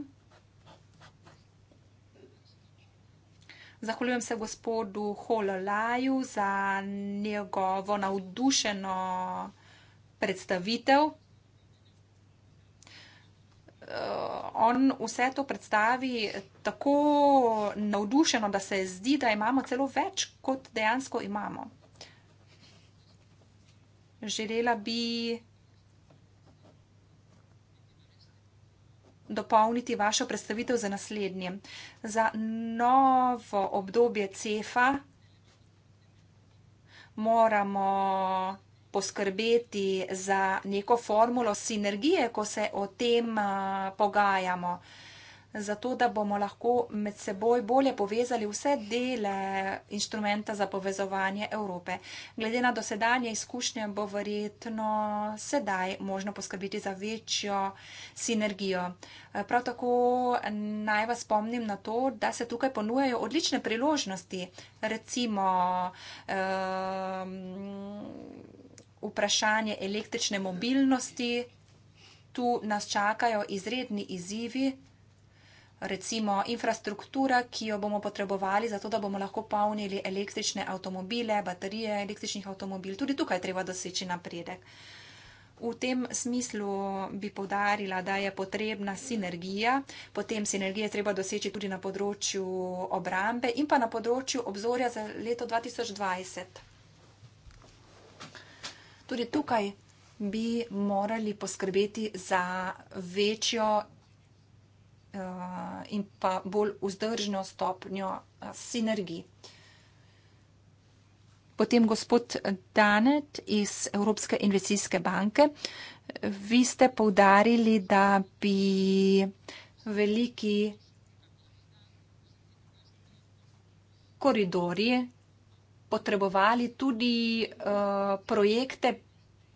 Zahvaljujem se gospodu Hololaju za njegovo navdušeno predstavitev uh, on vse to predstavi tako navdušeno, da se zdi, da imamo celo več, kot dejansko imamo. Želela bi dopolniti vašo predstavitev za naslednje. Za novo obdobje CEFA moramo poskrbeti za neko formulo sinergije, ko se o tem pogajamo, zato da bomo lahko med seboj bolje povezali vse dele inštrumenta za povezovanje Evrope. Glede na dosedanje izkušnje bo verjetno sedaj možno poskrbeti za večjo sinergijo. Prav tako naj vas spomnim na to, da se tukaj ponujajo odlične priložnosti, recimo um, vprašanje električne mobilnosti. Tu nas čakajo izredni izzivi, recimo infrastruktura, ki jo bomo potrebovali za to, da bomo lahko polnili električne avtomobile, baterije električnih avtomobil. Tudi tukaj treba doseči napredek. V tem smislu bi povdarila, da je potrebna sinergija, potem sinergije treba doseči tudi na področju obrambe in pa na področju obzorja za leto 2020. Tudi tukaj bi morali poskrbeti za večjo uh, in pa bolj vzdržno stopnjo uh, sinergij. Potem gospod Danet iz Evropske investicijske banke. Vi ste povdarili, da bi veliki koridori potrebovali tudi uh, projekte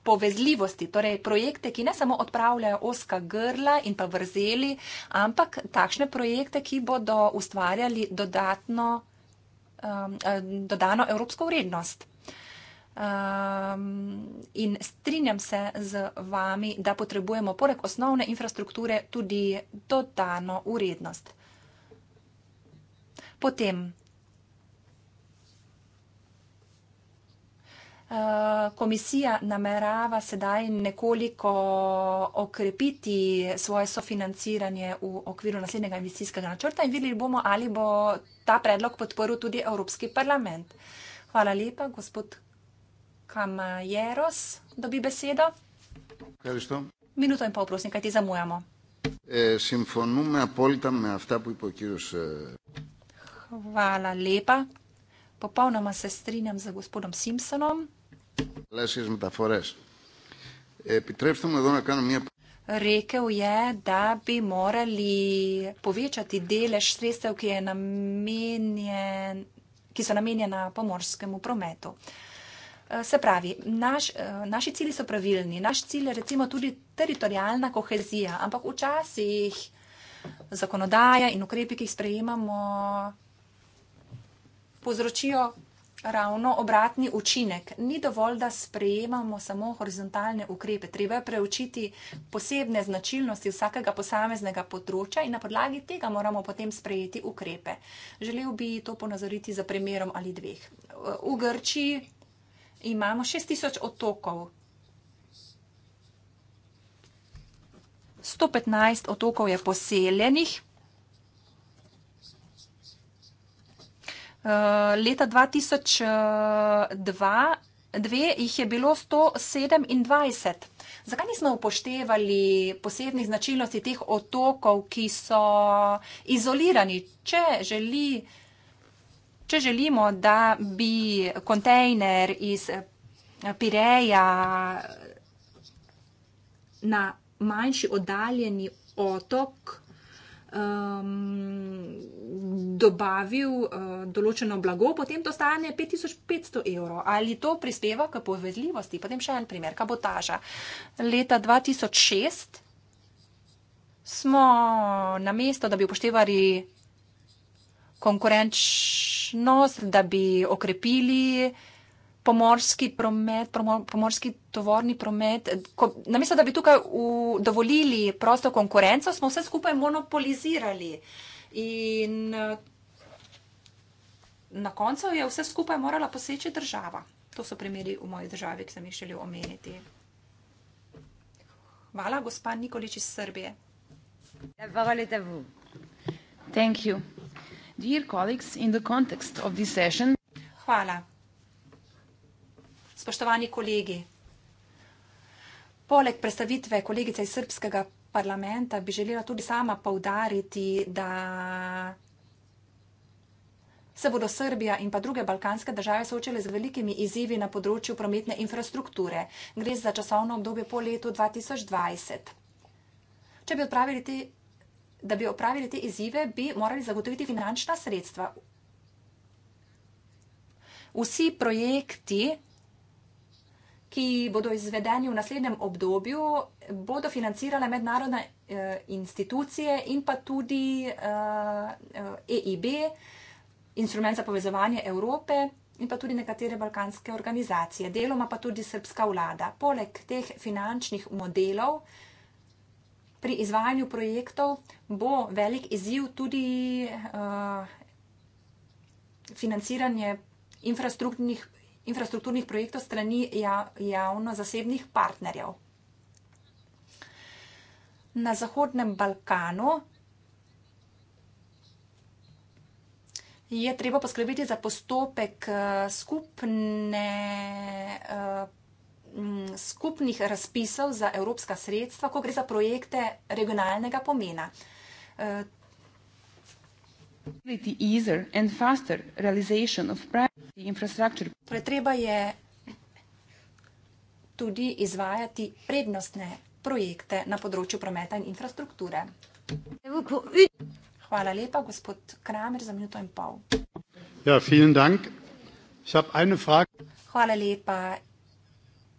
povezljivosti, torej projekte, ki ne samo odpravljajo oska grla in pa vrzeli, ampak takšne projekte, ki bodo ustvarjali dodatno, um, dodano evropsko vrednost. Um, in strinjam se z vami, da potrebujemo poleg osnovne infrastrukture tudi dodano urednost. Potem Eh, komisija namerava sedaj nekoliko okrepiti svoje sofinanciranje v okviru naslednjega investicijskega načrta in videli bomo, ali bo ta predlog podporil tudi Evropski parlament. Hvala lepa, gospod Kamajeros, dobi besedo. Minuto in pol, prosim, kaj ti zamujamo. Hvala lepa. Popolnoma se strinjam z gospodom Simpsonom. Lesijas metafores. Epitrepstvo me dona kano mija... Rekel je, da bi morali povečati delež sredstev, ki, je namenjen, ki so namenjena pomorskemu prometu. Eh, se pravi, naš, eh, naši cilji so pravilni, naš cilj je recimo tudi teritorijalna kohezija, ampak včasih zakonodaja in ukrepi, ki jih sprejemamo, povzročijo ravno obratni učinek. Ni dovolj, da sprejemamo samo horizontalne ukrepe. Treba je preučiti posebne značilnosti vsakega posameznega področja in na podlagi tega moramo potem sprejeti ukrepe. Želel bi to ponazoriti za primerom ali dveh. V Grčiji imamo 6000 otokov. 115 otokov je poseljenih. Eh, leta 2002 eh, jih je bilo 127. Zakaj nismo upoštevali posebnih značilnosti teh otokov, ki so izolirani? Če, želi, če želimo, da bi kontejner iz eh, Pireja na manjši oddaljeni otok um, dobavil uh, določeno blago, potem to stane 5500 evrov. Ali to prispeva k povezljivosti? Potem še en primer, kabotaža. Leta 2006 smo na mesto, da bi upoštevali konkurenčnost, da bi okrepili uh, pomorski promet, pomorski tovorni promet. Ko, namesto, da bi tukaj v, dovolili prosto konkurenco, smo vse skupaj monopolizirali. In eh, na koncu je vse skupaj morala poseči država. To so primeri v moji državi, ki sem jih želel omeniti. Hvala, gospa Nikolič iz Srbije. Hvala. Hvala. Spoštovani kolegi, poleg predstavitve kolegice iz Srpskega parlamenta bi želela tudi sama povdariti, da se bodo Srbija in pa druge balkanske države soočile z velikimi izzivi na področju prometne infrastrukture. Gre za časovno obdobje po letu 2020. Če bi odpravili te, da bi opravili te izzive, bi morali zagotoviti finančna sredstva. Vsi projekti, ki bodo izvedeni v naslednjem obdobju, bodo financirale mednarodne eh, institucije in pa tudi EIB, eh, eh, e Instrument za povezovanje Evrope in pa tudi nekatere balkanske organizacije, deloma pa tudi srpska vlada. Poleg teh finančnih modelov pri izvajanju projektov bo velik izziv tudi uh, financiranje infrastrukturnih, infrastrukturnih projektov strani ja, javno-zasebnih partnerjev. Na Zahodnem Balkanu je treba poskrbeti za postopek eh, skupne, eh, skupnih razpisov za evropska sredstva, ko gre za projekte regionalnega pomena. Eh, easier and faster realization of private Pretreba je tudi izvajati prednostne projekte na področju prometa in infrastrukture. Hvala lepa, gospod Kramer, za minuto in pol. Ja, dank. Frage... Hvala lepa.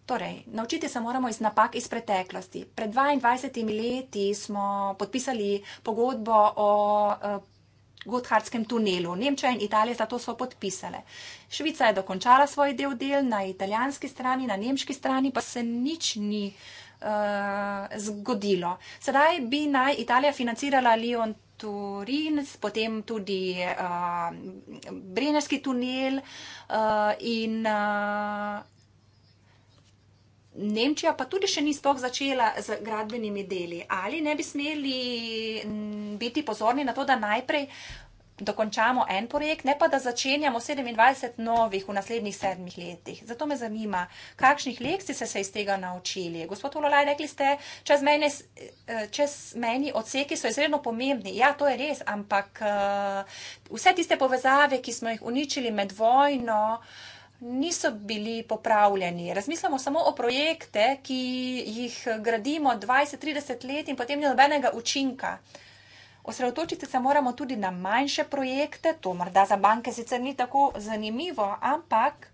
Torej, naučiti se moramo iz napak iz preteklosti. Pred 22 leti smo podpisali pogodbo o uh, Gotthardskem tunelu. Nemčija in Italija za to so podpisale. Švica je dokončala svoj del del na italijanski strani, na nemški strani pa se nič ni uh, zgodilo. Sedaj bi naj Italija financirala Lyon. Turin, potem tudi uh, Brenerski tunel uh, in, Nemčija pa tudi še ni sploh začela z gradbenimi deli. Ali ne bi smeli biti pozorni na to, da najprej dokončamo en projekt, ne pa da začenjamo 27 novih v naslednjih sedmih letih. Zato me zanima, kakšnih lekcij ste se iz tega naučili. Gospod Ololaj, rekli ste, čez meni, eh, čez meni odseki so izredno pomembni. Ja, to je res, ampak eh, vse tiste povezave, ki smo jih uničili med vojno, niso bili popravljeni. Razmislimo samo o projekte, ki jih gradimo 20-30 let in potem ni nobenega učinka. Osredotočiti se moramo tudi na manjše projekte, to morda za banke sicer ni tako zanimivo, ampak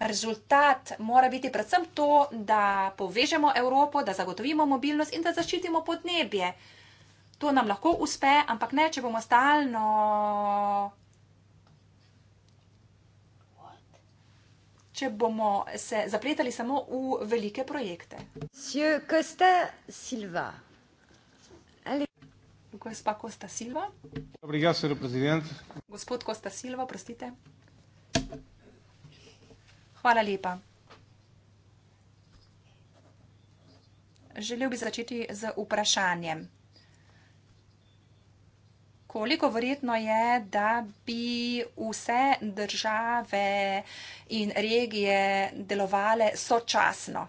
rezultat mora biti predvsem to, da povežemo Evropo, da zagotovimo mobilnost in da zaščitimo podnebje. To nam lahko uspe, ampak ne, če bomo stalno če bomo se zapletali samo v velike projekte. Gospa Kosta Silva. Obrigado, Gospod Kosta Silva, prostite. Hvala lepa. Želel bi začeti z vprašanjem. Koliko verjetno je, da bi vse države in regije delovale sočasno?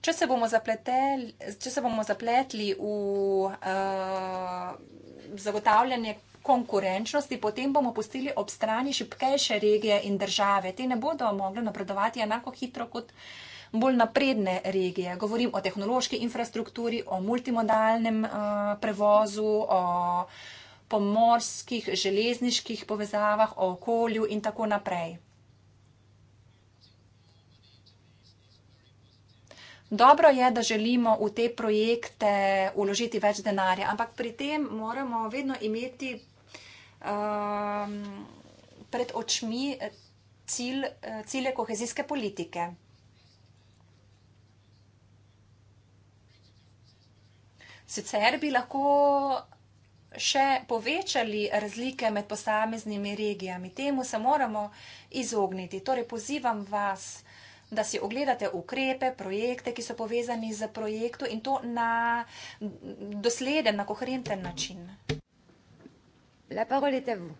Če se bomo, zapletel, če se bomo zapletli v uh, zagotavljanje konkurenčnosti, potem bomo pustili ob strani šipkejše regije in države. Te ne bodo mogli napredovati enako hitro kot. Uh, bolj napredne regije. Govorim o tehnološki infrastrukturi, o multimodalnem eh, prevozu, o pomorskih, železniških povezavah, o okolju in tako naprej. Dobro je, da želimo v te projekte uložiti več denarja, ampak pri tem moramo vedno imeti um, pred očmi eh, cilje cilj kohezijske politike. Sicer bi lahko še povečali razlike med posameznimi regijami. Temu se moramo izogniti. Torej, pozivam vas, da si ogledate ukrepe, projekte, ki so povezani z projektom in to na dosleden, na koherenten način. La parole est à vous.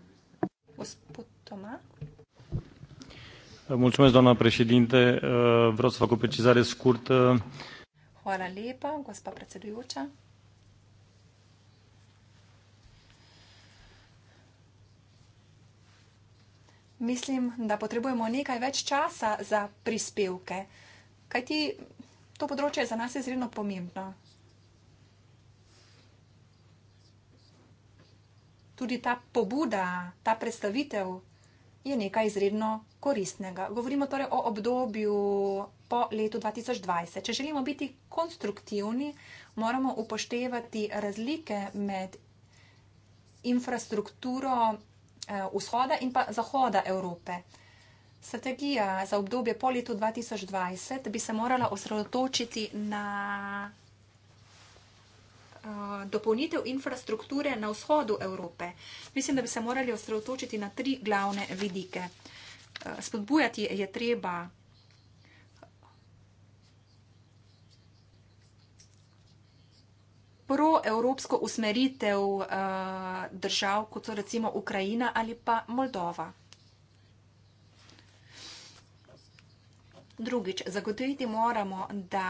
Gospod Toma. Mulțumesc, doamna președinte. Vreau să fac o precizare scurtă. Hvala lepa, gospa predsedujoča. mislim, da potrebujemo nekaj več časa za prispevke, kajti to področje za nas je izredno pomembno. Tudi ta pobuda, ta predstavitev je nekaj izredno koristnega. Govorimo torej o obdobju po letu 2020. Če želimo biti konstruktivni, moramo upoštevati razlike med infrastrukturo Eh, vzhoda in pa zahoda Evrope. Strategija za obdobje po letu 2020 bi se morala osredotočiti na eh, dopolnitev infrastrukture na vzhodu Evrope. Mislim, da bi se morali osredotočiti na tri glavne vidike. Eh, spodbujati je treba proevropsko usmeritev uh, držav, kot so recimo Ukrajina ali pa Moldova. Drugič, zagotoviti moramo, da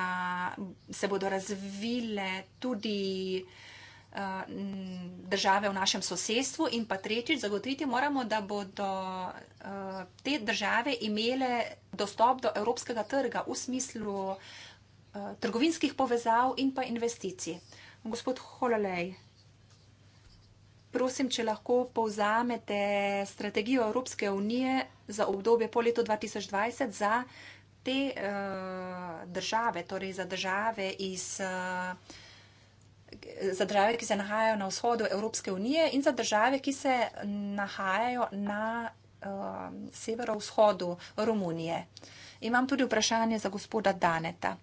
se bodo razvile tudi eh, države v našem sosedstvu in pa tretjič zagotoviti moramo, da bodo eh, te države imele dostop do evropskega trga v smislu trgovinskih povezav in pa investicij. Gospod Hololej, prosim, če lahko povzamete strategijo Evropske unije za obdobje po letu 2020 za te uh, države, torej za države, iz, uh, za države, ki se nahajajo na vzhodu Evropske unije in za države, ki se nahajajo na uh, severovzhodu Romunije. Imam tudi vprašanje za gospoda Daneta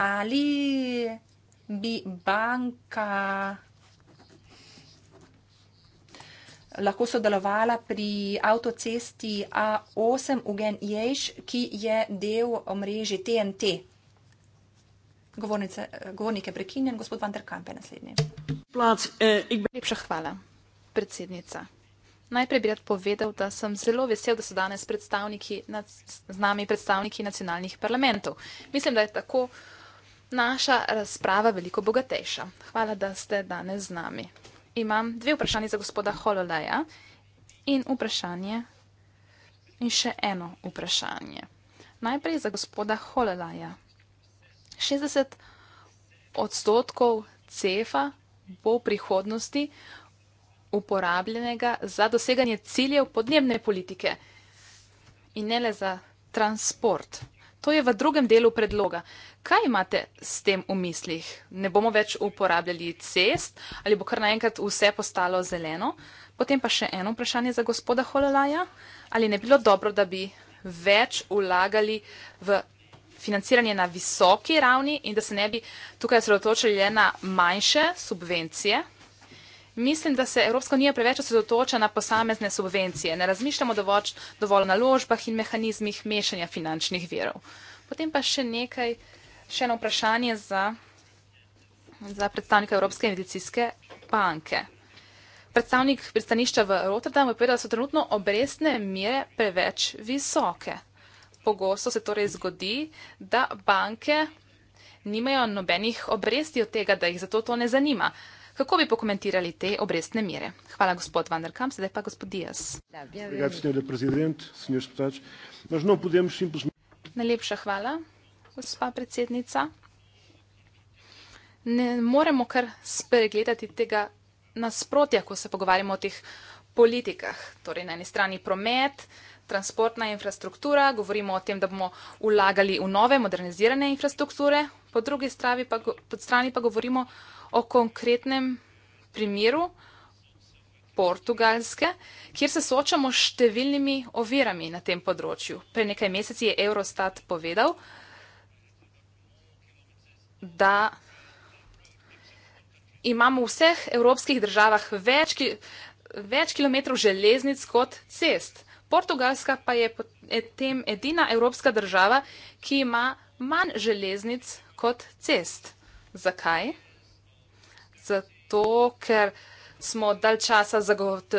ali bi banka lahko sodelovala pri avtocesti A8 v Genjež, ki je del omrežja TNT. Govornice, govornike prekinjam, gospod Van der Kampe naslednji. Plac, eh, ik... Lepša hvala, predsednica. Najprej bi rad povedal, da sem zelo vesel, da so danes predstavniki, z nami predstavniki nacionalnih parlamentov. Mislim, da je tako naša razprava veliko bogatejša. Hvala, da ste danes z nami. Imam dve vprašanje za gospoda Hololaja in vprašanje in še eno vprašanje. Najprej za gospoda Hololaja. 60 odstotkov cefa bo v prihodnosti uporabljenega za doseganje ciljev podnebne politike in ne le za transport. To je v drugem delu predloga. Kaj imate s tem v mislih? Ne bomo več uporabljali cest ali bo kar naenkrat vse postalo zeleno? Potem pa še eno vprašanje za gospoda Hololaja. Ali ne bi bilo dobro, da bi več vlagali v financiranje na visoki ravni in da se ne bi tukaj sredotočili le na manjše subvencije, Mislim, da se Evropska unija preveč osredotoča na posamezne subvencije, ne razmišljamo dovolj, dovolj o naložbah in mehanizmih mešanja finančnih verov. Potem pa še nekaj, še eno vprašanje za, za predstavnika Evropske medicinske banke. Predstavnik pristanišča v Rotterdamu je povedal, da so trenutno obrestne mere preveč visoke. Pogosto se torej zgodi, da banke nimajo nobenih obresti od tega, da jih zato to ne zanima. Kako bi pokomentirali te obrestne mere? Hvala, gospod Vanderkamp. Sedaj pa gospod Dias. Najlepša hvala, gospa predsednica. Ne moremo kar spregledati tega nasprotja, ko se pogovarjamo o teh politikah. Torej, na eni strani promet, transportna infrastruktura, govorimo o tem, da bomo vlagali v nove modernizirane infrastrukture, po drugi strani pa, po strani pa govorimo o konkretnem primeru Portugalske, kjer se soočamo s številnimi ovirami na tem področju. Pre nekaj meseci je Eurostat povedal, da imamo v vseh evropskih državah več, ki, več kilometrov železnic kot cest. Portugalska pa je potem e- edina evropska država, ki ima manj železnic kot cest. Zakaj? Zato, ker smo dal časa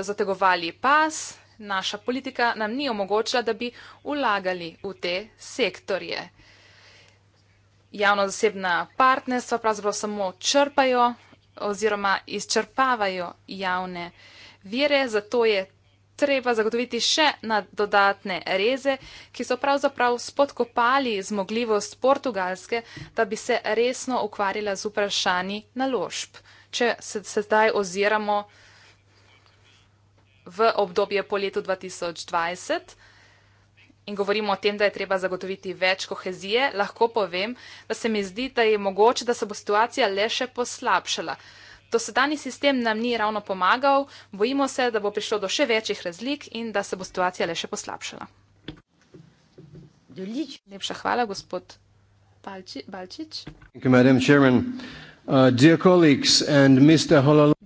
zategovali pas, naša politika nam ni omogočila, da bi ulagali v te sektorje. Javno-zasebna partnerstva pravzaprav samo črpajo oziroma izčrpavajo javne vire, zato je treba zagotoviti še na dodatne reze, ki so pravzaprav spodkopali zmogljivost Portugalske, da bi se resno ukvarjala z vprašanji naložb. Če se, se zdaj oziramo v obdobje po letu 2020. In govorimo o tem, da je treba zagotoviti več kohezije. Lahko povem, da se mi zdi, da je mogoče, da se bo situacija le še poslabšala dosedani sistem nam ni ravno pomagal, bojimo se, da bo prišlo do še večjih razlik in da se bo situacija le še poslabšala. Lepša hvala, gospod Balčič. Uh,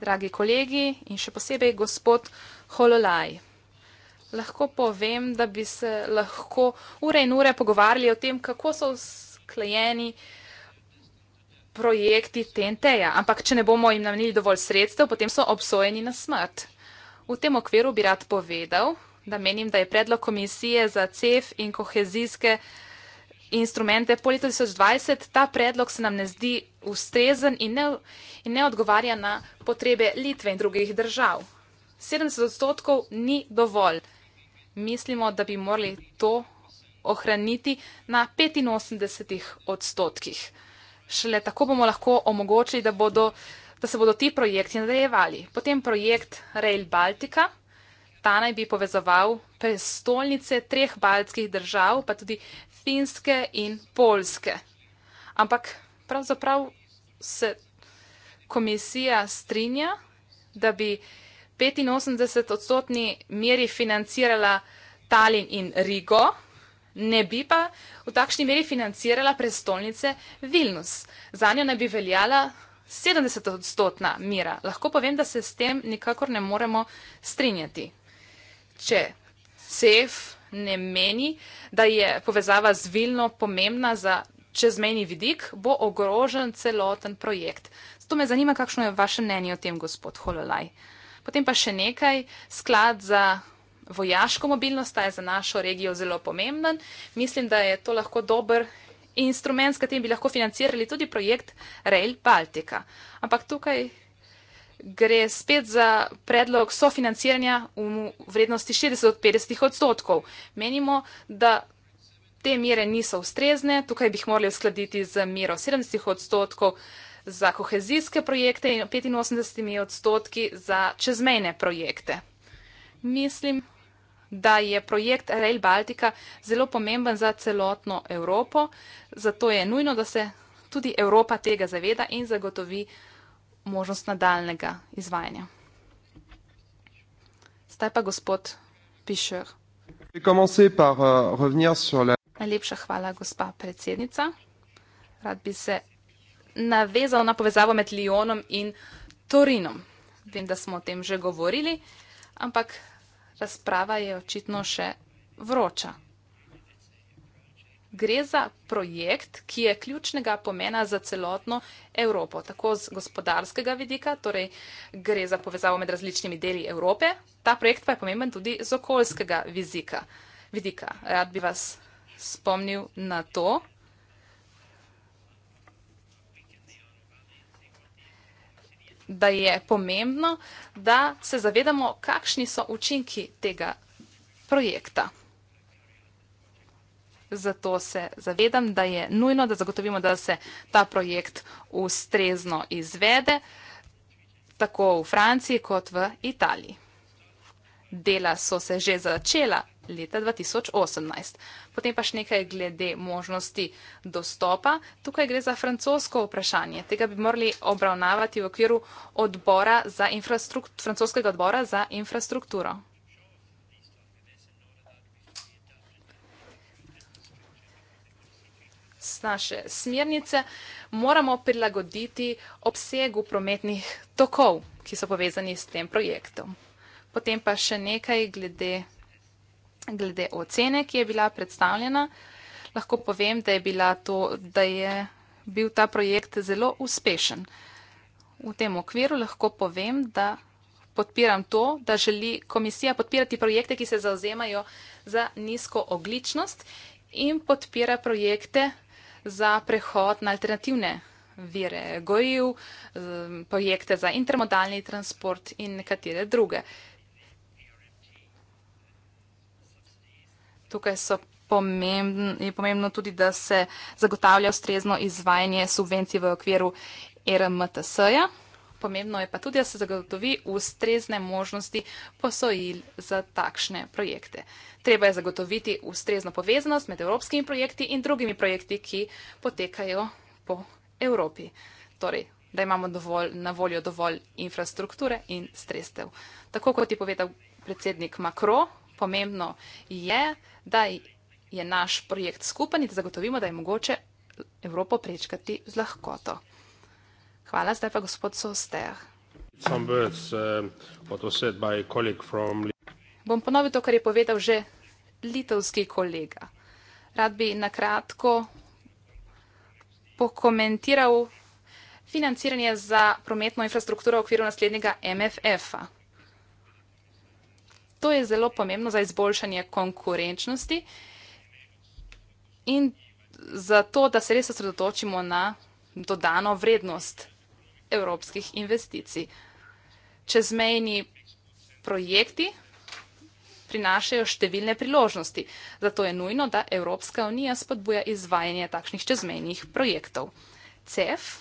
Dragi kolegi in še posebej gospod Hololaj. Lahko povem, da bi se lahko ure in ure pogovarjali o tem, kako so sklejeni vsega, projekti TNT-ja, ampak če ne bomo jim namenili dovolj sredstev, potem so obsojeni na smrt. V tem okviru bi rad povedal, da menim, da je predlog komisije za CEF in kohezijske instrumente po letu 2020, ta predlog se nam ne zdi ustrezen in ne, in ne odgovarja na potrebe Litve in drugih držav. 70 odstotkov ni dovolj. Mislimo, da bi morali to ohraniti na 85 odstotkih. Šele tako bomo lahko omogočili, da, bodo, da se bodo ti projekti nadaljevali. Potem projekt Rail Baltica. Ta naj bi povezoval prestolnice treh baltskih držav, pa tudi finske in polske. Ampak pravzaprav se komisija strinja, da bi 85-odstotni meri financirala Tallinn in Rigo, Ne bi pa v takšni meri financirala prestolnice Vilnus. Za njo naj bi veljala 70 odstotna mira. Lahko povem, da se s tem nikakor ne moremo strinjati. Če CF ne meni, da je povezava z Vilno pomembna za čezmeni vidik, bo ogrožen celoten projekt. Zato me zanima, kakšno je vaše mnenje o tem, gospod Hololaj. Potem pa še nekaj, sklad za vojaško mobilnost je za našo regijo zelo pomemben. Mislim, da je to lahko dober instrument, s katerim bi lahko financirali tudi projekt Rail Baltica. Ampak tukaj gre spet za predlog sofinanciranja v vrednosti 60 od 50 odstotkov. Menimo, da te mere niso ustrezne, tukaj bih morali uskladiti z mero 70 odstotkov za kohezijske projekte in 85 odstotki za čezmejne projekte. Mislim, da je projekt Rail Baltica zelo pomemben za celotno Evropo, zato je nujno, da se tudi Evropa tega zaveda in zagotovi možnost nadaljnega izvajanja. Zdaj pa gospod Pišer. Euh, Najlepša hvala, gospa predsednica. Rad bi se navezal na povezavo med Lijonom in Torinom. Vem, da smo o tem že govorili, ampak razprava je očitno še vroča. Gre za projekt, ki je ključnega pomena za celotno Evropo, tako z gospodarskega vidika, torej gre za povezavo med različnimi deli Evrope, ta projekt pa je pomemben tudi z okoljskega vizika. vidika. Rad bi vas spomnil na to. da je pomembno, da se zavedamo, kakšni so učinki tega projekta. Zato se zavedam, da je nujno, da zagotovimo, da se ta projekt ustrezno izvede, tako v Franciji kot v Italiji. Dela so se že začela leta 2018. Potem pa še nekaj glede možnosti dostopa. Tukaj gre za francosko vprašanje. Tega bi morali obravnavati v okviru odbora francoskega odbora za infrastrukturo. naše smernice, moramo prilagoditi obsegu prometnih tokov, ki so povezani s tem projektom. Potem pa še nekaj glede glede ocene, ki je bila predstavljena, lahko povem, da je, to, da je bil ta projekt zelo uspešen. V tem okviru lahko povem, da podpiram to, da želi komisija podpirati projekte, ki se zauzemajo za nizko ogličnost in podpira projekte za prehod na alternativne vire gojiv, eh, projekte za intermodalni transport in nekatere druge. tukaj so pomembn, je pomembno tudi, da se zagotavlja ustrezno izvajanje subvencij v okviru RMTS-ja. Pomembno je pa tudi, da se zagotovi ustrezne možnosti posojil za takšne projekte. Treba je zagotoviti ustrezno povezanost med evropskimi projekti in drugimi projekti, ki potekajo po Evropi. Torej, da imamo dovolj, na voljo dovolj infrastrukture in stresstev. Tako kot je povedal predsednik Macron pomembno je, da je naš projekt skupen in da zagotovimo, da je mogoče Evropo prečkati z lahkoto. Hvala, zdaj pa gospod Soster. Words, um, Bom ponovil to, kar je povedal že litovski kolega. Rad bi na kratko pokomentiral financiranje za prometno infrastrukturo v okviru naslednjega MFF-a to je zelo pomembno za izboljšanje konkurenčnosti in za to, da se res osredotočimo na dodano vrednost evropskih investicij. Čezmejni projekti prinašajo številne priložnosti, zato je nujno, da Evropska unija spodbuja izvajanje takšnih čezmejnih projektov. CEF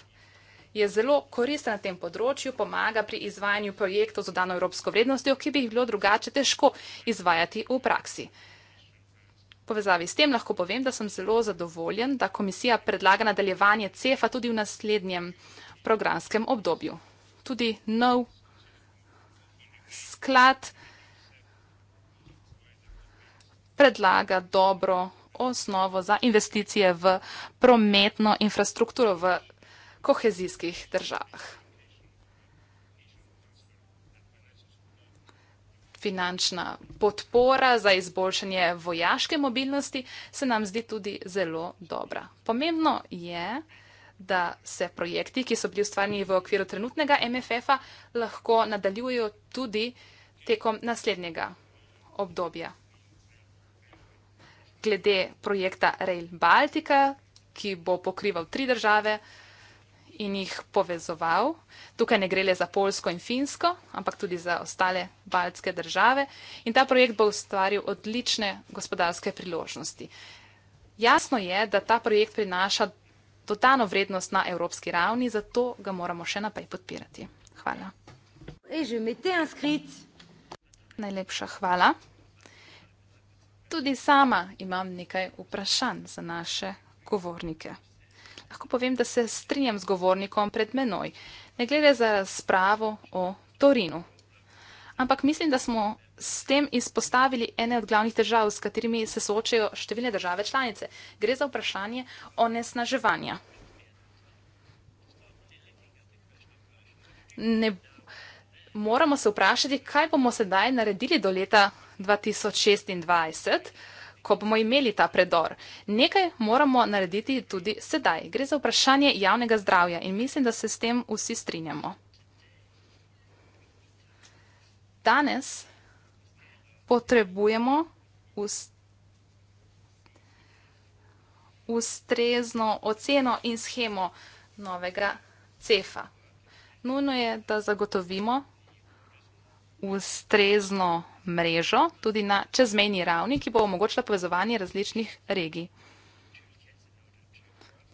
je zelo koristen na tem področju, pomaga pri izvajanju projektov z dodano evropsko vrednostjo, ki bi jih bilo drugače težko izvajati v praksi. V povezavi s tem lahko povem, da sem zelo zadovoljen, da komisija predlaga nadaljevanje CEF-a tudi v naslednjem programskem obdobju. Tudi nov sklad predlaga dobro osnovo za investicije v prometno infrastrukturo v kohezijskih državah. Finančna podpora za izboljšanje vojaške mobilnosti se nam zdi tudi zelo dobra. Pomembno je, da se projekti, ki so bili ustvarjeni v okviru trenutnega MFF-a, lahko nadaljujejo tudi tekom naslednjega obdobja. Glede projekta Rail Baltica, ki bo pokrival tri države, in jih povezoval. Tukaj ne gre le za Polsko in Finsko, ampak tudi za ostale baltske države. In ta projekt bo ustvaril odlične gospodarske priložnosti. Jasno je, da ta projekt prinaša dodano vrednost na evropski ravni, zato ga moramo še naprej podpirati. Hvala. Najlepša hvala. Tudi sama imam nekaj vprašanj za naše govornike lahko povem, da se strinjam z govornikom pred menoj. Ne gre za razpravo o Torinu. Ampak mislim, da smo s tem izpostavili ene od glavnih težav, s katerimi se soočajo številne države članice. Gre za vprašanje onesnaževanja. Ne moramo se vprašati, kaj bomo sedaj naredili do leta 2026 ko bomo imeli ta predor. Nekaj moramo narediti tudi sedaj. Gre za vprašanje javnega zdravja in mislim, da se s tem vsi strinjamo. Danes potrebujemo ustrezno oceno in schemo novega cefa. Nujno je, da zagotovimo ustrezno oceno mrežo, tudi na čezmejni ravni, ki bo omogočila povezovanje različnih regij.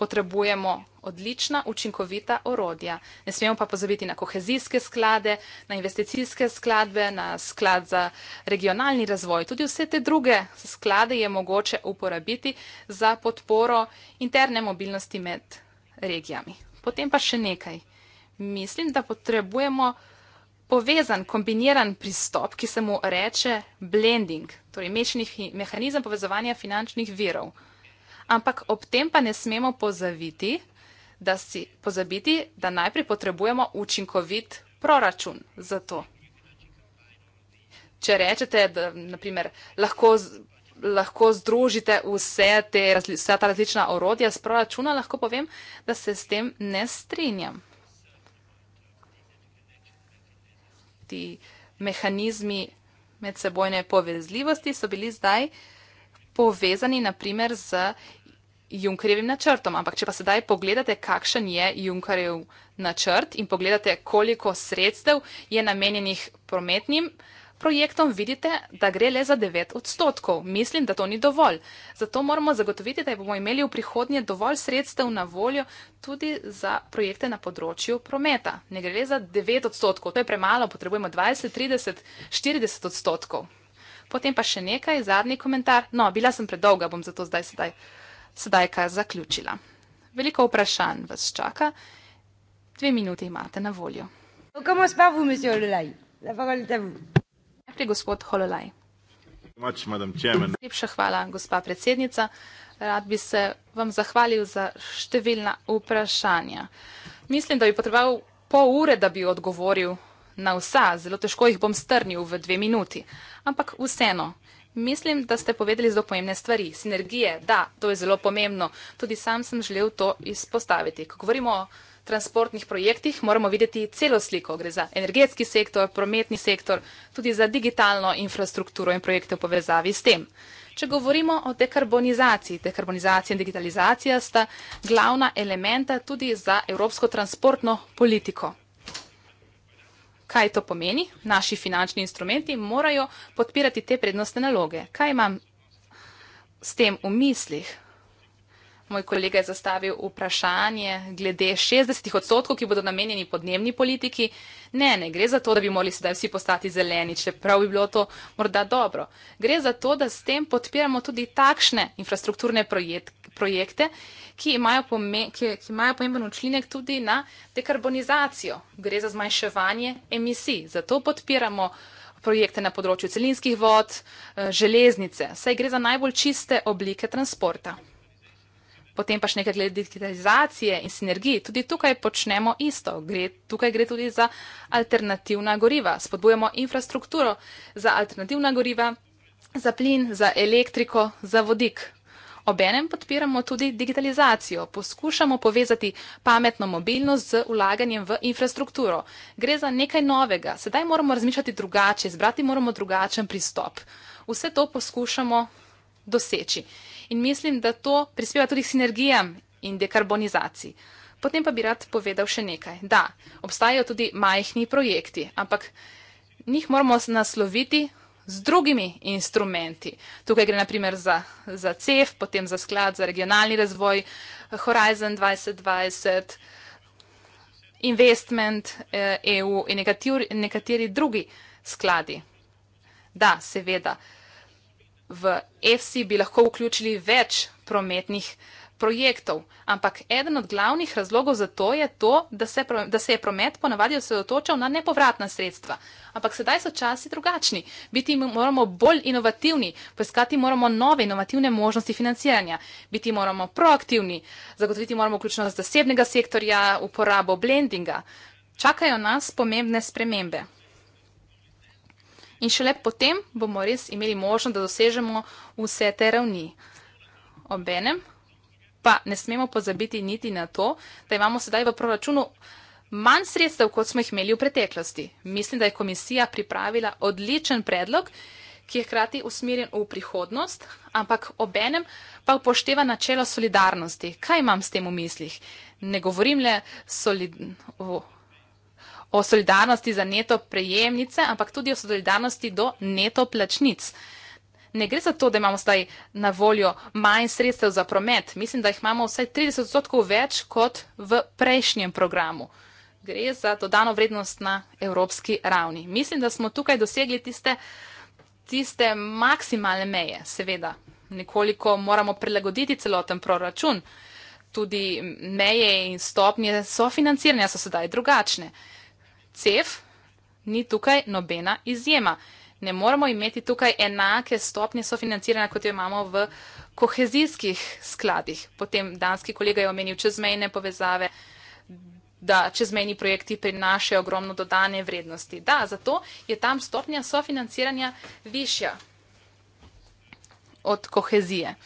Potrebujemo odlična, učinkovita orodja. Ne smemo pa pozabiti na kohezijske sklade, na investicijske skladbe, na sklad za regionalni razvoj. Tudi vse te druge sklade je mogoče uporabiti za podporo interne mobilnosti med regijami. Potem pa še nekaj. Mislim, da potrebujemo povezan, kombiniran pristop, ki se mu reče blending, torej mešani mehanizem povezovanja finančnih virov. Ampak ob tem pa ne smemo pozaviti, da si pozabiti, da najprej potrebujemo učinkovit proračun za to. Če rečete, da naprimer, lahko, lahko združite vse, te, vse ta različna orodja s proračuna, lahko povem, da se s tem ne strinjam. ti mehanizmi medsebojne povezljivosti so bili zdaj povezani naprimer z Junkerjevim načrtom. Ampak, če pa sedaj pogledate, kakšen je Junkerjev načrt in pogledate, koliko sredstev je namenjenih prometnim uh, projektom vidite, da gre le za 9 odstotkov. Mislim, da to ni dovolj. Zato moramo zagotoviti, da bomo imeli v prihodnje dovolj sredstev na voljo tudi za projekte na področju prometa. Ne gre le za 9 odstotkov, to je premalo, potrebujemo 20, 30, 40 odstotkov. Potem pa še nekaj, zadnji komentar. No, bila sem predolga, bom zato zdaj sedaj, sedaj kaj zaključila. Veliko vprašanj vas čaka. Dve minuti imate na voljo. Comment se parle-vous, monsieur Lelay La parole est à vous. Najprej gospod Hololaj. Najlepša hvala, gospa predsednica. Rad bi se vam zahvalil za številna vprašanja. Mislim, da bi potreboval pol ure, da bi odgovoril na vsa. Zelo težko jih bom strnil v dve minuti. Ampak vseeno, mislim, da ste povedali zelo pomembne stvari. Sinergije, da, to je zelo pomembno. Tudi sam sem želel to izpostaviti. Ko govorimo o transportnih projektih moramo videti celo sliko. Gre za energetski sektor, prometni sektor, tudi za digitalno infrastrukturo in projekte v povezavi s tem. Če govorimo o dekarbonizaciji, dekarbonizacija in digitalizacija sta glavna elementa tudi za evropsko transportno politiko. Kaj to pomeni? Naši finančni instrumenti morajo podpirati te prednostne naloge. Kaj imam s tem v mislih? Moj kolega je zastavil vprašanje glede 60 odstotkov, ki bodo namenjeni podnebni politiki. Ne, ne gre za to, da bi morali sedaj vsi postati zeleni, čeprav bi bilo to morda dobro. Gre za to, da s tem podpiramo tudi takšne infrastrukturne projekte, ki imajo, pomen, ki, ki imajo pomemben učinek tudi na dekarbonizacijo. Gre za zmanjševanje emisij. Zato podpiramo projekte na področju celinskih vod, eh, železnice. Saj gre za najbolj čiste oblike transporta. Potem pač nekaj glede digitalizacije in sinergij. Tudi tukaj počnemo isto. Gre, tukaj gre tudi za alternativna goriva. Spodbujamo infrastrukturo za alternativna goriva, za plin, za elektriko, za vodik. Obenem podpiramo tudi digitalizacijo. Poskušamo povezati pametno mobilnost z ulaganjem v infrastrukturo. Gre za nekaj novega. Sedaj moramo razmišljati drugače, izbrati moramo drugačen pristop. Vse to poskušamo doseči. In mislim, da to prispeva tudi k sinergijam in dekarbonizaciji. Potem pa bi rad povedal še nekaj. Da, obstajajo tudi majhni projekti, ampak njih moramo nasloviti z drugimi instrumenti. Tukaj gre naprimer za, za CEF, potem za sklad za regionalni razvoj Horizon 2020, Investment EU eh, e in nekateri, nekateri drugi skladi. Da, seveda v EFSI bi lahko vključili več prometnih projektov. Ampak eden od glavnih razlogov za to je to, da se, da se je promet ponavadi osredotočal na nepovratna sredstva. Ampak sedaj so časi drugačni. Biti moramo bolj inovativni, poiskati moramo nove inovativne možnosti financiranja, biti moramo proaktivni, zagotoviti moramo vključnost zasebnega sektorja, uporabo blendinga. Čakajo nas pomembne spremembe in šele potem bomo res imeli možnost, da dosežemo vse te ravni. Obenem pa ne smemo pozabiti niti na to, da imamo sedaj v proračunu manj sredstev, kot smo jih imeli v preteklosti. Mislim, da je komisija pripravila odličen predlog, ki je hkrati usmerjen v prihodnost, ampak obenem pa upošteva načelo solidarnosti. Kaj imam s tem v mislih? Ne govorim le solidarnosti o solidarnosti za neto prejemnice, ampak tudi o solidarnosti do neto plačnic. Ne gre za to, da imamo zdaj na voljo manj sredstev za promet. Mislim, da jih imamo vsaj 30 odstotkov več kot v prejšnjem programu. Gre za dodano vrednost na evropski ravni. Mislim, da smo tukaj dosegli tiste, tiste maksimalne meje. Seveda, nekoliko moramo prilagoditi celoten proračun. Tudi meje in stopnje sofinanciranja so sedaj drugačne. CEF ni tukaj nobena izjema. Ne moramo imeti tukaj enake stopnje sofinanciranja, kot jo imamo v kohezijskih skladih. Potem danski kolega je omenil čezmejne povezave, da čezmejni projekti prinašajo ogromno dodane vrednosti. Da, zato je tam stopnja sofinanciranja višja od kohezije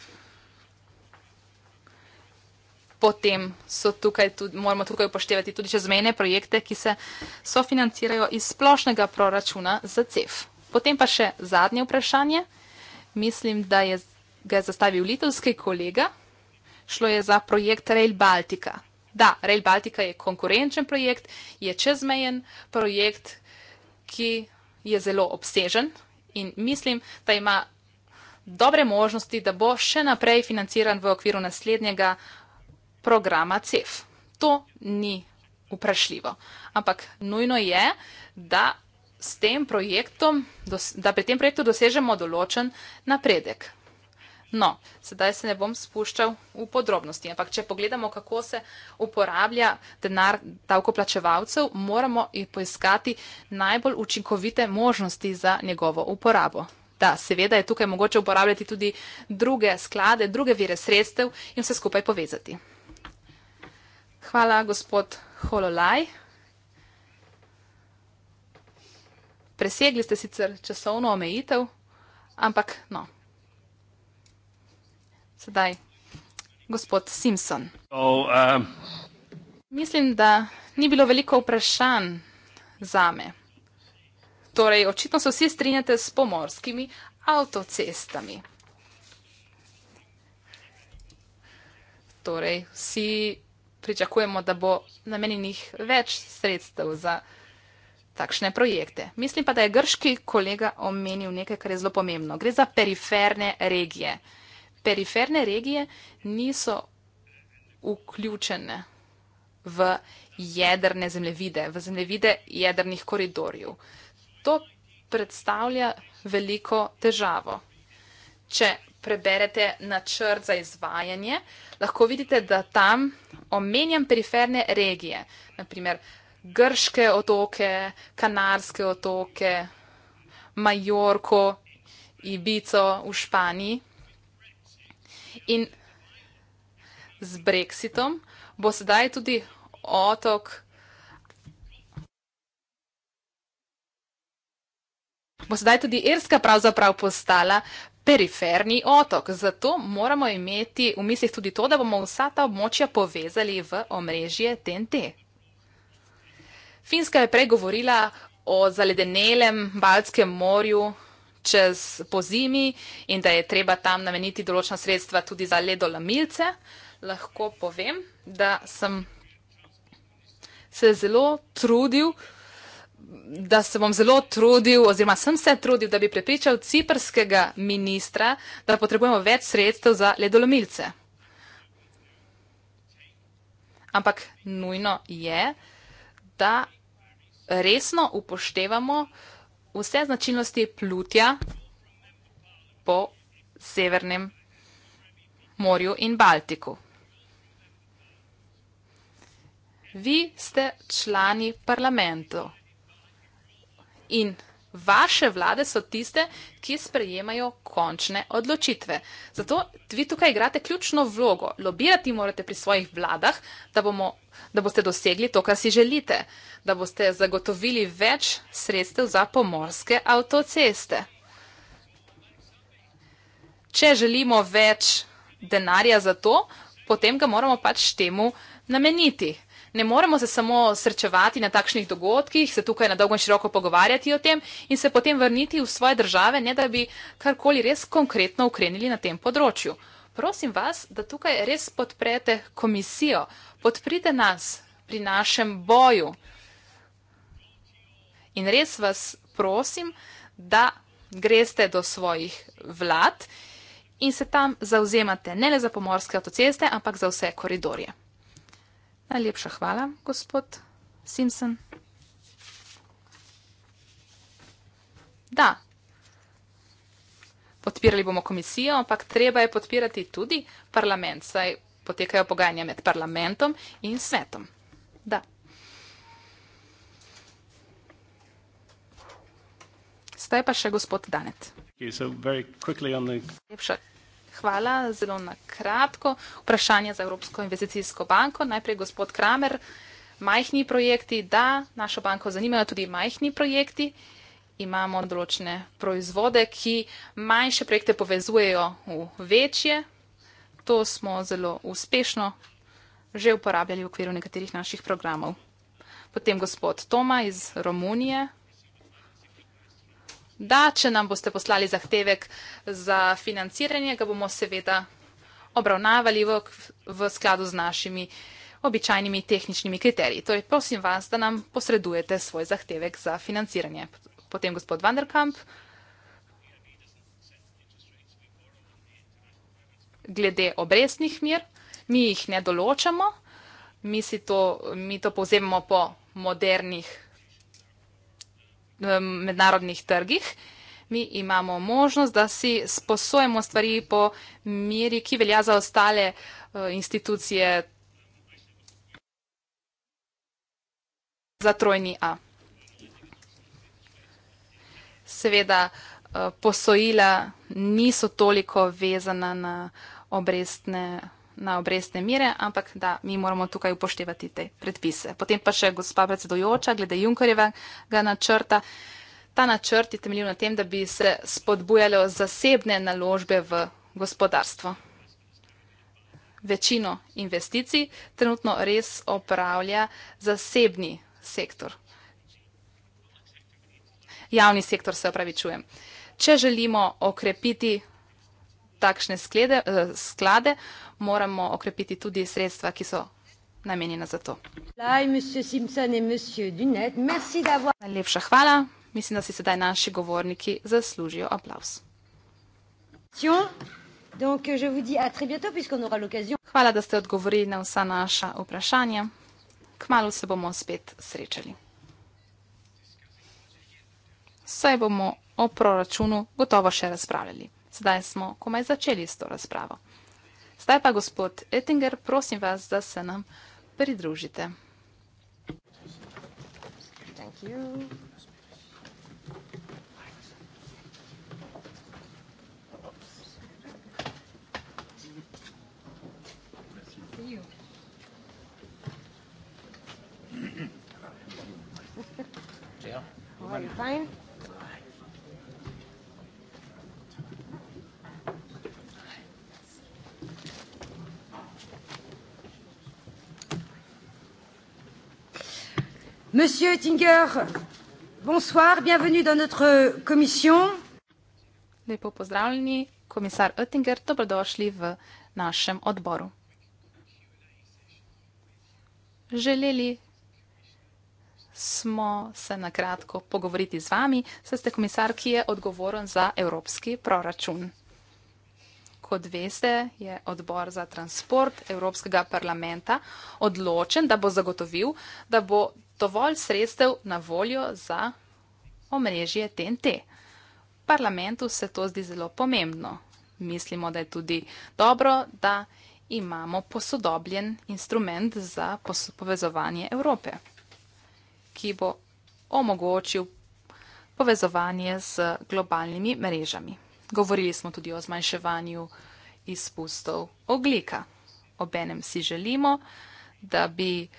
potem tukaj tudi, moramo tukaj upoštevati tudi čezmejne projekte, ki se sofinancirajo iz splošnega proračuna za CEF. Potem pa še zadnje vprašanje. Mislim, da je ga je zastavil litovski kolega. Šlo je za projekt Rail Baltica. Da, Rail Baltica je konkurenčen projekt, je čezmejen projekt, ki je zelo obsežen in mislim, da ima dobre možnosti, da bo še naprej financiran v okviru naslednjega programa CEF. To ni vprašljivo. Ampak nujno je, da, da pri tem projektu dosežemo določen napredek. No, sedaj se ne bom spuščal v podrobnosti, ampak če pogledamo, kako se uporablja denar davkoplačevalcev, moramo poiskati najbolj učinkovite možnosti za njegovo uporabo. Da, seveda je tukaj mogoče uporabljati tudi druge sklade, druge vire sredstev in vse skupaj povezati. Hvala, gospod Hololaj. Presegli ste sicer časovno omejitev, ampak no. Sedaj, gospod Simpson. Oh, um. Mislim, da ni bilo veliko vprašanj za me. Torej, očitno se vsi strinjate s pomorskimi avtocestami. Torej, vsi pričakujemo, da bo namenjenih več sredstev za takšne projekte. Mislim pa, da je grški kolega omenil nekaj, kar je zelo pomembno. Gre za periferne regije. Periferne regije niso vključene v jedrne zemljevide, v zemljevide jedrnih koridorjev. To predstavlja veliko težavo. Če preberete načrt za izvajanje, lahko vidite, da tam omenjam periferne regije, naprimer Grške otoke, Kanarske otoke, Majorko, Ibico v Španiji. In z Brexitom bo sedaj tudi otok. Bo sedaj tudi Irska pravzaprav postala periferni otok. Zato moramo imeti v mislih tudi to, da bomo vsa ta območja povezali v omrežje TNT. Finska je prej govorila o zaledenelem Baltskem morju čez pozimi in da je treba tam nameniti določena sredstva tudi za ledolamilce. Lahko povem, da sem se zelo trudil da se bom zelo trudil, oziroma sem se trudil, da bi prepričal ciprskega ministra, da potrebujemo več sredstev za ledolomilce. Ampak nujno je, da resno upoštevamo vse značilnosti plutja po Severnem morju in Baltiku. Vi ste člani parlamentov in vaše vlade so tiste, ki sprejemajo končne odločitve. Zato vi tukaj igrate ključno vlogo. Lobirati morate pri svojih vladah, da, bomo, da boste dosegli to, kar si želite, da boste zagotovili več sredstev za pomorske avtoceste. Če želimo več denarja za to, potem ga moramo pač temu nameniti ne moremo se samo srečevati na takšnih dogodkih, se tukaj na dolgo in široko pogovarjati o tem in se potem vrniti v svoje države, ne da bi karkoli res konkretno ukrenili na tem področju. Prosim vas, da tukaj res podprete komisijo, podprite nas pri našem boju. In res vas prosim, da greste do svojih vlad in se tam zauzemate ne le za pomorske avtoceste, ampak za vse koridorje. Najlepša hvala, gospod Simpson. Da, podpirali bomo komisijo, ampak treba je podpirati tudi parlament, saj potekajo pogajanja med parlamentom in svetom. Da. Zdaj pa še gospod Danet. Lepša hvala. Zelo na kratko. Vprašanje za Evropsko investicijsko banko. Najprej gospod Kramer, majhni projekti, da, našo banko zanimajo tudi majhni projekti. Imamo določene proizvode, ki manjše projekte povezujejo v večje. To smo zelo uspešno že uporabljali v okviru nekaterih naših programov. Potem gospod Toma iz Romunije da če nam boste poslali zahtevek za financiranje, ga bomo seveda obravnavali v, v skladu z našimi običajnimi tehničnimi kriteriji. Torej, prosim vas, da nam posredujete svoj zahtevek za financiranje. Potem gospod Vanderkamp. Glede obresnih mir, mi jih ne določamo, mi, to, mi to povzemamo po modernih mednarodnih trgih. Mi imamo možnost, da si sposojemo stvari po meri, ki velja za ostale eh, institucije za trojni A. Seveda, eh, posojila niso toliko vezana na obrestne na obrestne mire, ampak da mi moramo tukaj upoštevati te predpise. Potem pa še gospa predsedojoča, glede Junkerjevega načrta. Ta načrt je temeljil na tem, da bi se spodbujalo zasebne naložbe v gospodarstvo. Večino investicij trenutno res opravlja zasebni sektor. Javni sektor se opravičujem. Če želimo okrepiti takšne sklede, eh, sklade, moramo okrepiti tudi sredstva, ki so namenjena za to. Najlepša hvala. Mislim, da si sedaj naši govorniki zaslužijo aplavz. Euh, hvala, da ste odgovorili na vsa naša vprašanja. Kmalo se bomo spet srečali. Saj bomo o proračunu gotovo še razpravljali. Sedaj smo komaj začeli s to razpravo. Zdaj pa, gospod Ettinger, prosim vas, da se nam pridružite. Thank you. You. Jill, you are you fine? Monsieur Oettinger, bonsoir, bienvenue dans notre commission. Lepo pozdravljeni, komisar Oettinger, dobrodošli v našem odboru. Želeli smo se na kratko pogovoriti z vami, saj ste komisar, ki je odgovoren za evropski proračun. Kot veste, je odbor za transport Evropskega parlamenta odločen, da bo zagotovil, da bo dovolj sredstev na voljo za omrežje TNT. V parlamentu se to zdi zelo pomembno. Mislimo, da je tudi dobro, da imamo posodobljen instrument za povezovanje Evrope, ki bo omogočil povezovanje z globalnimi mrežami. Govorili smo tudi o zmanjševanju izpustov oglika. Obenem si želimo, da bi uh,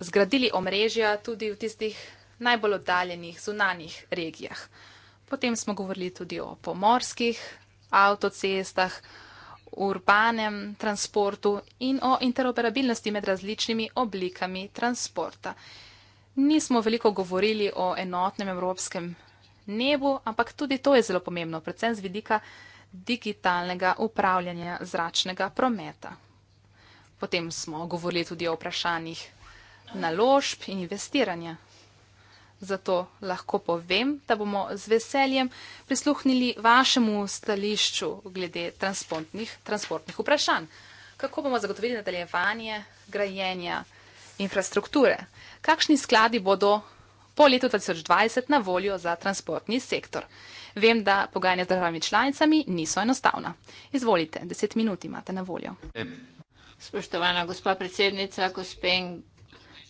zgradili omrežja tudi v tistih najbolj oddaljenih zunanjih regijah. Potem smo govorili tudi o pomorskih avtocestah, urbanem transportu in o interoperabilnosti med različnimi oblikami transporta. Nismo veliko govorili o enotnem evropskem nebu, ampak tudi to je zelo pomembno, predvsem z vidika digitalnega upravljanja zračnega prometa. Potem smo govorili tudi o vprašanjih naložb in investiranja. Zato lahko povem, da bomo z veseljem prisluhnili vašemu stališču glede transportnih, transportnih vprašanj. Kako bomo zagotovili nadaljevanje grajenja infrastrukture? Kakšni skladi bodo po letu 2020 na voljo za transportni sektor? Vem, da pogajanja z državami članicami niso enostavna. Izvolite, deset minut imate na voljo. Spoštovana gospa predsednica, gospe in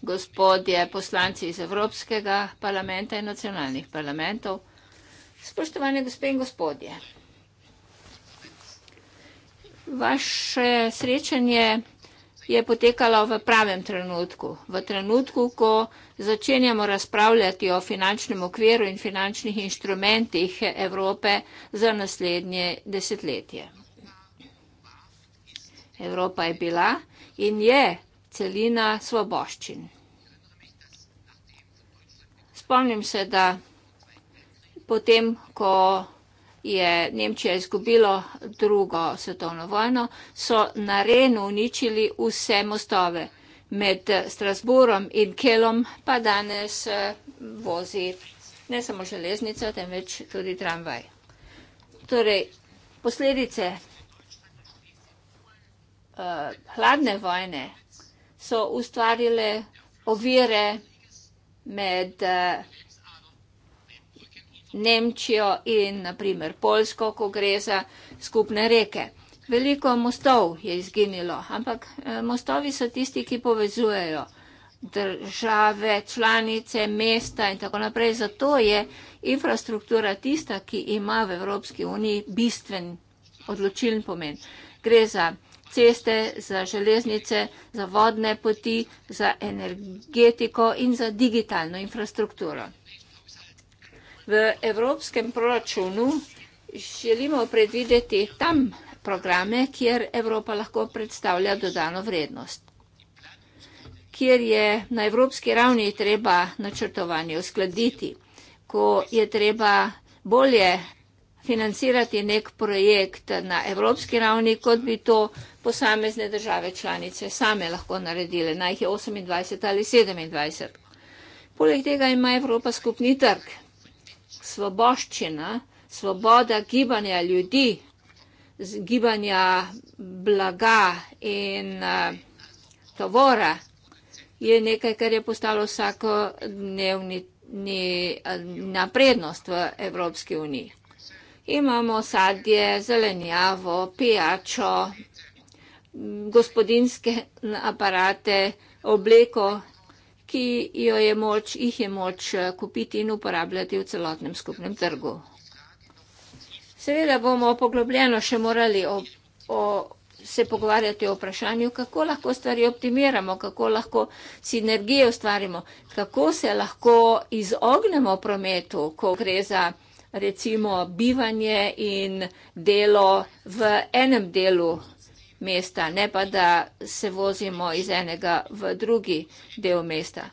gospodje poslanci iz Evropskega parlamenta in nacionalnih parlamentov, spoštovane gospe in gospodje. Vaše srečanje je potekalo v pravem trenutku, v trenutku, ko začenjamo razpravljati o finančnem okviru in finančnih inštrumentih Evrope za naslednje desetletje. Evropa je bila in je celina svoboščin spomnim se, da potem, ko je Nemčija izgubilo drugo svetovno vojno, so na Renu uničili vse mostove med Strasburom in Kelom, pa danes eh, vozi ne samo železnica, temveč tudi tramvaj. Torej, posledice uh, hladne vojne so ustvarile ovire med eh, Nemčijo in naprimer Polsko, ko gre za skupne reke. Veliko mostov je izginilo, ampak eh, mostovi so tisti, ki povezujejo države, članice, mesta in tako naprej. Zato je infrastruktura tista, ki ima v Evropski uniji bistven odločilen pomen. Gre za ceste, za železnice, za vodne poti, za energetiko in za digitalno infrastrukturo. V evropskem proračunu želimo predvideti tam programe, kjer Evropa lahko predstavlja dodano vrednost kjer je na evropski ravni treba načrtovanje uskladiti, ko je treba bolje financirati nek projekt na evropski ravni, kot bi to posamezne države članice same lahko naredile, naj jih je 28 ali 27. Poleg tega ima Evropa skupni trg. Svoboščina, svoboda gibanja ljudi, gibanja blaga in uh, tovora je nekaj, kar je postalo vsako dnevni naprednost v Evropski uniji imamo sadje, zelenjavo, pijačo, gospodinske aparate, obleko, ki jo je moč, jih je moč eh, kupiti in uporabljati v celotnem skupnem trgu. Seveda bomo poglobljeno še morali o, o, se pogovarjati o vprašanju, kako lahko stvari optimiramo, kako lahko sinergije ustvarimo, kako se lahko izognemo prometu, ko gre za recimo bivanje in delo v enem delu mesta, ne pa da se vozimo iz enega v drugi del mesta.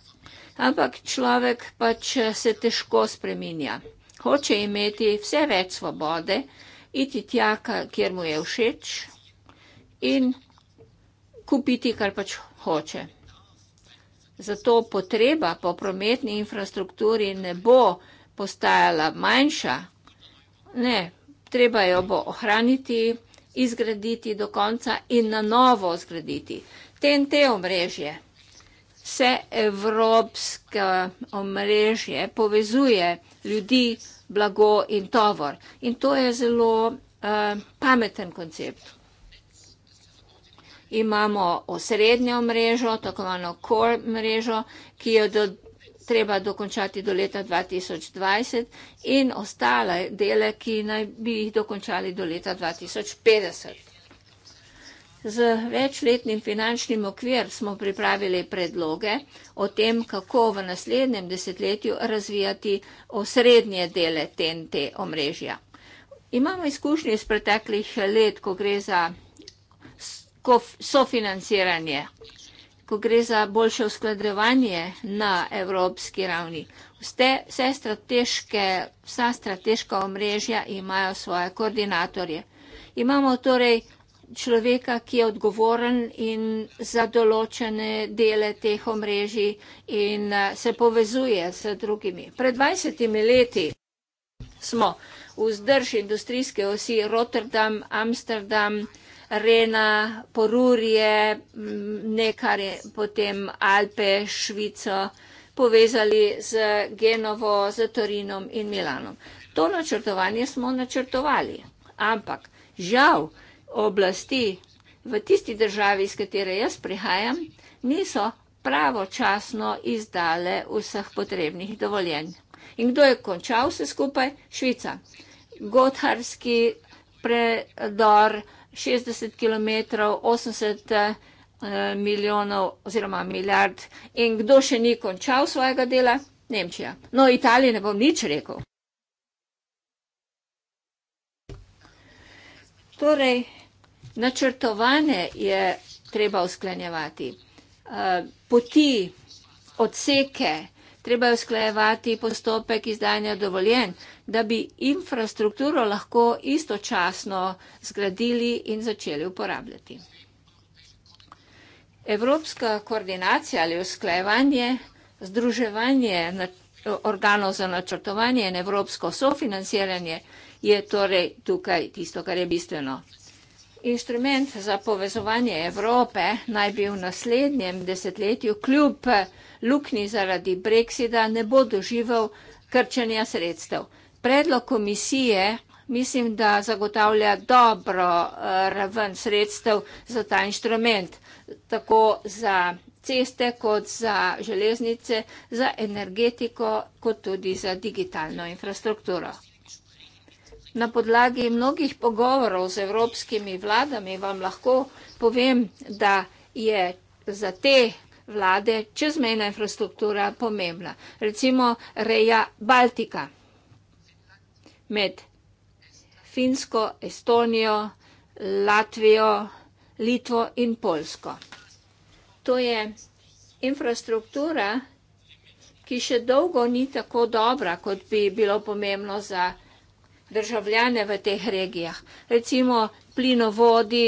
Ampak človek pač se težko spreminja. Hoče imeti vse več svobode, iti tja, kjer mu je všeč in kupiti, kar pač hoče. Zato potreba po prometni infrastrukturi ne bo postajala manjša. Ne, treba jo bo ohraniti, izgraditi do konca in na novo zgraditi. TNT omrežje, vse evropske omrežje povezuje ljudi, blago in tovor. In to je zelo uh, pameten koncept. Imamo osrednjo mrežo, tako imamo core mrežo, ki jo dodajamo treba dokončati do leta 2020 in ostale dele, ki naj bi jih dokončali do leta 2050. Z večletnim finančnim okvir smo pripravili predloge o tem, kako v naslednjem desetletju razvijati osrednje dele TNT omrežja. Imamo izkušnje iz preteklih let, ko gre za sofinanciranje ko gre za boljše uskladevanje na evropski ravni. Vste, vse strateške, vsa strateška omrežja imajo svoje koordinatorje. Imamo torej človeka, ki je odgovoren in za določene dele teh omrežij in eh, se povezuje z drugimi. Pred 20 leti smo vzdrž industrijske osi Rotterdam, Amsterdam, Rena, Porurje, nekaj potem Alpe, Švico, povezali z Genovo, z Torinom in Milanom. To načrtovanje smo načrtovali, ampak žal oblasti v tisti državi, iz katere jaz prihajam, niso pravočasno izdale vseh potrebnih dovoljenj. In kdo je končal vse skupaj? Švica. Gotharski predor. 60 km, 80 milijonov oziroma milijard. In kdo še ni končal svojega dela? Nemčija. No, Italiji ne bom nič rekel. Torej, načrtovanje je treba usklenjevati. Eh, poti, odseke, treba je usklajevati postopek izdanja dovoljen, da bi infrastrukturo lahko istočasno zgradili in začeli uporabljati. Evropska koordinacija ali usklajevanje, združevanje organov za načrtovanje in evropsko sofinanciranje je torej tukaj tisto, kar je bistveno. Inštrument za povezovanje Evrope naj bi v naslednjem desetletju kljub luknji zaradi Brexita ne bo doživel krčenja sredstev. Predlog komisije mislim, da zagotavlja dobro eh, raven sredstev za ta inštrument, tako za ceste kot za železnice, za energetiko kot tudi za digitalno infrastrukturo. Na podlagi mnogih pogovorov z evropskimi vladami vam lahko povem, da je za te vlade čezmejna infrastruktura pomembna. Recimo reja Baltika med Finsko, Estonijo, Latvijo, Litvo in Polsko. To je infrastruktura, ki še dolgo ni tako dobra, kot bi bilo pomembno za Evropsko državljane v teh regijah. Recimo plinovodi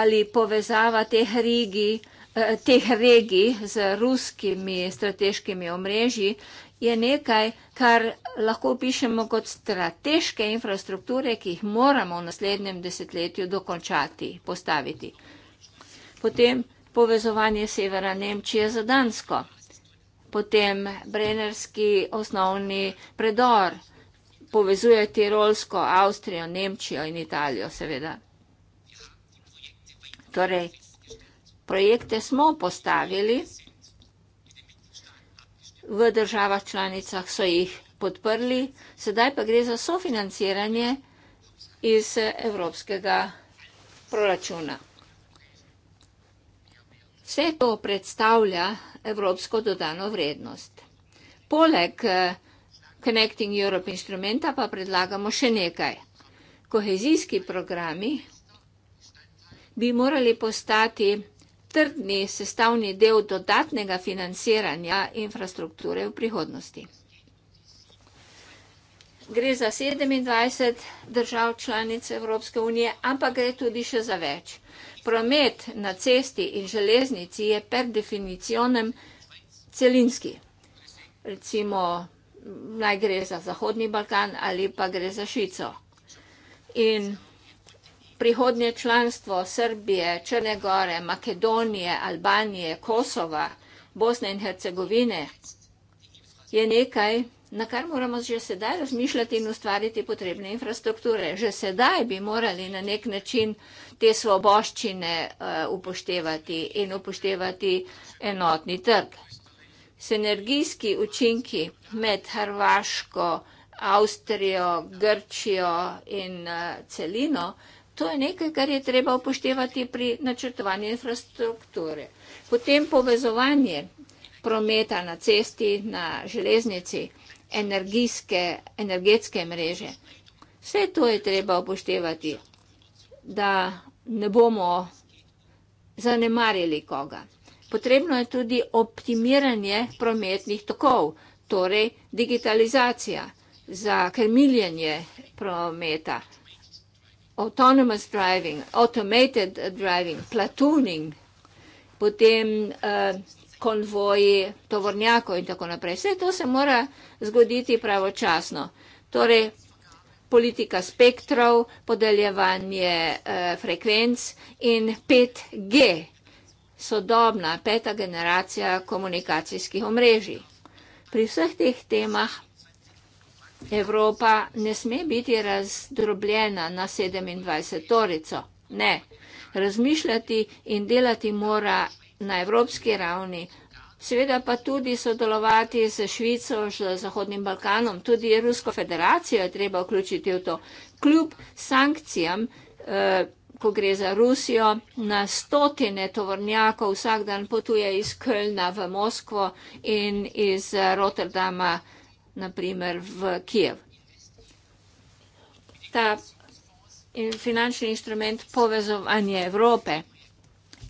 ali povezava teh, rigi, eh, teh regij z ruskimi strateškimi omrežji je nekaj, kar lahko pišemo kot strateške infrastrukture, ki jih moramo v naslednjem desetletju dokončati, postaviti. Potem povezovanje severa Nemčije z Dansko, potem Brennerski osnovni predor, povezuje Tirolsko, Avstrijo, Nemčijo in Italijo, seveda. Torej, projekte smo postavili v državah članicah, so jih podprli, sedaj pa gre za sofinanciranje iz evropskega proračuna. Vse to predstavlja evropsko dodano vrednost. Poleg eh, Connecting Europe inštrumenta pa predlagamo še nekaj. Kohezijski programi bi morali postati trdni sestavni del dodatnega financiranja infrastrukture v prihodnosti. Gre za 27 držav članic Evropske unije, ampak gre tudi še za več. Promet na cesti in železnici je per definicijonem celinski. Recimo naj gre za Zahodni Balkan ali pa gre za Švico. In prihodnje članstvo Srbije, Črne Gore, Makedonije, Albanije, Kosova, Bosne in Hercegovine je nekaj, na kar moramo že sedaj razmišljati in ustvariti potrebne infrastrukture. Že sedaj bi morali na nek način te svoboščine eh, upoštevati in upoštevati enotni trg sinergijski učinki med Hrvaško, Avstrijo, Grčijo in eh, celino, to je nekaj, kar je treba upoštevati pri načrtovanju infrastrukture. Potem povezovanje prometa na cesti, na železnici, energijske, energetske mreže. Vse to je treba upoštevati, da ne bomo zanemarili koga potrebno je tudi optimiranje prometnih tokov, torej digitalizacija za krmiljanje prometa, autonomous driving, automated driving, platooning, potem eh, konvoji, tovornjakov in tako naprej. Vse to se mora zgoditi pravočasno. Torej, politika spektrov, podeljevanje eh, frekvenc in 5G. 5G sodobna peta generacija komunikacijskih omrežij. Pri vseh teh temah Evropa ne sme biti razdrobljena na 27 torico. Ne. Razmišljati in delati mora na evropski ravni, seveda pa tudi sodelovati z Švico, z Zahodnim Balkanom, tudi Rusko federacijo je treba vključiti v to. Kljub sankcijam, eh, ko gre za Rusijo, na stotine tovornjakov vsak dan potuje iz Kölna v Moskvo in iz eh, Rotterdama, naprimer, v Kijev. Ta finančni inštrument povezovanje Evrope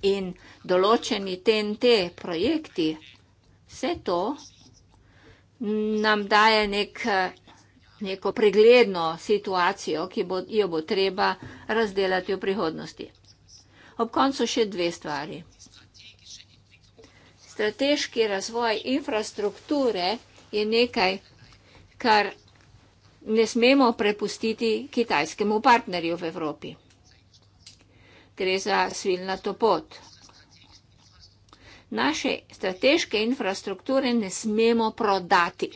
in določeni TNT projekti, vse to nam daje nek eh, neko pregledno situacijo, ki bo, jo bo treba razdelati v prihodnosti. Ob koncu še dve stvari. Strateški razvoj infrastrukture je nekaj, kar ne smemo prepustiti kitajskemu partnerju v Evropi. Gre za svilna to pot. Naše strateške infrastrukture ne smemo prodati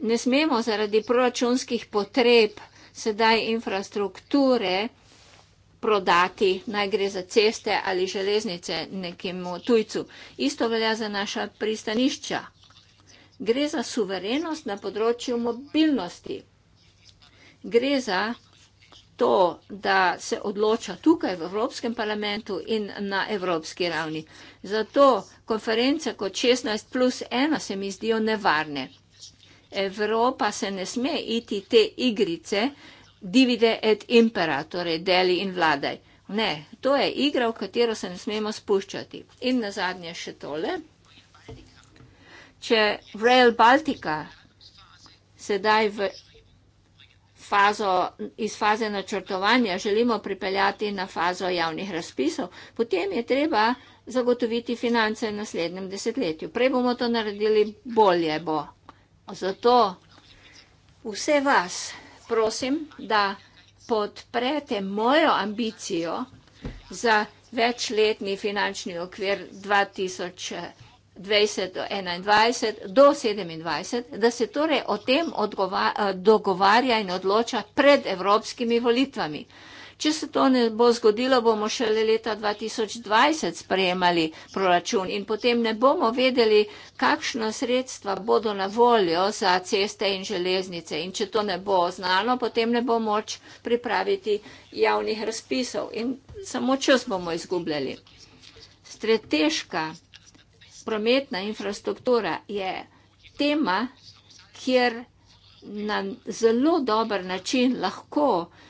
ne smemo zaradi proračunskih potreb sedaj infrastrukture prodati, naj gre za ceste ali železnice nekemu tujcu. Isto velja za naša pristanišča. Gre za suverenost na področju mobilnosti. Gre za to, da se odloča tukaj v Evropskem parlamentu in na evropski ravni. Zato konference kot 16 plus 1 se mi zdijo nevarne. Evropa se ne sme iti te igrice divide et impera, torej deli in vladaj. Ne, to je igra, v katero se ne smemo spuščati. In na zadnje še tole. Če Rail Baltica sedaj v fazo, iz faze načrtovanja želimo pripeljati na fazo javnih razpisov, potem je treba zagotoviti finance v naslednjem desetletju. Prej bomo to naredili, bolje bo. Zato vse vas prosim, da podprete mojo ambicijo za večletni finančni okvir 2020 do 2021 do 2027, da se torej o tem dogovarja in odloča pred evropskimi volitvami. Če se to ne bo zgodilo, bomo šele leta 2020 sprejemali proračun in potem ne bomo vedeli, kakšna sredstva bodo na voljo za ceste in železnice. In če to ne bo znano, potem ne bo moč pripraviti javnih razpisov in samo čas bomo izgubljali. Strateška prometna infrastruktura je tema, kjer na zelo dober način lahko izgubljamo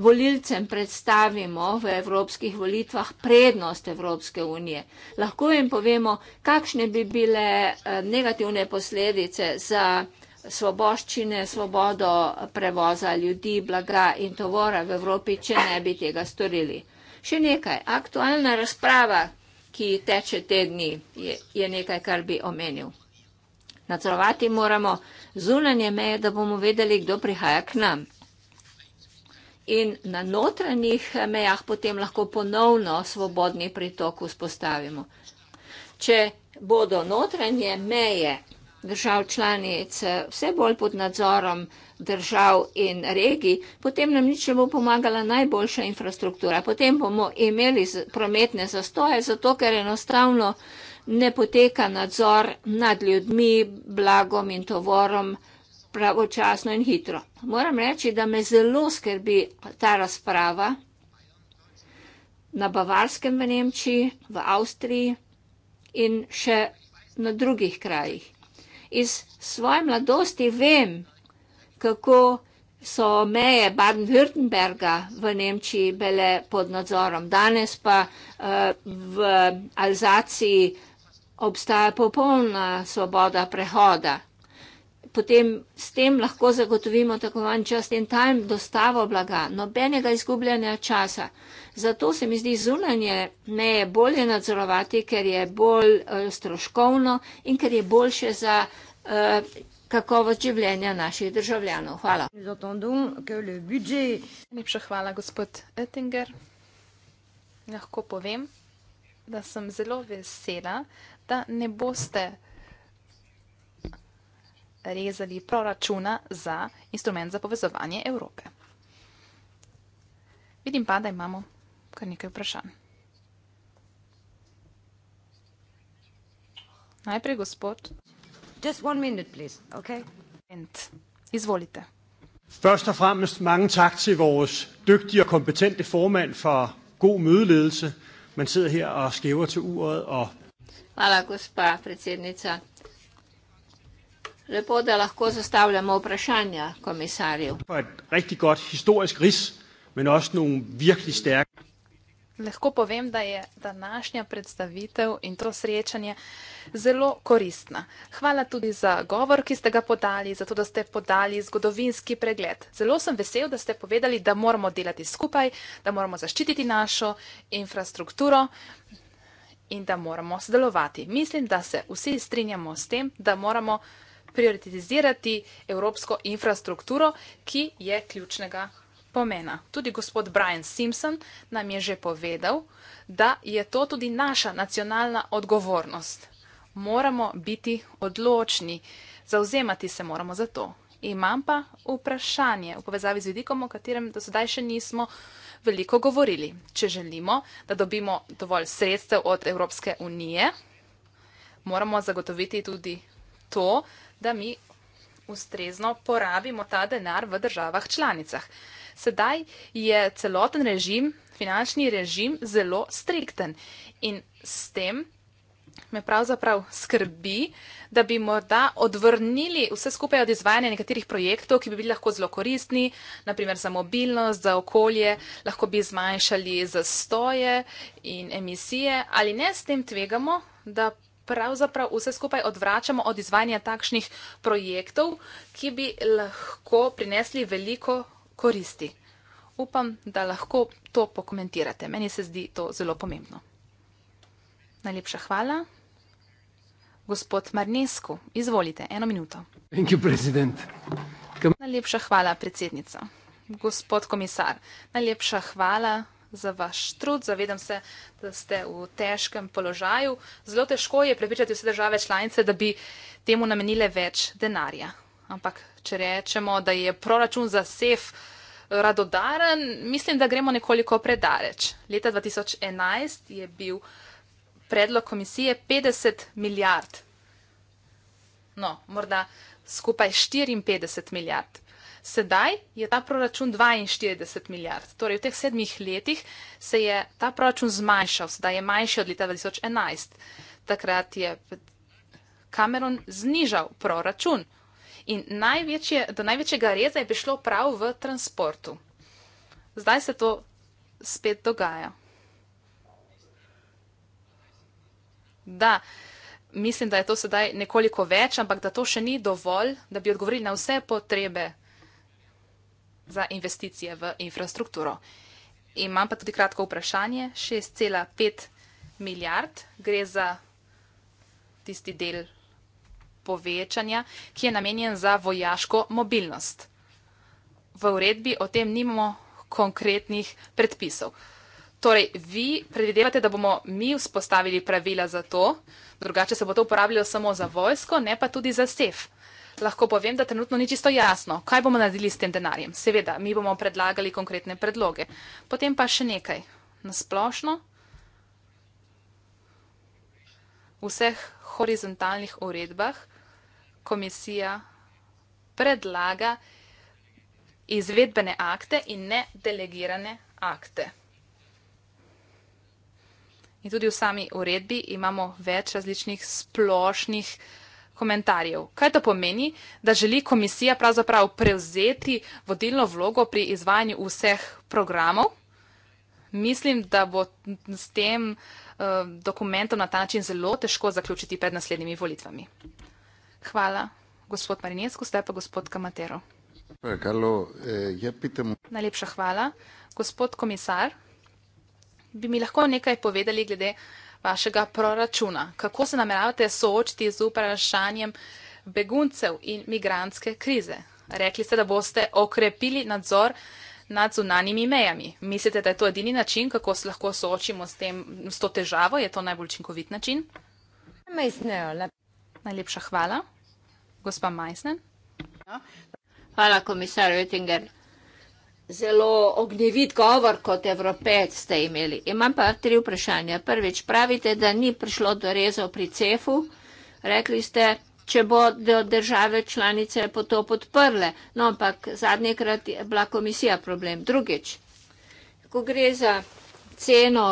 volilcem predstavimo v evropskih volitvah prednost Evropske unije. Lahko jim povemo, kakšne bi bile eh, negativne posledice za svoboščine, svobodo prevoza ljudi, blaga in tovora v Evropi, če ne bi tega storili. Še nekaj. Aktualna razprava, ki teče te dni, je, je nekaj, kar bi omenil. Nadzorovati moramo zunanje meje, da bomo vedeli, kdo prihaja k nam in na notranjih mejah potem lahko ponovno svobodni pritok vzpostavimo. Če bodo notranje meje držav članic eh, vse bolj pod nadzorom držav in regij, potem nam nič ne bo pomagala najboljša infrastruktura. Potem bomo imeli prometne zastoje, zato ker enostavno ne poteka nadzor nad ljudmi, blagom in tovorom pravočasno in hitro. Moram reči, da me zelo skrbi ta razprava na Bavarskem v Nemčiji, v Avstriji in še na drugih krajih. Iz svoje mladosti vem, kako so meje Baden-Württemberga v Nemčiji bile pod nadzorom. Danes pa uh, v Alzaciji obstaja popolna svoboda prehoda potem s tem lahko zagotovimo tako van čas in time dostavo blaga, nobenega izgubljanja časa. Zato se mi zdi zunanje meje bolje nadzorovati, ker je bolj eh, stroškovno in ker je boljše za eh, kakovost življenja naših državljanov. Hvala. Lepša hvala, gospod Ettinger. Lahko povem, da sem zelo vesela, da ne boste rezali proračuna za instrument za povezovanje Evrope. Vidim pa, da imamo kar nekaj vprašanj. Najprej gospod. Just one minute, please, okay? Ent. Izvolite. Først og fremmest mange tak til vores dygtige og kompetente formand for god mødeledelse. Man sidder her og skæver til uret og... Hvala, gospa predsjednica. Lepo, da lahko zastavljamo vprašanja komisarju. To je res dobro historisk ris, vendar tudi nekaj virkni sterk. Lahko povem, da je današnja predstavitev in to srečanje zelo koristna. Hvala tudi za govor, ki ste ga podali, za to, da ste podali zgodovinski pregled. Zelo sem vesel, da ste povedali, da moramo delati skupaj, da moramo zaščititi našo infrastrukturo in da moramo sodelovati. Mislim, da se vsi strinjamo s tem, da moramo prioritizirati evropsko infrastrukturo, ki je ključnega pomena. Tudi gospod Brian Simpson nam je že povedal, da je to tudi naša nacionalna odgovornost. Moramo biti odločni, zauzemati se moramo za to. Imam pa vprašanje v povezavi z vidikom, o katerem do sedaj še nismo veliko govorili. Če želimo, da dobimo dovolj sredstev od Evropske unije, moramo zagotoviti tudi to, da mi ustrezno porabimo ta denar v državah članicah. Sedaj je celoten režim, finančni režim, zelo strikten in s tem me pravzaprav skrbi, da bi morda odvrnili vse skupaj od izvajanja nekaterih projektov, ki bi bili lahko zelo koristni, naprimer za mobilnost, za okolje, lahko bi zmanjšali zastoje in emisije, ali ne s tem tvegamo, da pravzaprav vse skupaj odvračamo od izvajanja takšnih projektov, ki bi lahko prinesli veliko koristi. Upam, da lahko to pokomentirate. Meni se zdi to zelo pomembno. Najlepša hvala. Gospod Marnesku, izvolite, eno minuto. You, Come... Najlepša hvala, predsednica. Gospod komisar, najlepša hvala za vaš trud. Zavedam se, da ste v težkem položaju. Zelo težko je prepričati vse države članice, da bi temu namenile več denarja. Ampak, če rečemo, da je proračun za SEF eh, radodaren, mislim, da gremo nekoliko predaleč. Leta 2011 je bil predlog komisije 50 milijard. No, morda skupaj 54 milijard. Sedaj je ta proračun 42 milijard. Torej, v teh sedmih letih se je ta proračun zmanjšal, sedaj je manjši od leta 2011. Takrat je Cameron znižal proračun. In največje, do največjega reza je prišlo prav v transportu. Zdaj se to spet dogaja. Da, mislim, da je to sedaj nekoliko več, ampak da to še ni dovolj, da bi odgovorili na vse potrebe za investicije v infrastrukturo. Imam pa tudi kratko vprašanje. 6,5 milijard gre za tisti del povečanja, ki je namenjen za vojaško mobilnost. V uredbi o tem nimamo konkretnih predpisov. Torej, vi predvidevate, da bomo mi vzpostavili pravila za to, drugače se bo to uporabljalo samo za vojsko, ne pa tudi za SEF lahko povem, da trenutno ni čisto jasno, kaj bomo naredili s tem denarjem. Seveda, mi bomo predlagali konkretne predloge. Potem pa še nekaj. Nasplošno v vseh horizontalnih uredbah komisija predlaga izvedbene akte in ne delegirane akte. In tudi v sami uredbi imamo več različnih splošnih uh, komentarjev. Kaj to pomeni, da želi komisija pravzaprav prevzeti vodilno vlogo pri izvajanju vseh programov? Mislim, da bo s tem uh, dokumentom na ta način zelo težko zaključiti pred naslednjimi volitvami. Hvala, gospod Marinesko, ste pa gospod Kamatero. Galo, eh, ja pitam... Najlepša hvala. Gospod komisar, bi mi lahko nekaj povedali glede uh, vašega proračuna. Kako se nameravate soočiti z vprašanjem beguncev in migranske krize? Rekli ste, da boste okrepili nadzor nad zunanimi mejami. Mislite, da je to edini način, kako se lahko soočimo s, tem, s to težavo? Je to najbolj učinkovit način? Najlepša hvala, gospa Majsnen. Hvala, komisar Oettinger zelo ognjevit govor kot evropec ste imeli. Imam pa tri vprašanja. Prvič, pravite, da ni prišlo do rezov pri CEF-u. Rekli ste, če bodo države članice po to podprle. No, ampak zadnjekrat je bila komisija problem. Drugič, ko gre za ceno,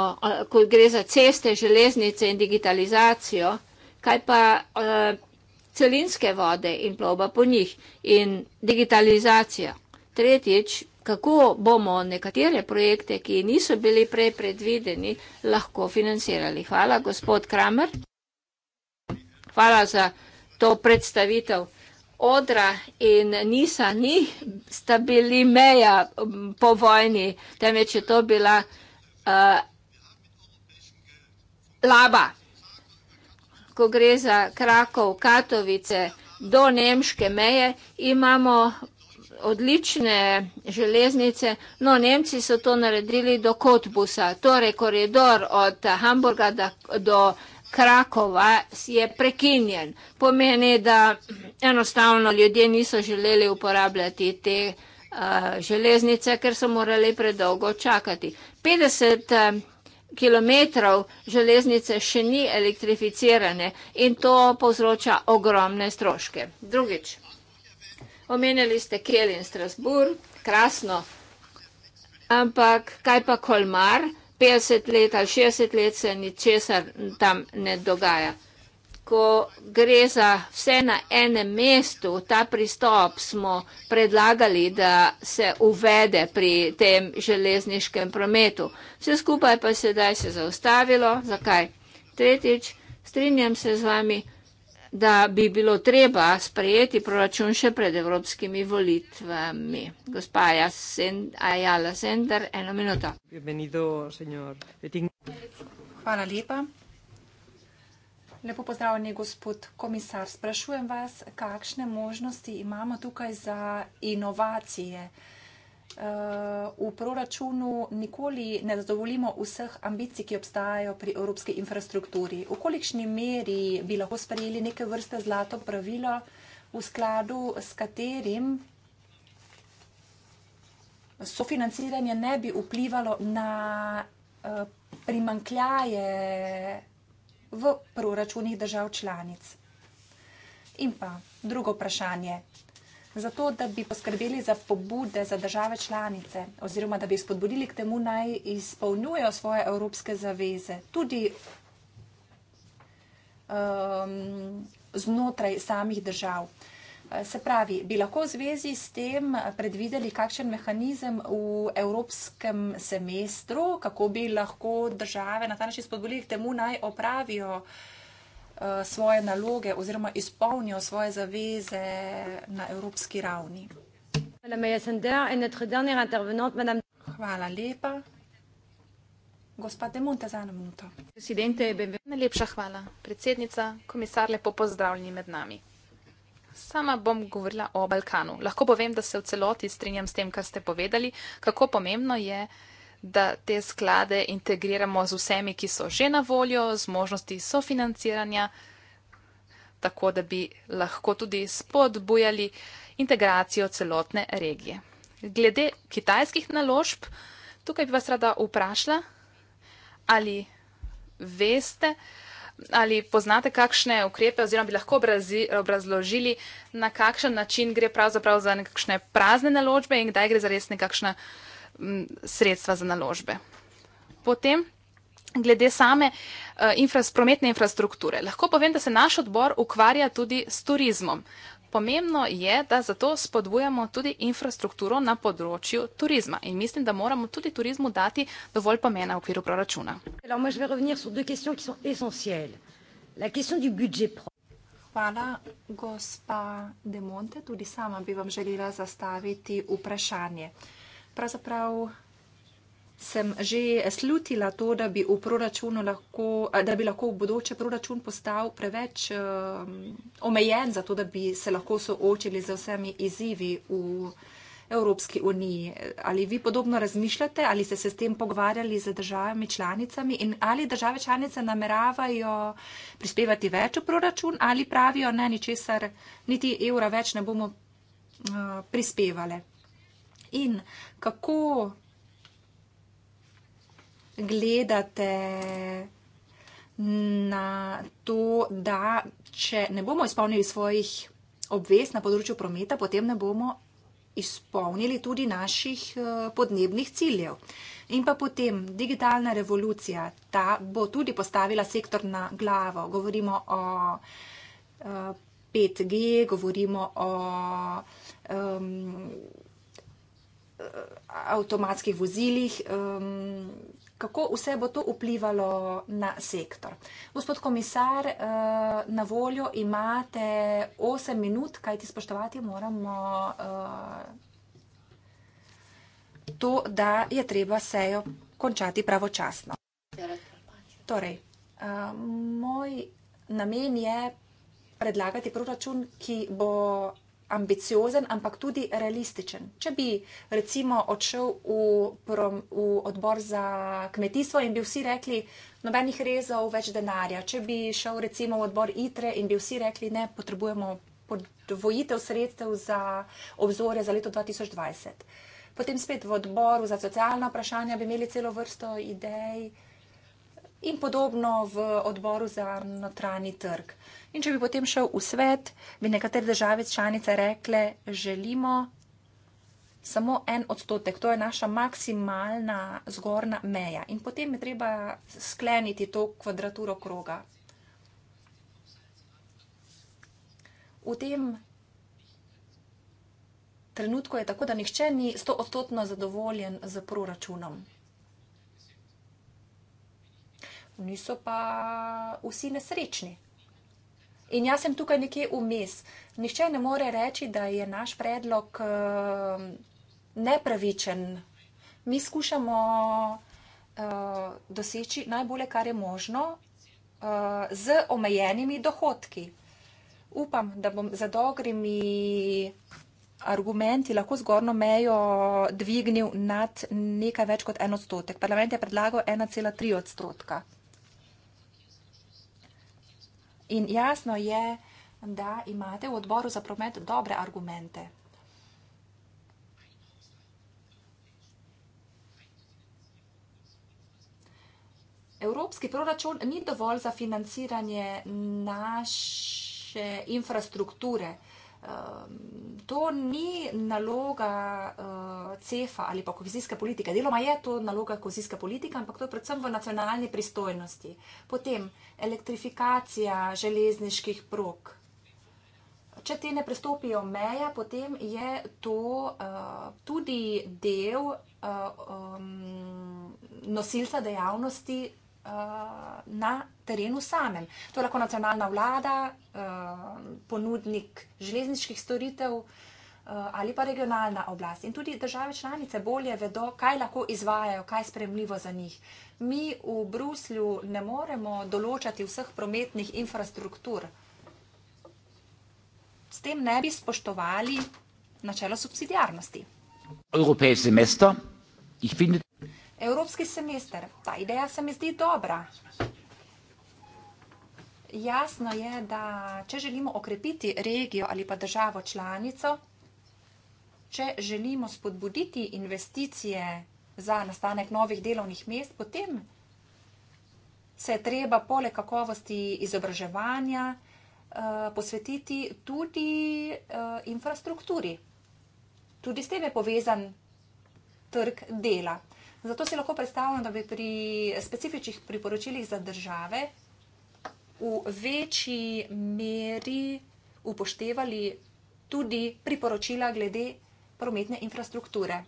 ko gre za ceste, železnice in digitalizacijo, kaj pa uh, celinske vode in ploba po njih in digitalizacija. Tretjič, kako bomo nekatere projekte, ki niso bili prej predvideni, lahko financirali. Hvala, gospod Kramer. Hvala za to predstavitev. Odra in Nisa ni sta bili meja po vojni, temveč je to bila uh, laba. Ko gre za Krakov, Katovice do nemške meje, imamo odlične železnice. No, Nemci so to naredili do Kotbusa, torej koridor od Hamburga do Krakova je prekinjen. Pomeni, da enostavno ljudje niso želeli uporabljati te uh, železnice, ker so morali predolgo čakati. 50 uh, km železnice še ni elektrificirane in to povzroča ogromne stroške. Drugič. Omenjali ste Kel in Strasburg, krasno. Ampak kaj pa Kolmar? 50 let ali 60 let se ničesar tam ne dogaja. Ko gre za vse na enem mestu, ta pristop smo predlagali, da se uvede pri tem železniškem prometu. Vse skupaj pa sedaj se zaustavilo. Zakaj? Tretjič, strinjam se z vami, da bi bilo treba sprejeti proračun še pred evropskimi volitvami. Gospa Ajala Sender, eno minuto. Hvala lepa. Lepo pozdravljeni, gospod komisar. Sprašujem vas, kakšne možnosti imamo tukaj za inovacije? v proračunu nikoli ne zadovoljimo vseh ambicij, ki obstajajo pri evropski infrastrukturi. V kolikšni meri bi lahko sprejeli neke vrste zlato pravilo, v skladu s katerim sofinanciranje ne bi vplivalo na eh, primankljaje v proračunih držav članic? In pa drugo vprašanje zato, da bi poskrbeli za pobude za države članice oziroma da bi jih spodbudili k temu naj izpolnjujo svoje evropske zaveze tudi um, znotraj samih držav. Se pravi, bi lahko v zvezi s tem predvideli kakšen mehanizem v evropskem semestru, kako bi lahko države na ta način spodbudili k temu naj opravijo uh, Eh, svoje naloge oziroma izpolnijo svoje zaveze na evropski ravni. Hvala lepa. Gospod De Monte, za eno minuto. Najlepša hvala, predsednica, komisar, lepo pozdravljeni med nami. Sama bom govorila o Balkanu. Lahko povem, da se v celoti strinjam s tem, kar ste povedali, kako pomembno je, da te sklade integriramo z vsemi, ki so že na voljo, z možnosti sofinanciranja, tako da bi lahko tudi spodbujali integracijo celotne regije. Glede kitajskih naložb, tukaj bi vas rada vprašala, ali veste, ali poznate kakšne ukrepe oziroma bi lahko obrazložili, na kakšen način gre pravzaprav za nekakšne prazne naložbe in kdaj gre za res nekakšna sredstva za naložbe. Potem, glede same eh, infra prometne infrastrukture, lahko povem, da se naš odbor ukvarja tudi s turizmom. Pomembno je, da zato spodbujamo tudi infrastrukturo na področju turizma in mislim, da moramo tudi turizmu dati dovolj pomena v okviru proračuna. Hvala, gospa Demonte. Tudi sama bi vam želela zastaviti vprašanje. Uh, pravzaprav sem že slutila to, da bi, lahko, da bi lahko v bodoče proračun postal preveč um, omejen za to, da bi se lahko soočili z vsemi izzivi v Evropski uniji. Ali vi podobno razmišljate, ali ste se s tem pogovarjali z državami članicami in ali države članice nameravajo prispevati več v proračun ali pravijo, ne, ničesar, niti evra več ne bomo uh, prispevali in kako gledate na to, da če ne bomo izpolnili svojih obvez na področju prometa, potem ne bomo izpolnili tudi naših eh, podnebnih ciljev. In pa potem digitalna revolucija, ta bo tudi postavila sektor na glavo. Govorimo o 5G, eh, govorimo o um, Eh, avtomatskih vozilih, um, kako vse bo to vplivalo na sektor. Gospod komisar, uh, na voljo imate 8 minut, kaj ti spoštovati moramo uh, to, da je treba sejo končati pravočasno. Torej, uh, moj namen je predlagati proračun, ki bo ambiciozen, ampak tudi realističen. Če bi recimo odšel v, prom, v odbor za kmetijstvo in bi vsi rekli, nobenih rezov, več denarja. Če bi šel recimo v odbor ITRE in bi vsi rekli, ne, potrebujemo podvojitev sredstev za obzore za leto 2020. Potem spet v odboru za socialna vprašanja bi imeli celo vrsto idej in podobno v odboru za notranji trg. In če bi potem šel v svet, bi nekatere države članice rekle, želimo samo en odstotek, to je naša maksimalna zgorna meja. In potem je treba skleniti to kvadraturo kroga. V tem trenutku je tako, da nihče ni stoodstotno zadovoljen z proračunom niso pa vsi nesrečni. In jaz sem tukaj nekje vmes. Nihče ne more reči, da je naš predlog eh, nepravičen. Mi skušamo eh, doseči najbolje, kar je možno, eh, z omejenimi dohodki. Upam, da bom za dogrimi argumenti lahko zgorno mejo dvignil nad nekaj več kot en odstotek. Parlament je predlagal 1,3 odstotka. In jasno je, da imate v odboru za promet dobre argumente. Evropski proračun ni dovolj za financiranje naše infrastrukture. Ehm, to ni naloga uh, CEFA ali pa kohezijske politike. Deloma je to naloga kohezijske politike, ampak to je predvsem v nacionalni pristojnosti. Potem elektrifikacija železniških prog. Če te ne prestopijo meje, potem je to uh, tudi del uh, um, nosilca dejavnosti Eh, na terenu samem. To je lahko nacionalna vlada, eh, ponudnik železniških storitev eh, ali pa regionalna oblast. In tudi države članice bolje vedo, kaj lahko izvajajo, kaj je spremljivo za njih. Mi v Bruslju ne moremo določati vseh prometnih infrastruktur. S tem ne bi spoštovali načela subsidijarnosti. Evropski semester, jih vidim. Evropski semester. Ta ideja se mi zdi dobra. Jasno je, da če želimo okrepiti regijo ali pa državo članico, če želimo spodbuditi investicije za nastanek novih delovnih mest, potem se je treba poleg kakovosti izobraževanja eh, posvetiti tudi eh, infrastrukturi. Tudi s tem je povezan trg dela. Zato si lahko predstavljam, da bi pri specifičnih priporočilih za države v večji meri upoštevali tudi priporočila glede prometne infrastrukture.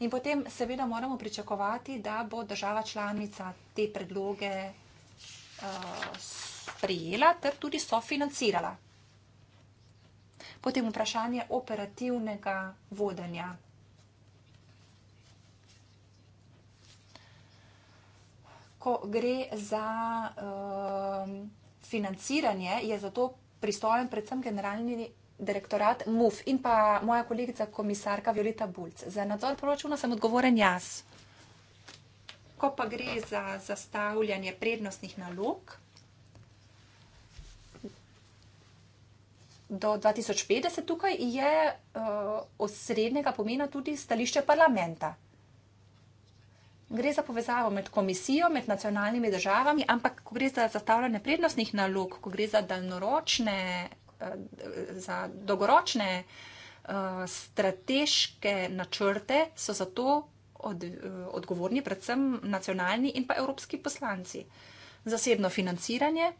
In potem seveda moramo pričakovati, da bo država članica te predloge uh, sprejela ter tudi sofinancirala. Potem vprašanje operativnega vodenja. ko gre za uh, financiranje, je za to pristojen predvsem generalni direktorat MUF in pa moja kolegica komisarka Violeta Bulc. Za nadzor proračuna sem odgovoren jaz. Ko pa gre za zastavljanje prednostnih nalog do 2050, tukaj je uh, osrednjega pomena tudi stališče parlamenta. Gre za povezavo med komisijo, med nacionalnimi državami, ampak ko gre za zastavljanje prednostnih nalog, ko gre za daljnoročne, eh, za dolgoročne eh, strateške načrte, so za to od, odgovorni predvsem nacionalni in pa evropski poslanci. Zasebno financiranje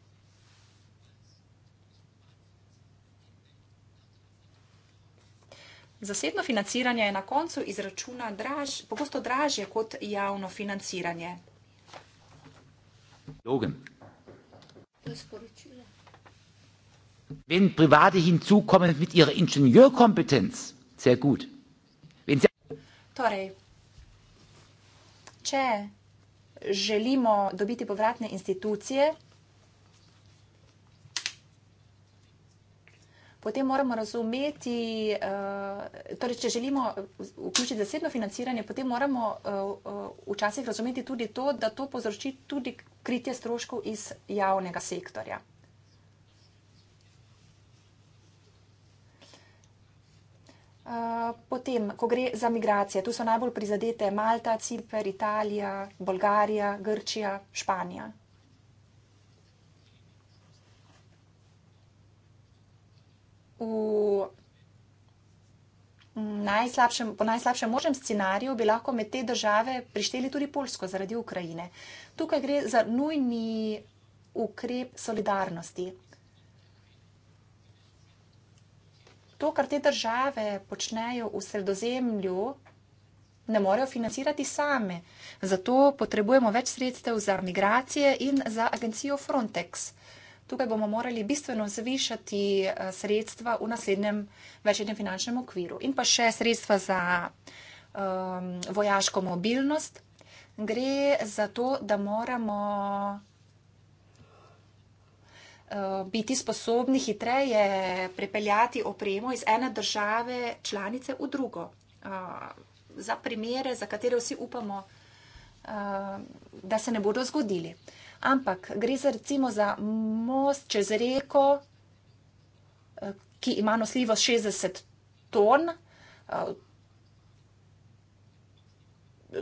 Zasebno financiranje je na koncu izračuna draž, pogosto dražje kot javno financiranje. Logan. Wenn private hinzukommen mit ihrer Ingenieurkompetenz, sehr gut. Wenn sie torej, če želimo dobiti povratne institucije, potem moramo razumeti, eh, torej, če želimo vključiti zasebno financiranje, potem moramo eh, včasih razumeti tudi to, da to povzroči tudi kritje stroškov iz javnega sektorja. Eh, potem, ko gre za migracije, tu so najbolj prizadete Malta, Cipr, Italija, Bolgarija, Grčija, Španija. v najslabšem, po najslabšem možnem scenariju bi lahko med te države prišteli tudi Polsko zaradi Ukrajine. Tukaj gre za nujni ukrep solidarnosti. To, kar te države počnejo v sredozemlju, ne morejo financirati same. Zato potrebujemo več sredstev za migracije in za agencijo Frontex tukaj bomo morali bistveno zvišati eh, sredstva v naslednjem večjem finančnem okviru in pa še sredstva za um, vojaško mobilnost. Gre za to, da moramo eh, biti sposobni hitreje prepeljati opremo iz ene države članice v drugo. Eh, za primere, za katere vsi upamo, da se ne bodo zgodili ampak gre za recimo za most čez reko, eh, ki ima nosljivo 60 ton. Eh,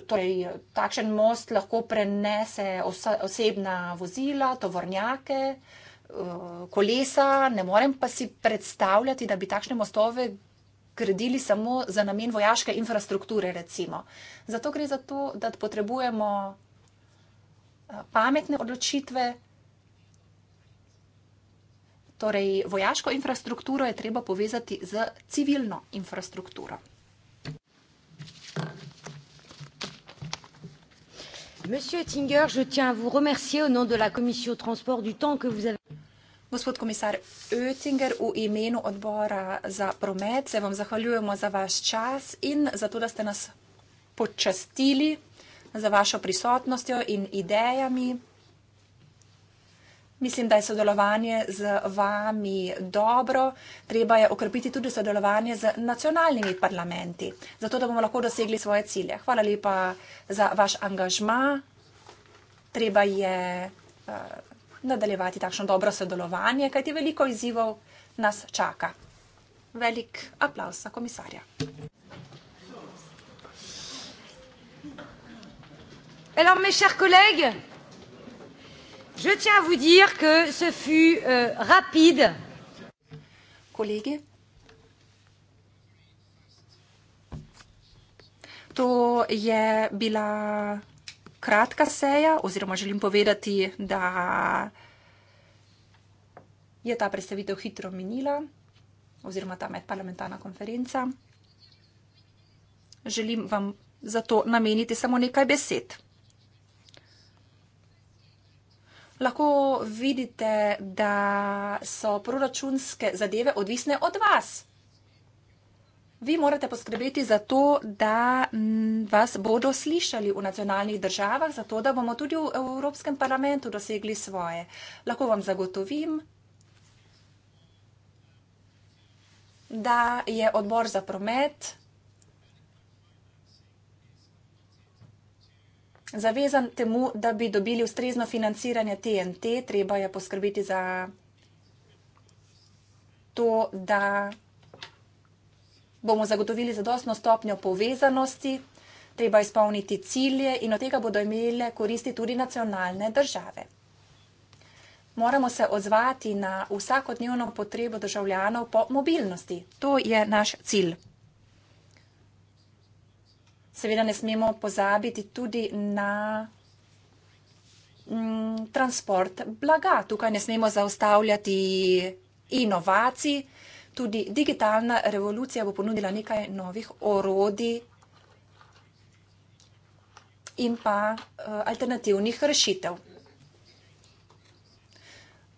torej, takšen most lahko prenese osebna vozila, tovornjake, eh, kolesa. Ne morem pa si predstavljati, da bi takšne mostove gradili samo za namen vojaške infrastrukture, recimo. Zato gre za to, da potrebujemo pametne odločitve. Torej, vojaško infrastrukturo je treba povezati z civilno infrastrukturo. Monsieur Tinger, je tiens à vous remercier au nom de la Commission Transport du temps que vous avez. Gospod komisar Oettinger, v imenu odbora za promet se vam zahvaljujemo za vaš čas in za to, da ste nas počastili za vašo prisotnostjo in idejami. Mislim, da je sodelovanje z vami dobro. Treba je okrepiti tudi sodelovanje z nacionalnimi parlamenti, zato da bomo lahko dosegli svoje cilje. Hvala lepa za vaš angažma. Treba je uh, nadaljevati takšno dobro sodelovanje, kajti veliko izzivov nas čaka. Velik aplaus za komisarja. Alors, mes chers collègues, je tiens à vous dire que ce fut euh, rapide. Collègues, to je bila kratka seja, oziroma želim povedati, da je ta predstavitev hitro minila, oziroma ta medparlamentarna konferenca. Želim vam zato nameniti samo nekaj besed. lahko vidite, da so proračunske zadeve odvisne od vas. Vi morate poskrbeti za to, da mm, vas bodo slišali v nacionalnih državah, zato da bomo tudi v Evropskem parlamentu dosegli svoje. Lahko vam zagotovim, da je odbor za promet zavezan temu, da bi dobili ustrezno financiranje TNT. Treba je poskrbeti za to, da bomo zagotovili zadostno stopnjo povezanosti, treba izpolniti cilje in od tega bodo imele koristi tudi nacionalne države. Moramo se odzvati na vsakodnevno potrebo državljanov po mobilnosti. To je naš cilj seveda ne smemo pozabiti tudi na mm, transport blaga. Tukaj ne smemo zaustavljati inovacij. Tudi digitalna revolucija bo ponudila nekaj novih orodij in pa eh, alternativnih rešitev.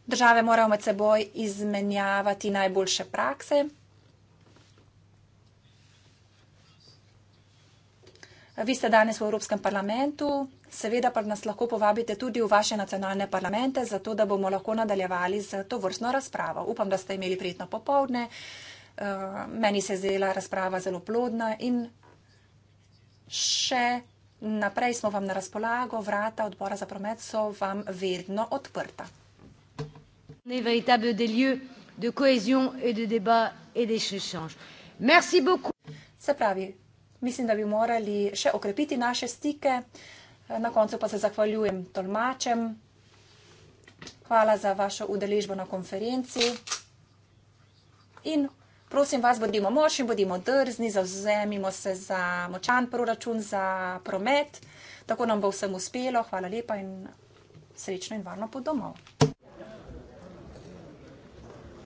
Države morajo med seboj izmenjavati najboljše prakse. Vi ste danes v Evropskem parlamentu, seveda pa nas lahko povabite tudi v vaše nacionalne parlamente, zato da bomo lahko nadaljevali z to vrstno razpravo. Upam, da ste imeli prijetno popovdne. Eh, meni se je zdela razprava zelo plodna in še naprej smo vam na razpolago. Vrata odbora za promet so vam vedno odprta. Se pravi, Mislim, da bi morali še okrepiti naše stike. Na koncu pa se zahvaljujem tolmačem. Hvala za vašo udeležbo na konferenci. In prosim vas, bodimo močni, bodimo drzni, zauzemimo se za močan proračun, za promet. Tako nam bo vsem uspelo. Hvala lepa in srečno in varno po domov.